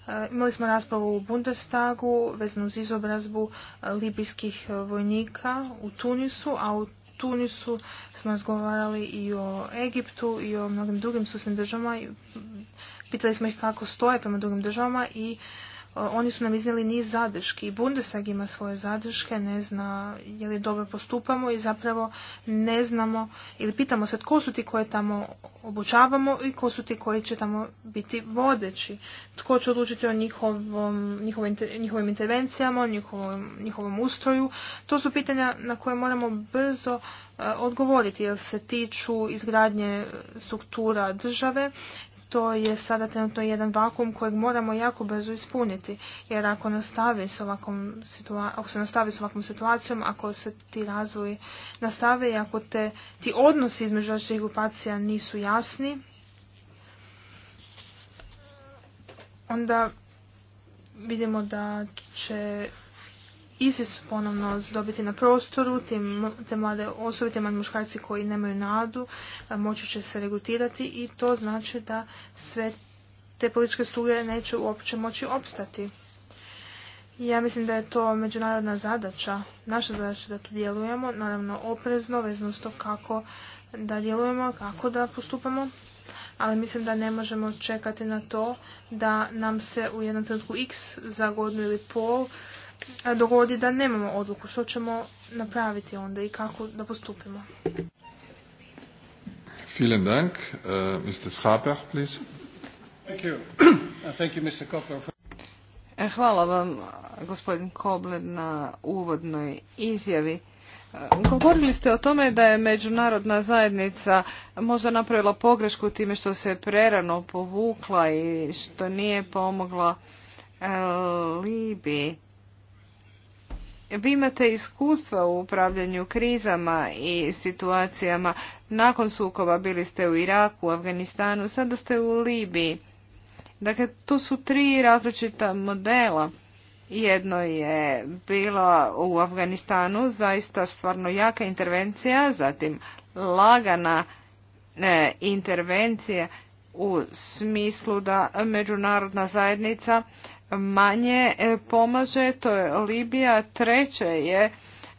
S2: E, imali smo raspravu u Bundestagu vezanu uz izobrazbu e, libijskih vojnika u Tunisu, a u Tunisu smo razgovarali i o Egiptu i o mnogim drugim susjednim državama. Pitali smo ih kako stoje prema drugim državama i oni su nam iznijeli niz zadrški. I Bundestag ima svoje zadrške, ne zna je li dobro postupamo i zapravo ne znamo ili pitamo se tko su ti koje tamo obučavamo i tko su ti koji će tamo biti vodeći. Tko će odlučiti o njihovom, njihovim, njihovim intervencijama, o njihovom, njihovom ustroju. To su pitanja na koje moramo brzo e, odgovoriti jer se tiču izgradnje struktura države to je sada trenutno jedan vakum kojeg moramo jako brzo ispuniti. Jer ako, nastavi ako se nastavi s ovakvom situacijom, ako se ti razvoj nastave i ako te, ti odnosi između različitih grupacija nisu jasni, onda vidimo da će ISIS ponovno zdobiti na prostoru, te mlade osobe, te mladi muškarci koji nemaju nadu, moći će se regrutirati i to znači da sve te političke struje neće uopće moći opstati. Ja mislim da je to međunarodna zadaća, naša zadaća da tu djelujemo, naravno oprezno, vezno s to kako da djelujemo, kako da postupamo, ali mislim da ne možemo čekati na to da nam se u jednom trenutku x za godinu ili pol dogodi da nemamo odluku, što ćemo napraviti onda i kako da postupimo. Vielen Dank. Uh, Mr. Schaper, please.
S3: Thank you. Uh, thank you, Mr. E, hvala vam, gospodin Kobler, na uvodnoj izjavi. Uh, govorili ste o tome da je međunarodna zajednica možda napravila pogrešku time što se prerano povukla i što nije pomogla e, Libiji. Vi imate iskustva u upravljanju krizama i situacijama. Nakon sukoba bili ste u Iraku, u Afganistanu, sada ste u Libiji. Dakle, to su tri različita modela. Jedno je bilo u Afganistanu zaista stvarno jaka intervencija, zatim lagana e, intervencija u smislu da međunarodna zajednica manje e, pomaže, to je Libija, treće je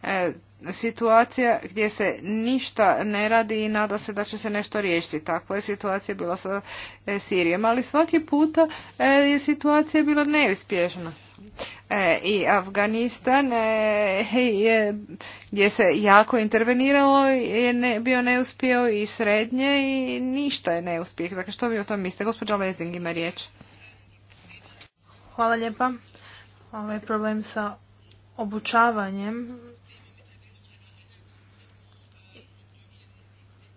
S3: e, situacija gdje se ništa ne radi i nada se da će se nešto riješiti. Takva je situacija bila sa e, sirijom ali svaki puta je situacija bila neuspješna. I Afganistan je, gdje se jako interveniralo je bio neuspio i srednje i ništa je neuspjeh. Dakle, što vi o tom mislite? Gospođa Lezing ima riječ.
S2: Hvala lijepa. Ovaj problem sa obučavanjem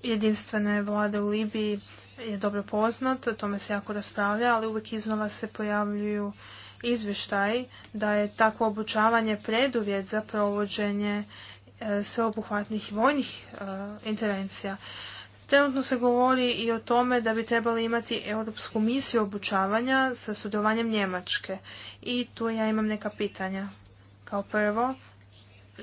S2: jedinstvene vlade u Libiji je dobro poznat, o tome se jako raspravlja, ali uvijek iznova se pojavljuju izvještaj da je takvo obučavanje preduvjet za provođenje e, sveobuhvatnih vojnih e, intervencija. Trenutno se govori i o tome da bi trebali imati europsku misiju obučavanja sa sudovanjem Njemačke. I tu ja imam neka pitanja. Kao prvo,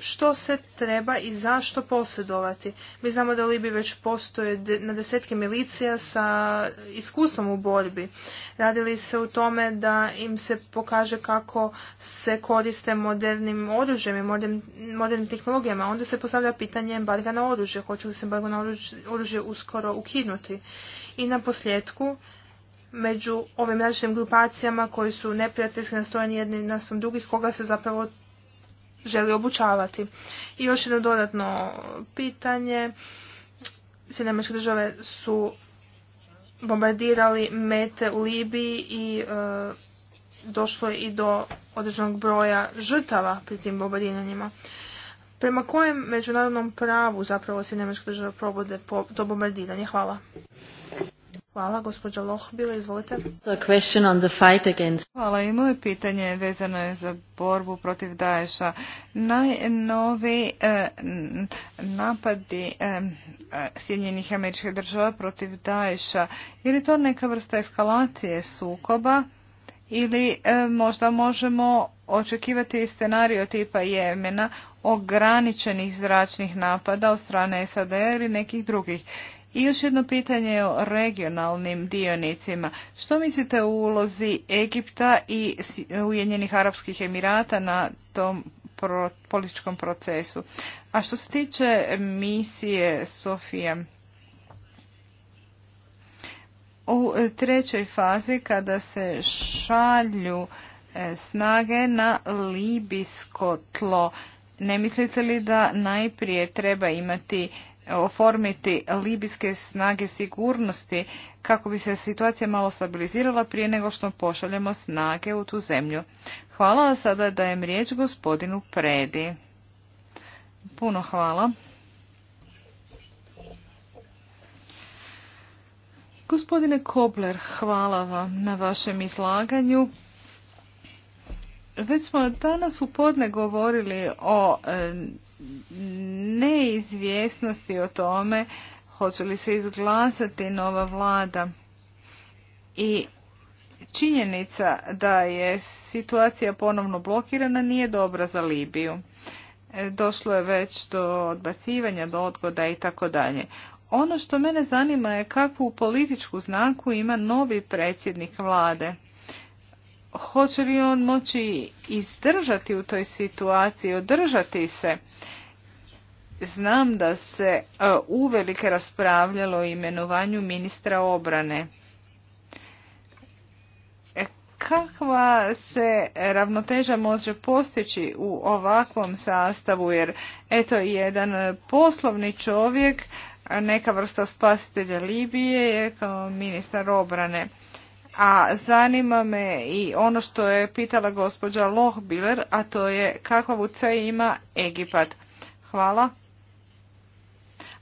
S2: što se treba i zašto posjedovati. Mi znamo da u Libiji već postoje na desetke milicija sa iskustvom u borbi. Radili se u tome da im se pokaže kako se koriste modernim oružjem i modern, modernim tehnologijama. Onda se postavlja pitanje embarga na oružje. Hoće li se embargo na oružje, uskoro ukinuti? I na posljedku, među ovim različitim grupacijama koji su neprijateljski nastrojeni jedni naspram drugih, koga se zapravo želi obučavati. I još jedno dodatno pitanje. Sjedinamečke države su bombardirali mete u Libiji i e, došlo je i do određenog broja žrtava pri tim bombardiranjima. Prema kojem međunarodnom pravu zapravo se države država provode po, to bombardiranje? Hvala. Hvala, gospođa Lohbile, izvolite.
S3: Hvala, i moje pitanje vezano je za borbu protiv Daesha. Najnovi e, napadi e, e, Sjedinjenih američkih država protiv Daesha, je li to neka vrsta eskalacije sukoba ili možda možemo očekivati scenario tipa Jemena ograničenih zračnih napada od strane SAD ili nekih drugih i još jedno pitanje o regionalnim dionicima. Što mislite o ulozi Egipta i Ujedinjenih Arapskih Emirata na tom političkom procesu? A što se tiče misije Sofije, u trećoj fazi kada se šalju e, snage na libijsko tlo, ne mislite li da najprije treba imati oformiti libijske snage sigurnosti kako bi se situacija malo stabilizirala prije nego što pošaljemo snage u tu zemlju. Hvala, vam sada dajem riječ gospodinu Predi. Puno hvala. Gospodine Kobler, hvala vam na vašem izlaganju. Već smo danas u podne govorili o e, neizvjesnosti o tome hoće li se izglasati nova vlada i činjenica da je situacija ponovno blokirana nije dobra za Libiju. E, došlo je već do odbacivanja, do odgoda i tako dalje. Ono što mene zanima je kakvu političku znaku ima novi predsjednik vlade hoće li on moći izdržati u toj situaciji, održati se. Znam da se e, uvelike raspravljalo o imenovanju ministra obrane. E, kakva se ravnoteža može postići u ovakvom sastavu, jer eto jedan poslovni čovjek, neka vrsta spasitelja Libije je kao ministar obrane. A zanima me i ono što je pitala gospođa Lohbiler, a to je kakav vuce ima Egipat. Hvala.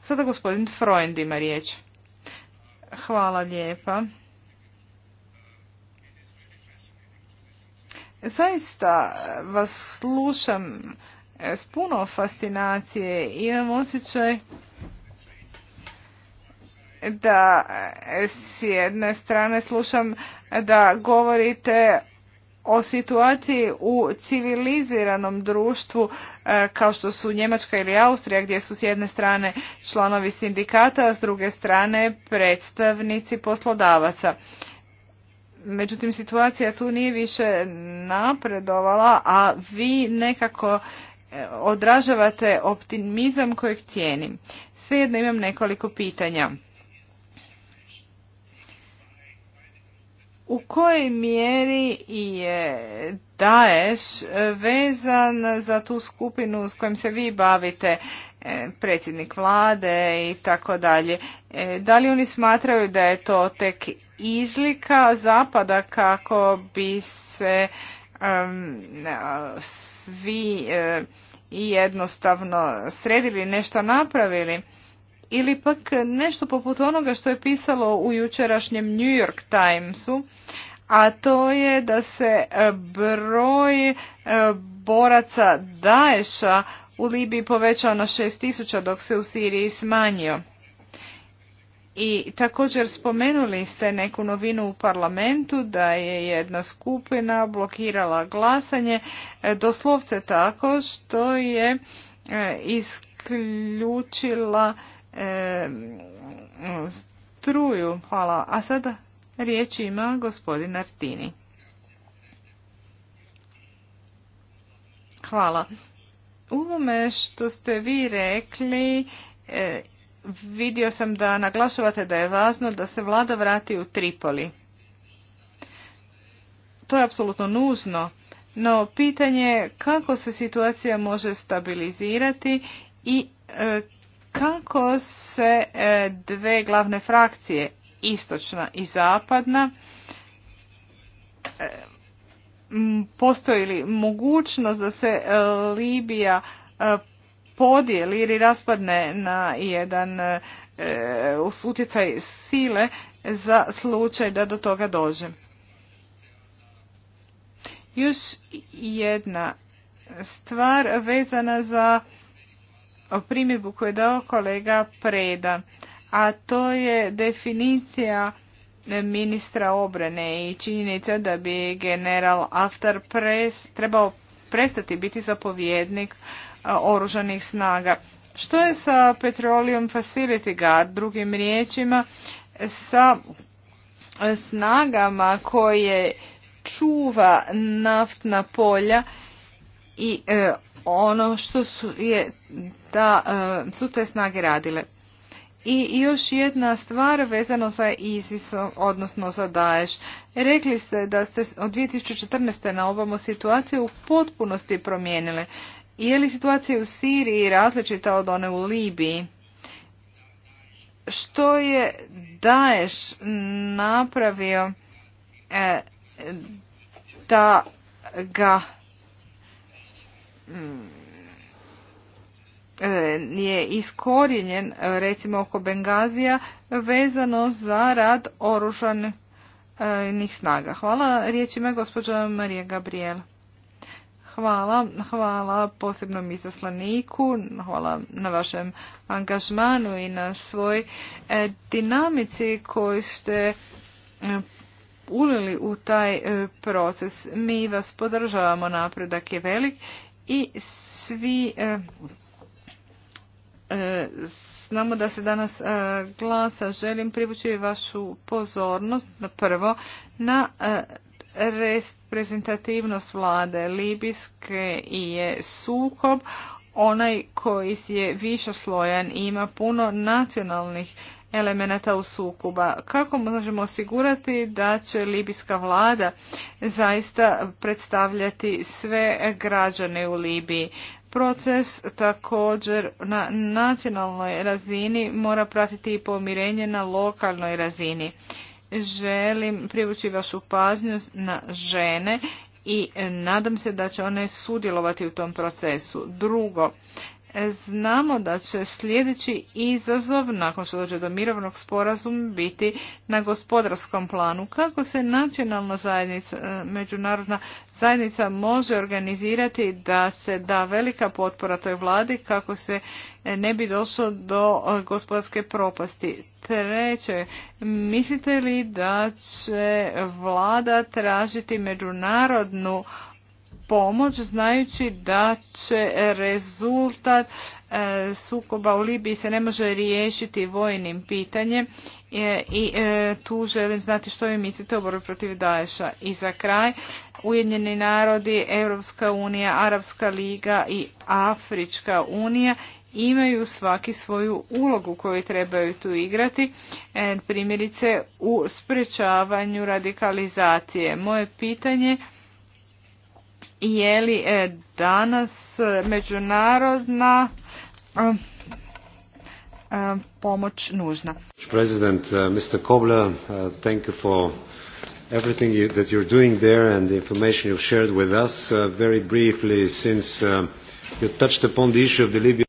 S3: Sada gospodin Freund ima riječ. Hvala lijepa. Zaista vas slušam s puno fascinacije. Imam osjećaj da e, s jedne strane slušam da govorite o situaciji u civiliziranom društvu e, kao što su Njemačka ili Austrija gdje su s jedne strane članovi sindikata, a s druge strane predstavnici poslodavaca. Međutim, situacija tu nije više napredovala, a vi nekako e, odražavate optimizam kojeg cijenim. Svejedno imam nekoliko pitanja. u kojoj mjeri je Daesh vezan za tu skupinu s kojom se vi bavite, e, predsjednik vlade i tako dalje. E, da li oni smatraju da je to tek izlika zapada kako bi se svi e, i jednostavno sredili nešto napravili? ili pak nešto poput onoga što je pisalo u jučerašnjem New York Timesu, a to je da se e, broj e, boraca Daesha u Libiji povećao na 6000 dok se u Siriji smanjio. I također spomenuli ste neku novinu u parlamentu da je jedna skupina blokirala glasanje e, doslovce tako što je isključila struju. Hvala. A sada riječ ima gospodin Artini. Hvala. U ovome što ste vi rekli, e, vidio sam da naglašavate da je važno da se vlada vrati u Tripoli. To je apsolutno nužno, no pitanje je kako se situacija može stabilizirati i e, kako se e, dve glavne frakcije, istočna i zapadna, e, postoji li mogućnost da se e, Libija podijeli ili raspadne na jedan utjecaj sile za slučaj da do toga dođe. Još jedna stvar vezana za primjedbu koju je dao kolega Preda, a to je definicija ministra obrane i činjenica da bi general Aftar pres, trebao prestati biti zapovjednik oružanih snaga. Što je sa Petroleum Facility Guard, drugim riječima, sa snagama koje čuva naftna polja i e, ono što su, je, da e, su te snage radile. I još jedna stvar vezano za ISIS, odnosno za Daesh. Rekli ste da ste od 2014. na ovom situaciju u potpunosti promijenile. Je li situacija u Siriji različita od one u Libiji? Što je Daesh napravio e, da ga Mm. E, je iskorjenjen e, recimo oko Bengazija vezano za rad oružanih snaga. Hvala riječima gospođa Marija Gabriel. Hvala, hvala posebnom izaslaniku, hvala na vašem angažmanu i na svoj e, dinamici koju ste ulili u taj proces. Mi vas podržavamo, napredak je velik i svi e, e, znamo da se danas e, glasa. Želim privući vašu pozornost na prvo na reprezentativnost vlade Libijske i je sukob onaj koji je više slojan i ima puno nacionalnih elemenata u sukuba. Kako možemo osigurati da će libijska vlada zaista predstavljati sve građane u Libiji? Proces također na nacionalnoj razini mora pratiti i pomirenje na lokalnoj razini. Želim privući vašu pažnju na žene i nadam se da će one sudjelovati u tom procesu. Drugo, Znamo da će sljedeći izazov nakon što dođe do mirovnog sporazuma biti na gospodarskom planu. Kako se nacionalna zajednica, e, međunarodna zajednica može organizirati da se da velika potpora toj vladi kako se e, ne bi došlo do e, gospodarske propasti. Treće, mislite li da će vlada tražiti međunarodnu pomoć znajući da će rezultat e, sukoba u Libiji se ne može riješiti vojnim pitanjem e, i e, tu želim znati što vi mislite o borbi protiv Daesha. I za kraj, Ujedinjeni narodi, Europska unija, Arabska liga i Afrička unija imaju svaki svoju ulogu koju trebaju tu igrati, primjerice u sprečavanju radikalizacije. Moje pitanje je li e, danas međunarodna e, e, pomoć nužna.
S1: President, uh, Mr. Kobler, uh, thank you for everything that you're doing there and the information you've shared with us. Uh, very briefly, since you touched upon the issue of the Libyan...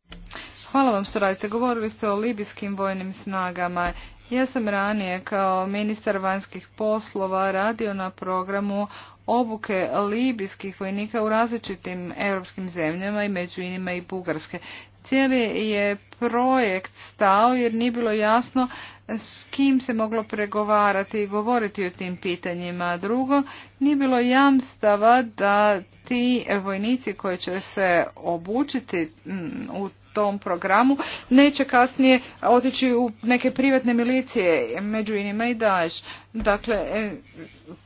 S3: Hvala vam što radite. Govorili ste o libijskim vojnim snagama. Ja sam ranije kao ministar vanjskih poslova radio na programu obuke libijskih vojnika u različitim europskim zemljama i među inima i Bugarske. Cijeli je projekt stao jer nije bilo jasno s kim se moglo pregovarati i govoriti o tim pitanjima. Drugo, nije bilo jamstava da ti vojnici koji će se obučiti mm, u tom programu neće kasnije otići u neke privatne milicije, među inima i daješ Dakle, e,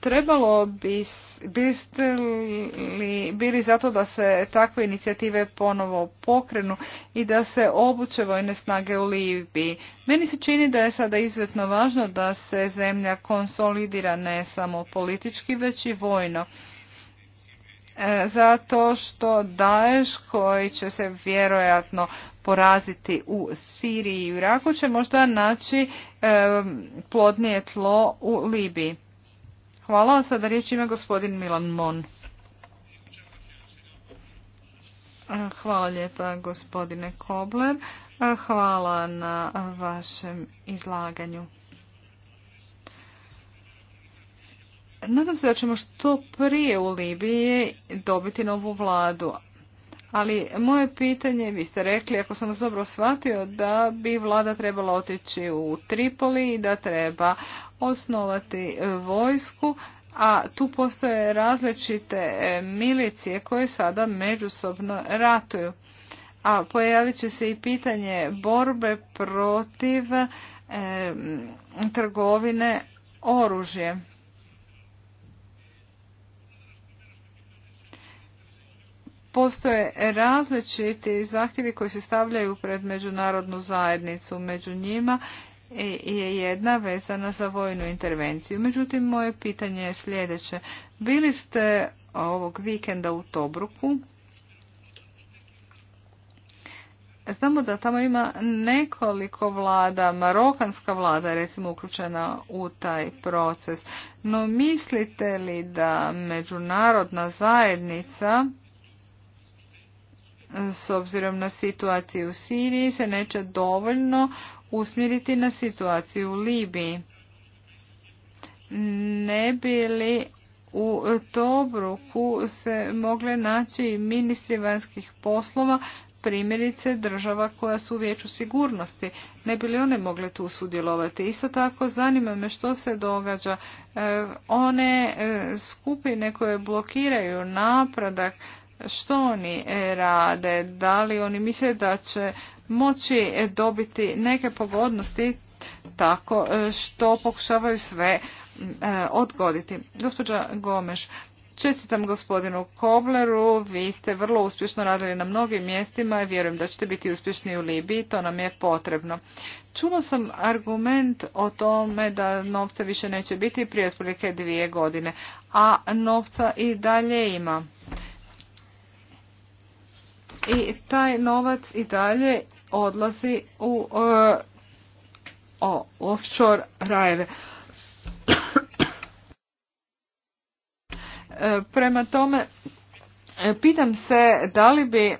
S3: trebalo bi, biste bili zato da se takve inicijative ponovo pokrenu i da se obuče vojne snage u Libiji. Meni se čini da je sada izuzetno važno da se zemlja konsolidira ne samo politički, već i vojno. E, zato što Daesh koji će se vjerojatno poraziti u Siriji i Iraku će možda naći e, plodnije tlo u Libiji. Hvala, vam sada riječ ima gospodin Milan Mon. E, hvala lijepa gospodine Kobler, hvala na vašem izlaganju. Nadam se da ćemo što prije u Libiji dobiti novu vladu. Ali moje pitanje, vi ste rekli, ako sam vas dobro shvatio, da bi vlada trebala otići u Tripoli i da treba osnovati e, vojsku, a tu postoje različite e, milicije koje sada međusobno ratuju. A pojavit će se i pitanje borbe protiv e, trgovine oružje. postoje različiti zahtjevi koji se stavljaju pred međunarodnu zajednicu. Među njima je jedna vezana za vojnu intervenciju. Međutim, moje pitanje je sljedeće. Bili ste ovog vikenda u Tobruku. Znamo da tamo ima nekoliko vlada, marokanska vlada recimo uključena u taj proces. No mislite li da međunarodna zajednica s obzirom na situaciju u Siriji se neće dovoljno usmjeriti na situaciju u Libiji. Ne bi li u Tobruku se mogle naći ministri vanjskih poslova, primjerice država koja su u vijeću sigurnosti. Ne bi li one mogle tu sudjelovati? Isto tako zanima me što se događa. E, one e, skupine koje blokiraju napredak što oni e, rade, da li oni misle da će moći e, dobiti neke pogodnosti tako e, što pokušavaju sve odgoditi. Gospođa Gomeš, Čestitam gospodinu Kobleru, vi ste vrlo uspješno radili na mnogim mjestima i vjerujem da ćete biti uspješni u Libiji, to nam je potrebno. Čula sam argument o tome da novca više neće biti prije otprilike dvije godine, a novca i dalje ima i taj novac i dalje odlazi u e, o, offshore rajeve. E, prema tome, e, pitam se da li bi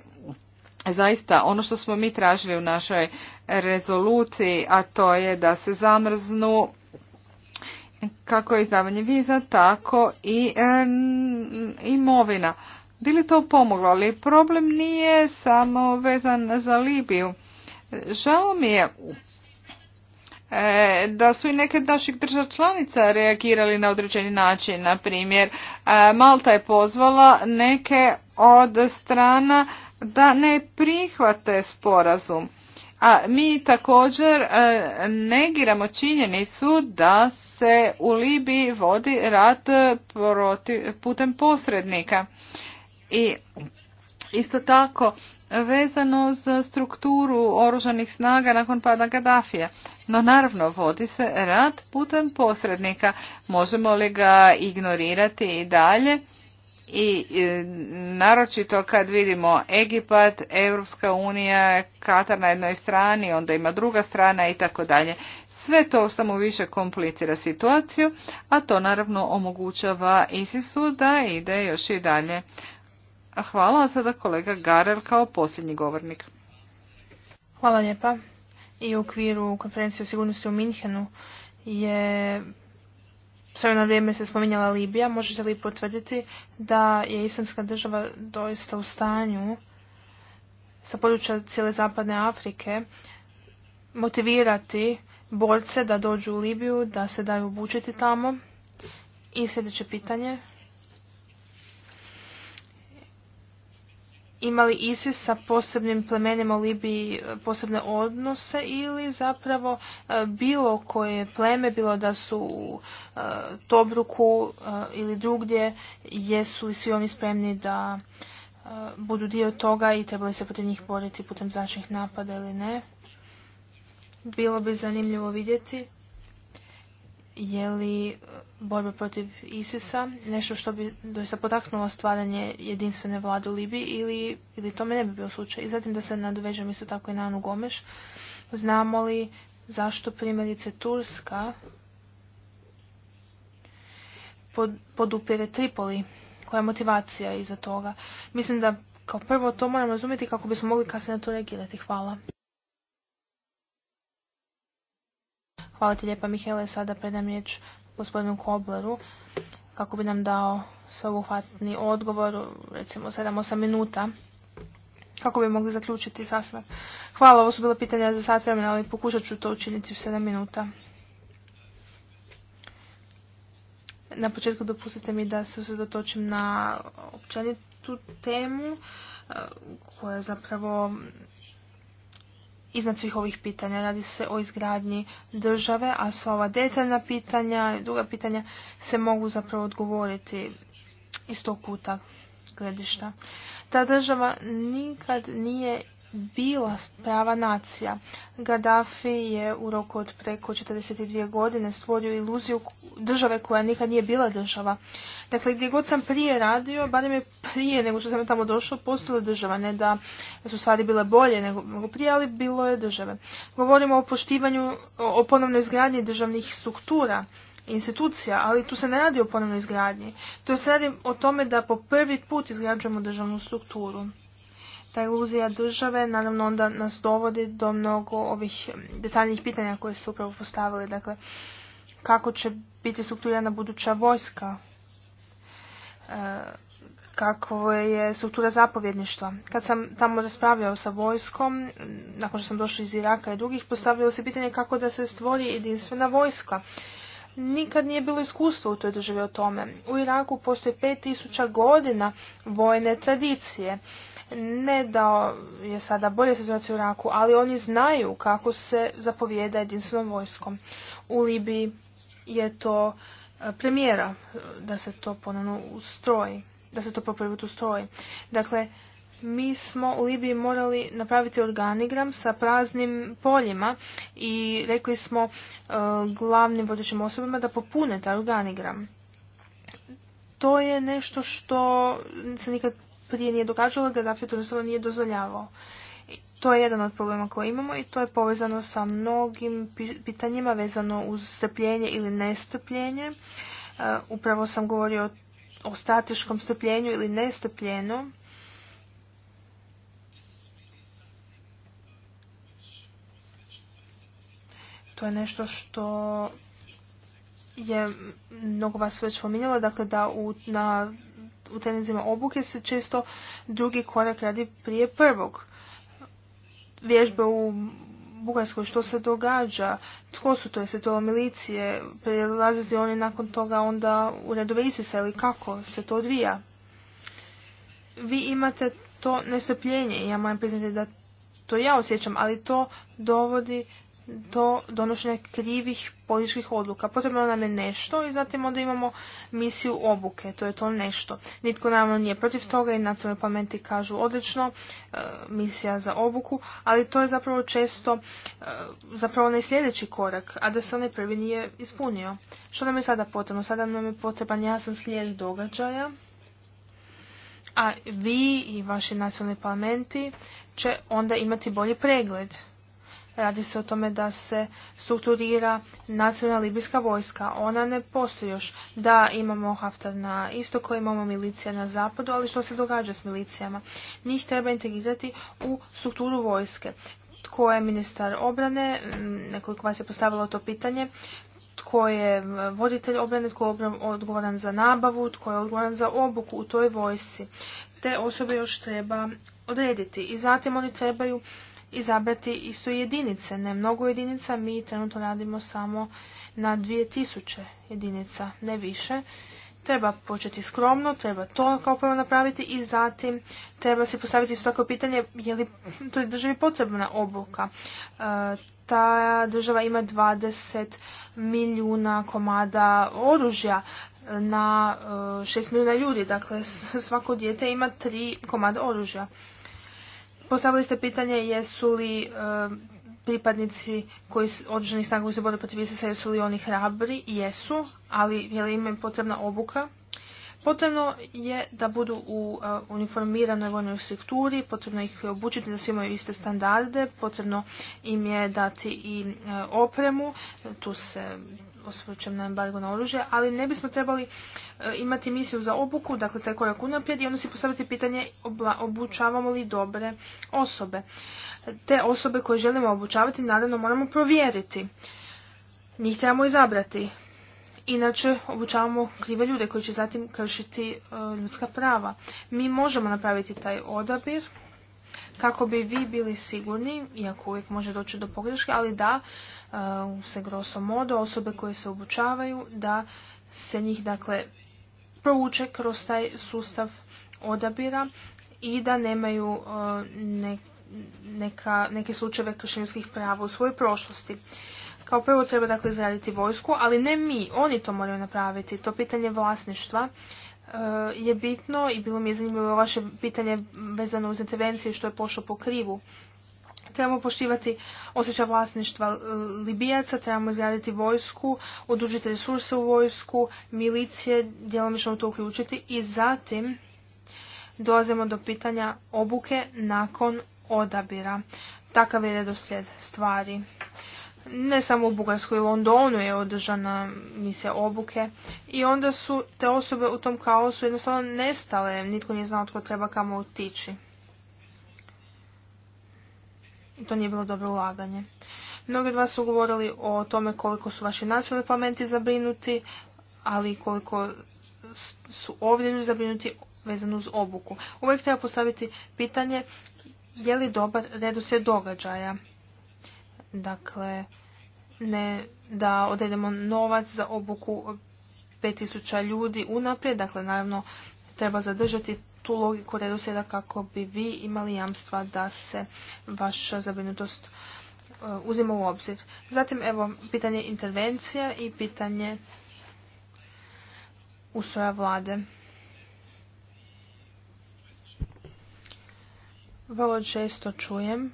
S3: zaista ono što smo mi tražili u našoj rezoluciji, a to je da se zamrznu kako je izdavanje viza, tako i imovina li to pomoglo, ali problem nije samo vezan za Libiju. Žao mi je e, da su i neke naših država članica reagirali na određeni način. Na primjer, e, Malta je pozvala neke od strana da ne prihvate sporazum. A mi također e, negiramo činjenicu da se u Libiji vodi rat putem posrednika. I isto tako vezano za strukturu oružanih snaga nakon pada Gaddafija. No naravno vodi se rat putem posrednika. Možemo li ga ignorirati i dalje? I e, naročito kad vidimo Egipat, Europska unija, Katar na jednoj strani, onda ima druga strana i tako dalje. Sve to samo više komplicira situaciju, a to naravno omogućava ISIS-u da ide još i dalje. Hvala, a sada kolega Garel kao posljednji govornik.
S2: Hvala lijepa. I u okviru konferencije o sigurnosti u Minhenu je sve na vrijeme se spominjala Libija. Možete li potvrditi da je islamska država doista u stanju sa područja cijele zapadne Afrike motivirati borce da dođu u Libiju, da se daju obučiti tamo? I sljedeće pitanje, imali ISIS sa posebnim plemenima u Libiji e, posebne odnose ili zapravo e, bilo koje pleme, bilo da su u e, Tobruku ili drugdje, jesu li svi oni spremni da budu dio toga i trebali se protiv njih boriti putem značnih napada ili ne. Bilo bi zanimljivo vidjeti je li e, borba protiv ISIS-a nešto što bi doista potaknulo stvaranje jedinstvene vlade u Libiji ili, ili tome ne bi bio slučaj. I zatim da se nadovežem isto tako i na Anu Gomeš. Znamo li zašto primjerice Turska podupire Tripoli? Koja je motivacija iza toga? Mislim da kao prvo to moramo razumjeti kako bismo mogli kasnije na to reagirati. Hvala. Hvala ti lijepa Mihele, sada predam riječ gospodinu Kobleru kako bi nam dao sveobuhvatni odgovor, recimo 7-8 minuta, kako bi mogli zaključiti sastanak. Hvala, ovo su bila pitanja za sat vremena, ali pokušat ću to učiniti u 7 minuta. Na početku dopustite mi da se usredotočim na općenitu temu eh, koja je zapravo iznad svih ovih pitanja. Radi se o izgradnji države, a sva ova detaljna pitanja i druga pitanja se mogu zapravo odgovoriti iz tog kuta gledišta. Ta država nikad nije bila prava nacija. Gaddafi je u roku od preko 42 godine stvorio iluziju države koja nikad nije bila država. Dakle, gdje god sam prije radio, barem je prije nego što sam tamo došao, postala država. Ne da su stvari bile bolje nego prije, ali bilo je države. Govorimo o poštivanju, o ponovnoj izgradnji državnih struktura institucija, ali tu se ne radi o ponovnoj izgradnji. To se radi o tome da po prvi put izgrađujemo državnu strukturu ta iluzija države naravno onda nas dovodi do mnogo ovih detaljnih pitanja koje ste upravo postavili. Dakle, kako će biti strukturirana buduća vojska, e, kako je struktura zapovjedništva. Kad sam tamo raspravljao sa vojskom, nakon što sam došla iz Iraka i drugih, postavljalo se pitanje kako da se stvori jedinstvena vojska. Nikad nije bilo iskustva u toj državi o tome. U Iraku postoje 5000 godina vojne tradicije ne da je sada bolje situacija u Raku, ali oni znaju kako se zapovijeda jedinstvenom vojskom. U Libiji je to e, premijera e, da se to ponovno ustroji, da se to poprvi ustroji. Dakle, mi smo u Libiji morali napraviti organigram sa praznim poljima i rekli smo e, glavnim vodećim osobama da popune taj organigram. To je nešto što se nikad prije nije događalo, Gaddafi to jednostavno nije dozvoljavao. to je jedan od problema koje imamo i to je povezano sa mnogim pitanjima vezano uz strpljenje ili nestrpljenje. E, upravo sam govorio o strateškom strpljenju ili nestrpljenju To je nešto što je mnogo vas već spominjalo, dakle da u, na u trenizima obuke se često drugi korak radi prije prvog. Vježbe u Bugarskoj što se događa, tko su to, se to milicije, prelaze oni nakon toga onda u redove se ili kako se to odvija. Vi imate to nestrpljenje, ja moram priznati da to ja osjećam, ali to dovodi do donošenja krivih političkih odluka. Potrebno nam je nešto i zatim onda imamo misiju obuke, to je to nešto. Nitko naravno nije protiv toga i nacionalni parlamenti kažu odlično, e, misija za obuku, ali to je zapravo često e, zapravo onaj sljedeći korak, a da se onaj prvi nije ispunio. Što nam je sada potrebno? Sada nam je potreban jasan slijed događaja, a vi i vaši nacionalni parlamenti će onda imati bolji pregled Radi se o tome da se strukturira nacionalna libijska vojska. Ona ne postoji još. Da, imamo Haftar na istoku, imamo milicija na zapadu, ali što se događa s milicijama? Njih treba integrirati u strukturu vojske. Tko je ministar obrane? Mm, nekoliko vas je postavilo to pitanje tko je voditelj obrane, tko je odgovoran za nabavu, tko je odgovoran za obuku u toj vojsci. Te osobe još treba odrediti i zatim oni trebaju izabrati isto jedinice. Ne mnogo jedinica, mi trenutno radimo samo na 2000 jedinica, ne više. Treba početi skromno, treba to kao prvo napraviti i zatim treba se postaviti isto tako pitanje je li toj državi potrebna obuka. E, ta država ima 20 milijuna komada oružja e, na 6 e, milijuna ljudi, dakle svako dijete ima 3 komada oružja. Postavili ste pitanje jesu li eh, pripadnici koji određenih snaga koji se bore protiv isis jesu li oni hrabri? Jesu, ali je li im potrebna obuka? Potrebno je da budu u e, uniformiranoj vojnoj strukturi, potrebno ih obučiti da svi imaju iste standarde, potrebno im je dati i e, opremu, e, tu se osvrćem na embargo na oružje, ali ne bismo trebali imati misiju za obuku, dakle taj korak unaprijed i onda si postaviti pitanje obučavamo li dobre osobe. Te osobe koje želimo obučavati naravno moramo provjeriti. Njih trebamo izabrati. Inače, obučavamo krive ljude koji će zatim kršiti e, ljudska prava. Mi možemo napraviti taj odabir kako bi vi bili sigurni, iako uvijek može doći do pogreške, ali da e, se grosso modo osobe koje se obučavaju, da se njih dakle prouče kroz taj sustav odabira i da nemaju e, neke slučajeve kršenjskih prava u svojoj prošlosti. Kao prvo treba dakle izraditi vojsku, ali ne mi, oni to moraju napraviti. To pitanje vlasništva e, je bitno i bilo mi je zanimljivo vaše pitanje vezano uz intervencije što je pošlo po krivu. Trebamo poštivati osjećaj vlasništva e, Libijaca, trebamo izraditi vojsku, odužiti resurse u vojsku, milicije, djelomično u to uključiti i zatim dolazimo do pitanja obuke nakon odabira. Takav je redoslijed stvari. Ne samo u Bugarskoj i Londonu je održana misija obuke i onda su te osobe u tom kaosu jednostavno nestale, nitko nije znao tko treba kamo otići. To nije bilo dobro ulaganje. Mnogi od vas su govorili o tome koliko su vaši nacionalni parlamenti zabrinuti, ali koliko su ovdje ljudi zabrinuti vezano uz obuku. Uvijek treba postaviti pitanje je li dobar se događaja. Dakle, ne da odredemo novac za obuku 5000 ljudi unaprijed, dakle naravno treba zadržati tu logiku redoslijeda kako bi vi imali jamstva da se vaša zabrinutost e, uzima u obzir. Zatim evo pitanje intervencija i pitanje ustroja vlade. Vrlo često čujem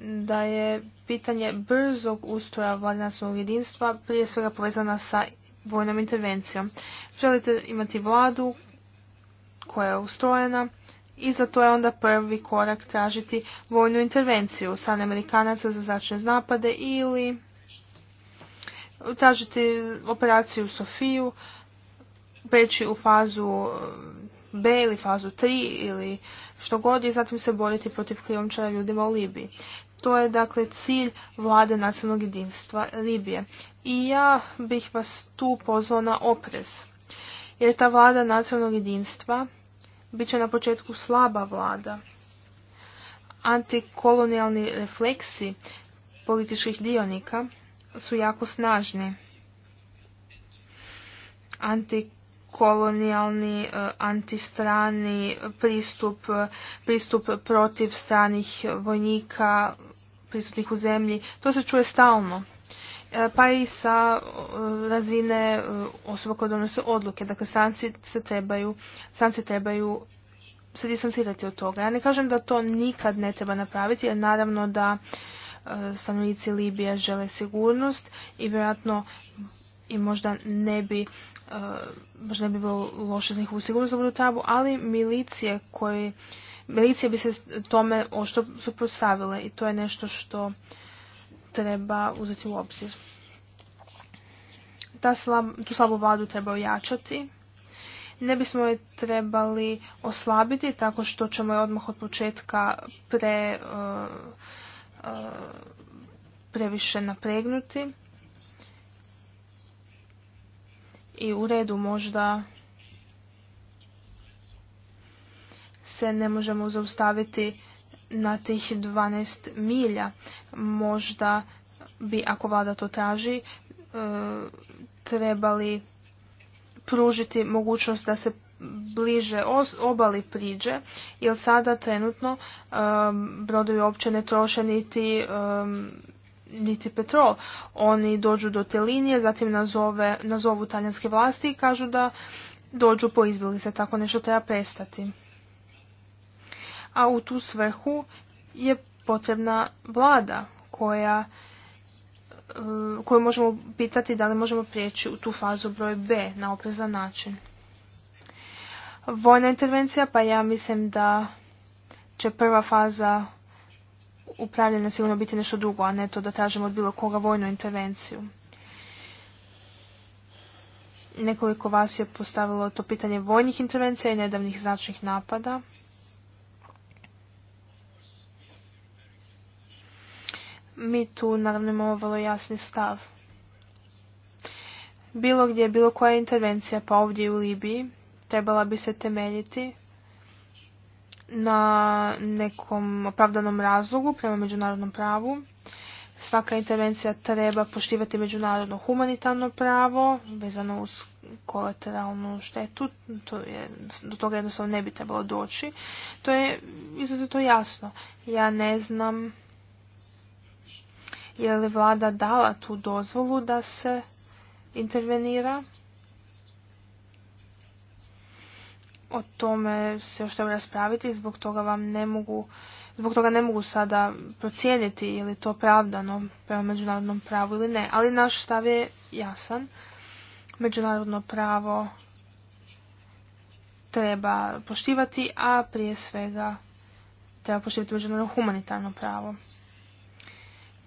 S2: da je pitanje brzog ustroja vladinacnog jedinstva prije svega povezana sa vojnom intervencijom. Želite imati vladu koja je ustrojena i za to je onda prvi korak tražiti vojnu intervenciju sa Amerikanaca za začne napade ili tražiti operaciju Sofiju, preći u fazu eh, B ili fazu 3 ili što god i zatim se boriti protiv krijomčara ljudima u Libiji. To je dakle cilj vlade nacionalnog jedinstva Libije. I ja bih vas tu pozvao na oprez. Jer ta vlada nacionalnog jedinstva bit će na početku slaba vlada. Antikolonijalni refleksi političkih dionika su jako snažni. Antikolonijalni, eh, antistrani pristup, pristup protiv stranih vojnika, prisutnih u zemlji. To se čuje stalno. E, pa i sa e, razine e, osoba koje donose odluke. Dakle, stranci se trebaju, stranci trebaju se distancirati od toga. Ja ne kažem da to nikad ne treba napraviti, jer naravno da stanovnici Libije žele sigurnost i vjerojatno i možda ne bi možda ne bi bilo loše za njihovu sigurnost da budu tabu, ali milicije koje milicije bi se tome ošto suprotstavile i to je nešto što treba uzeti u obzir. tu slabu vladu treba ojačati. Ne bismo je trebali oslabiti tako što ćemo je odmah od početka pre, e, e, previše napregnuti. I u redu možda se ne možemo zaustaviti na tih 12 milja. Možda bi, ako vlada to traži, e, trebali pružiti mogućnost da se bliže obali priđe, jer sada trenutno e, brodovi uopće ne troše niti e, niti petrol. Oni dođu do te linije, zatim nazove, nazovu talijanske vlasti i kažu da dođu po izbilice. Tako nešto treba prestati a u tu svrhu je potrebna vlada koja eh, koju možemo pitati da li možemo prijeći u tu fazu broj B na oprezan način. Vojna intervencija, pa ja mislim da će prva faza upravljanja sigurno biti nešto drugo, a ne to da tražimo od bilo koga vojnu intervenciju. Nekoliko vas je postavilo to pitanje vojnih intervencija i nedavnih značnih napada. mi tu naravno imamo vrlo jasni stav. Bilo gdje, bilo koja intervencija, pa ovdje u Libiji, trebala bi se temeljiti na nekom opravdanom razlogu prema međunarodnom pravu. Svaka intervencija treba poštivati međunarodno humanitarno pravo vezano uz kolateralnu štetu. To je, do toga jednostavno ne bi trebalo doći. To je izrazito jasno. Ja ne znam je li vlada dala tu dozvolu da se intervenira? O tome se još treba raspraviti, zbog toga vam ne mogu Zbog toga ne mogu sada procijeniti je li to pravdano prema međunarodnom pravu ili ne, ali naš stav je jasan. Međunarodno pravo treba poštivati, a prije svega treba poštivati međunarodno humanitarno pravo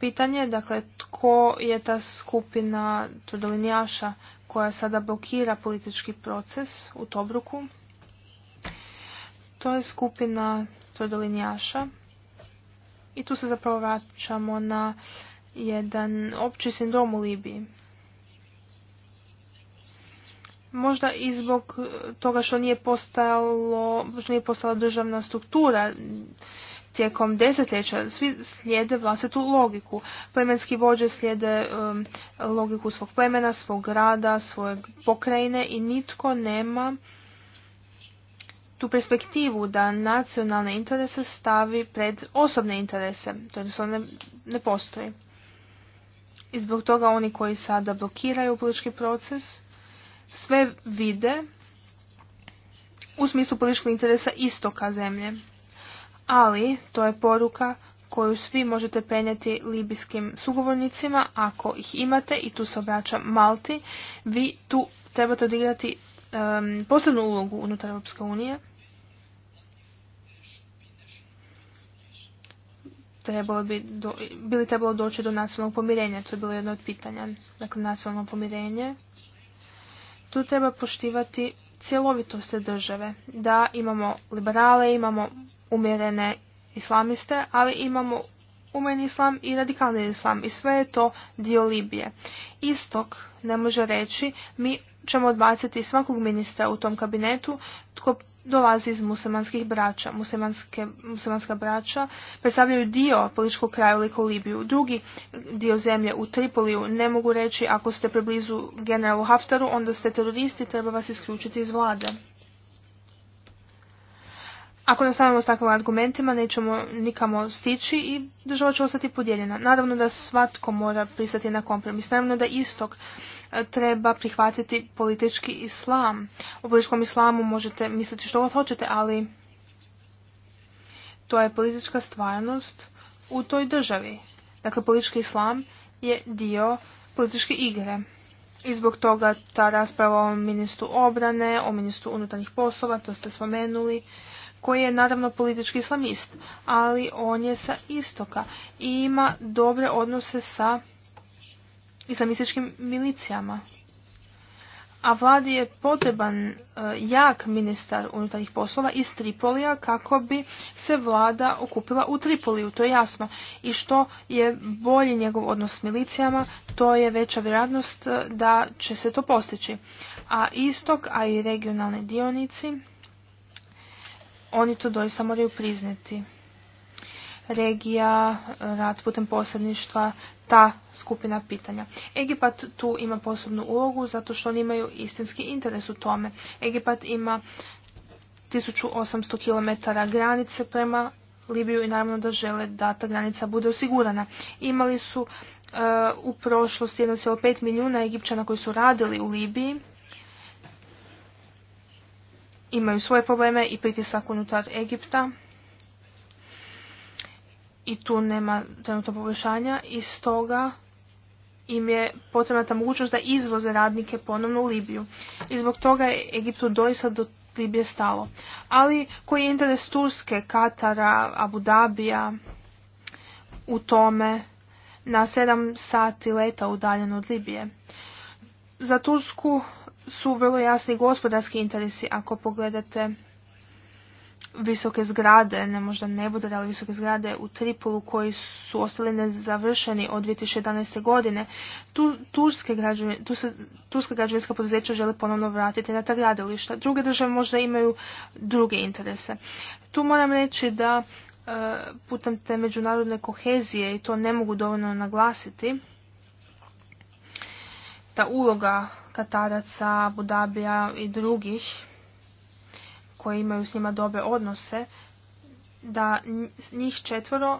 S2: pitanje, dakle tko je ta skupina trdolinjaša koja sada blokira politički proces u Tobruku. To je skupina tvrdolinjaša i tu se zapravo vraćamo na jedan opći sindrom u Libiji. Možda i zbog toga što nije postalo, nije postala državna struktura tijekom desetljeća svi slijede vlastitu logiku. Plemenski vođe slijede um, logiku svog plemena, svog grada, svoje pokrajine i nitko nema tu perspektivu da nacionalne interese stavi pred osobne interese. To jednostavno ne, ne postoji. I zbog toga oni koji sada blokiraju politički proces sve vide u smislu političkog interesa istoka zemlje ali to je poruka koju svi možete penjeti libijskim sugovornicima ako ih imate i tu se obraćam Malti. Vi tu trebate odigrati posebnu ulogu unutar Europske unije. Trebalo bi, do, bili trebalo doći do nacionalnog pomirenja, to je bilo jedno od pitanja. Dakle, nacionalno pomirenje. Tu treba poštivati cjelovitosti države. Da, imamo liberale, imamo umjerene islamiste, ali imamo umjereni islam i radikalni islam i sve je to dio Libije. Istok ne može reći mi ćemo odbaciti svakog ministra u tom kabinetu tko dolazi iz muslimanskih braća. Muslimanska braća predstavljaju dio političkog kraja u Libiju. Drugi dio zemlje u Tripoliju ne mogu reći ako ste preblizu generalu Haftaru, onda ste teroristi, treba vas isključiti iz vlade. Ako nastavimo s takvim argumentima, nećemo nikamo stići i država će ostati podijeljena. Naravno da svatko mora pristati na kompromis. Naravno da istok treba prihvatiti politički islam. U političkom islamu možete misliti što god hoćete, ali to je politička stvarnost u toj državi. Dakle, politički islam je dio političke igre. I zbog toga ta rasprava o ministru obrane, o ministru unutarnjih poslova, to ste spomenuli, koji je naravno politički islamist, ali on je sa istoka i ima dobre odnose sa islamističkim milicijama. A vladi je potreban e, jak ministar unutarnjih poslova iz Tripolija kako bi se vlada okupila u Tripoliju, to je jasno. I što je bolji njegov odnos s milicijama, to je veća vjerojatnost e, da će se to postići. A istok, a i regionalni dionici, oni to doista moraju priznati regija, rad putem posredništva, ta skupina pitanja. Egipat tu ima posebnu ulogu zato što oni imaju istinski interes u tome. Egipat ima 1800 km granice prema Libiju i naravno da žele da ta granica bude osigurana. Imali su uh, u prošlosti 1,5 milijuna Egipćana koji su radili u Libiji. Imaju svoje probleme i pritisak unutar Egipta i tu nema trenutno poboljšanja i stoga im je potrebna ta mogućnost da izvoze radnike ponovno u Libiju. I zbog toga je Egiptu doista do Libije stalo. Ali koji je interes Turske, Katara, Abu Dhabija u tome na 7 sati leta udaljen od Libije? Za Tursku su vrlo jasni gospodarski interesi ako pogledate visoke zgrade, ne možda ne budu ali visoke zgrade u Tripolu koji su ostali nezavršeni od 2011. godine, tu, turske, građevin, tu se, turske građevinska poduzeća žele ponovno vratiti na ta gradilišta. Druge države možda imaju druge interese. Tu moram reći da e, putem te međunarodne kohezije i to ne mogu dovoljno naglasiti, ta uloga Kataraca, Budabija i drugih koji imaju s njima dobre odnose, da njih četvoro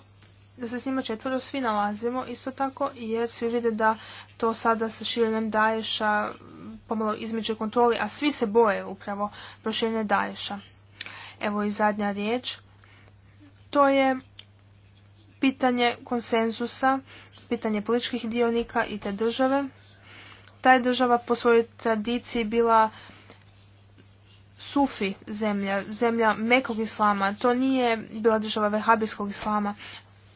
S2: da se s njima četvoro svi nalazimo isto tako jer svi vide da to sada sa širenjem Daješa pomalo između kontroli, a svi se boje upravo proširenja Daješa. Evo i zadnja riječ. To je pitanje konsenzusa, pitanje političkih dionika i te države. Ta je država po svojoj tradiciji bila sufi zemlja, zemlja mekog islama. To nije bila država vehabijskog islama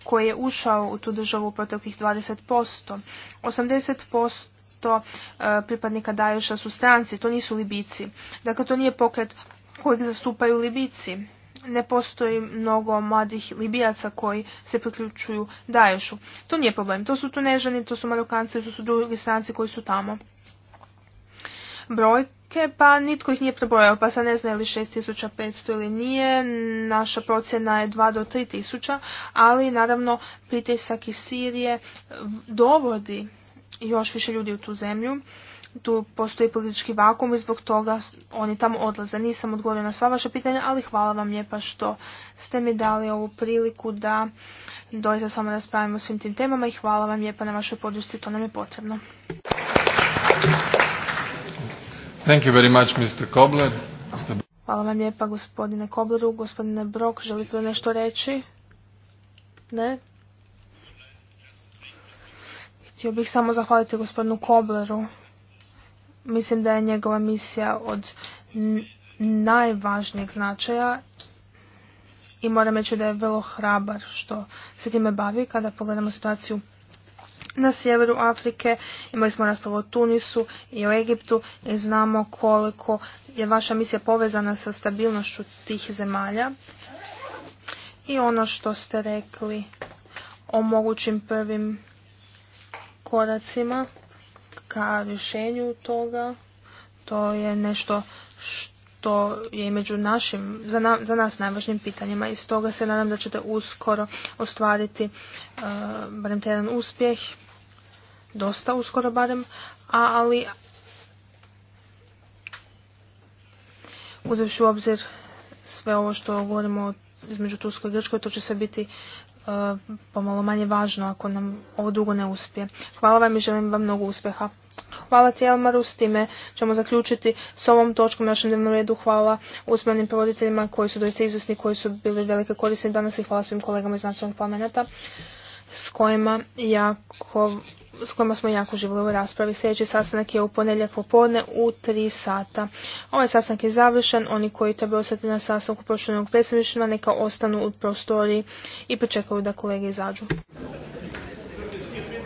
S2: koji je ušao u tu državu u proteklih 20%. 80% e, pripadnika Daješa su stranci, to nisu Libici. Dakle, to nije pokret kojeg zastupaju Libici. Ne postoji mnogo mladih Libijaca koji se priključuju Daješu. To nije problem. To su Tunežani, to su Marokanci, to su drugi stranci koji su tamo. Broj pa nitko ih nije prebrojao, pa sad ne zna li 6500 ili nije, naša procjena je 2 do 3000, ali naravno pritisak iz Sirije dovodi još više ljudi u tu zemlju. Tu postoji politički vakum i zbog toga oni tamo odlaze. Nisam odgovorila na sva vaša pitanja, ali hvala vam lijepa što ste mi dali ovu priliku da doista samo spravimo svim tim temama i hvala vam lijepa na vašoj podršci, to nam je potrebno. Hvala vam lijepa gospodine Kobleru. Gospodine Brok, želite li nešto reći? Ne? Htio bih samo zahvaliti gospodinu Kobleru. Mislim da je njegova misija od najvažnijeg značaja i moram reći da je vrlo hrabar što se time bavi kada pogledamo situaciju na sjeveru Afrike, imali smo raspravu o Tunisu i o Egiptu i znamo koliko je vaša misija povezana sa stabilnošću tih zemalja. I ono što ste rekli o mogućim prvim koracima ka rješenju toga, to je nešto što je među našim, za, nas najvažnijim pitanjima i stoga se nadam da ćete uskoro ostvariti uh, barem jedan uspjeh dosta uskoro barem, ali uzevši u obzir sve ovo što govorimo između Turskoj i Grčkoj, to će se biti e, pomalo manje važno ako nam ovo dugo ne uspije. Hvala vam i želim vam mnogo uspjeha. Hvala ti Elmaru, s time ćemo zaključiti s ovom točkom našem dnevnom redu. Hvala usmenim provoditeljima koji su doista izvjesni, koji su bili velike korisni danas i hvala svim kolegama iz nacionalnih pamenata s kojima, s kojima smo jako živjeli u raspravi. Sljedeći sastanak je u ponedjeljak popodne u 3 sata. Ovaj sastanak je završen. Oni koji treba ostati na sastanku prošlenog predstavništva neka ostanu u prostoriji i počekaju da kolege izađu.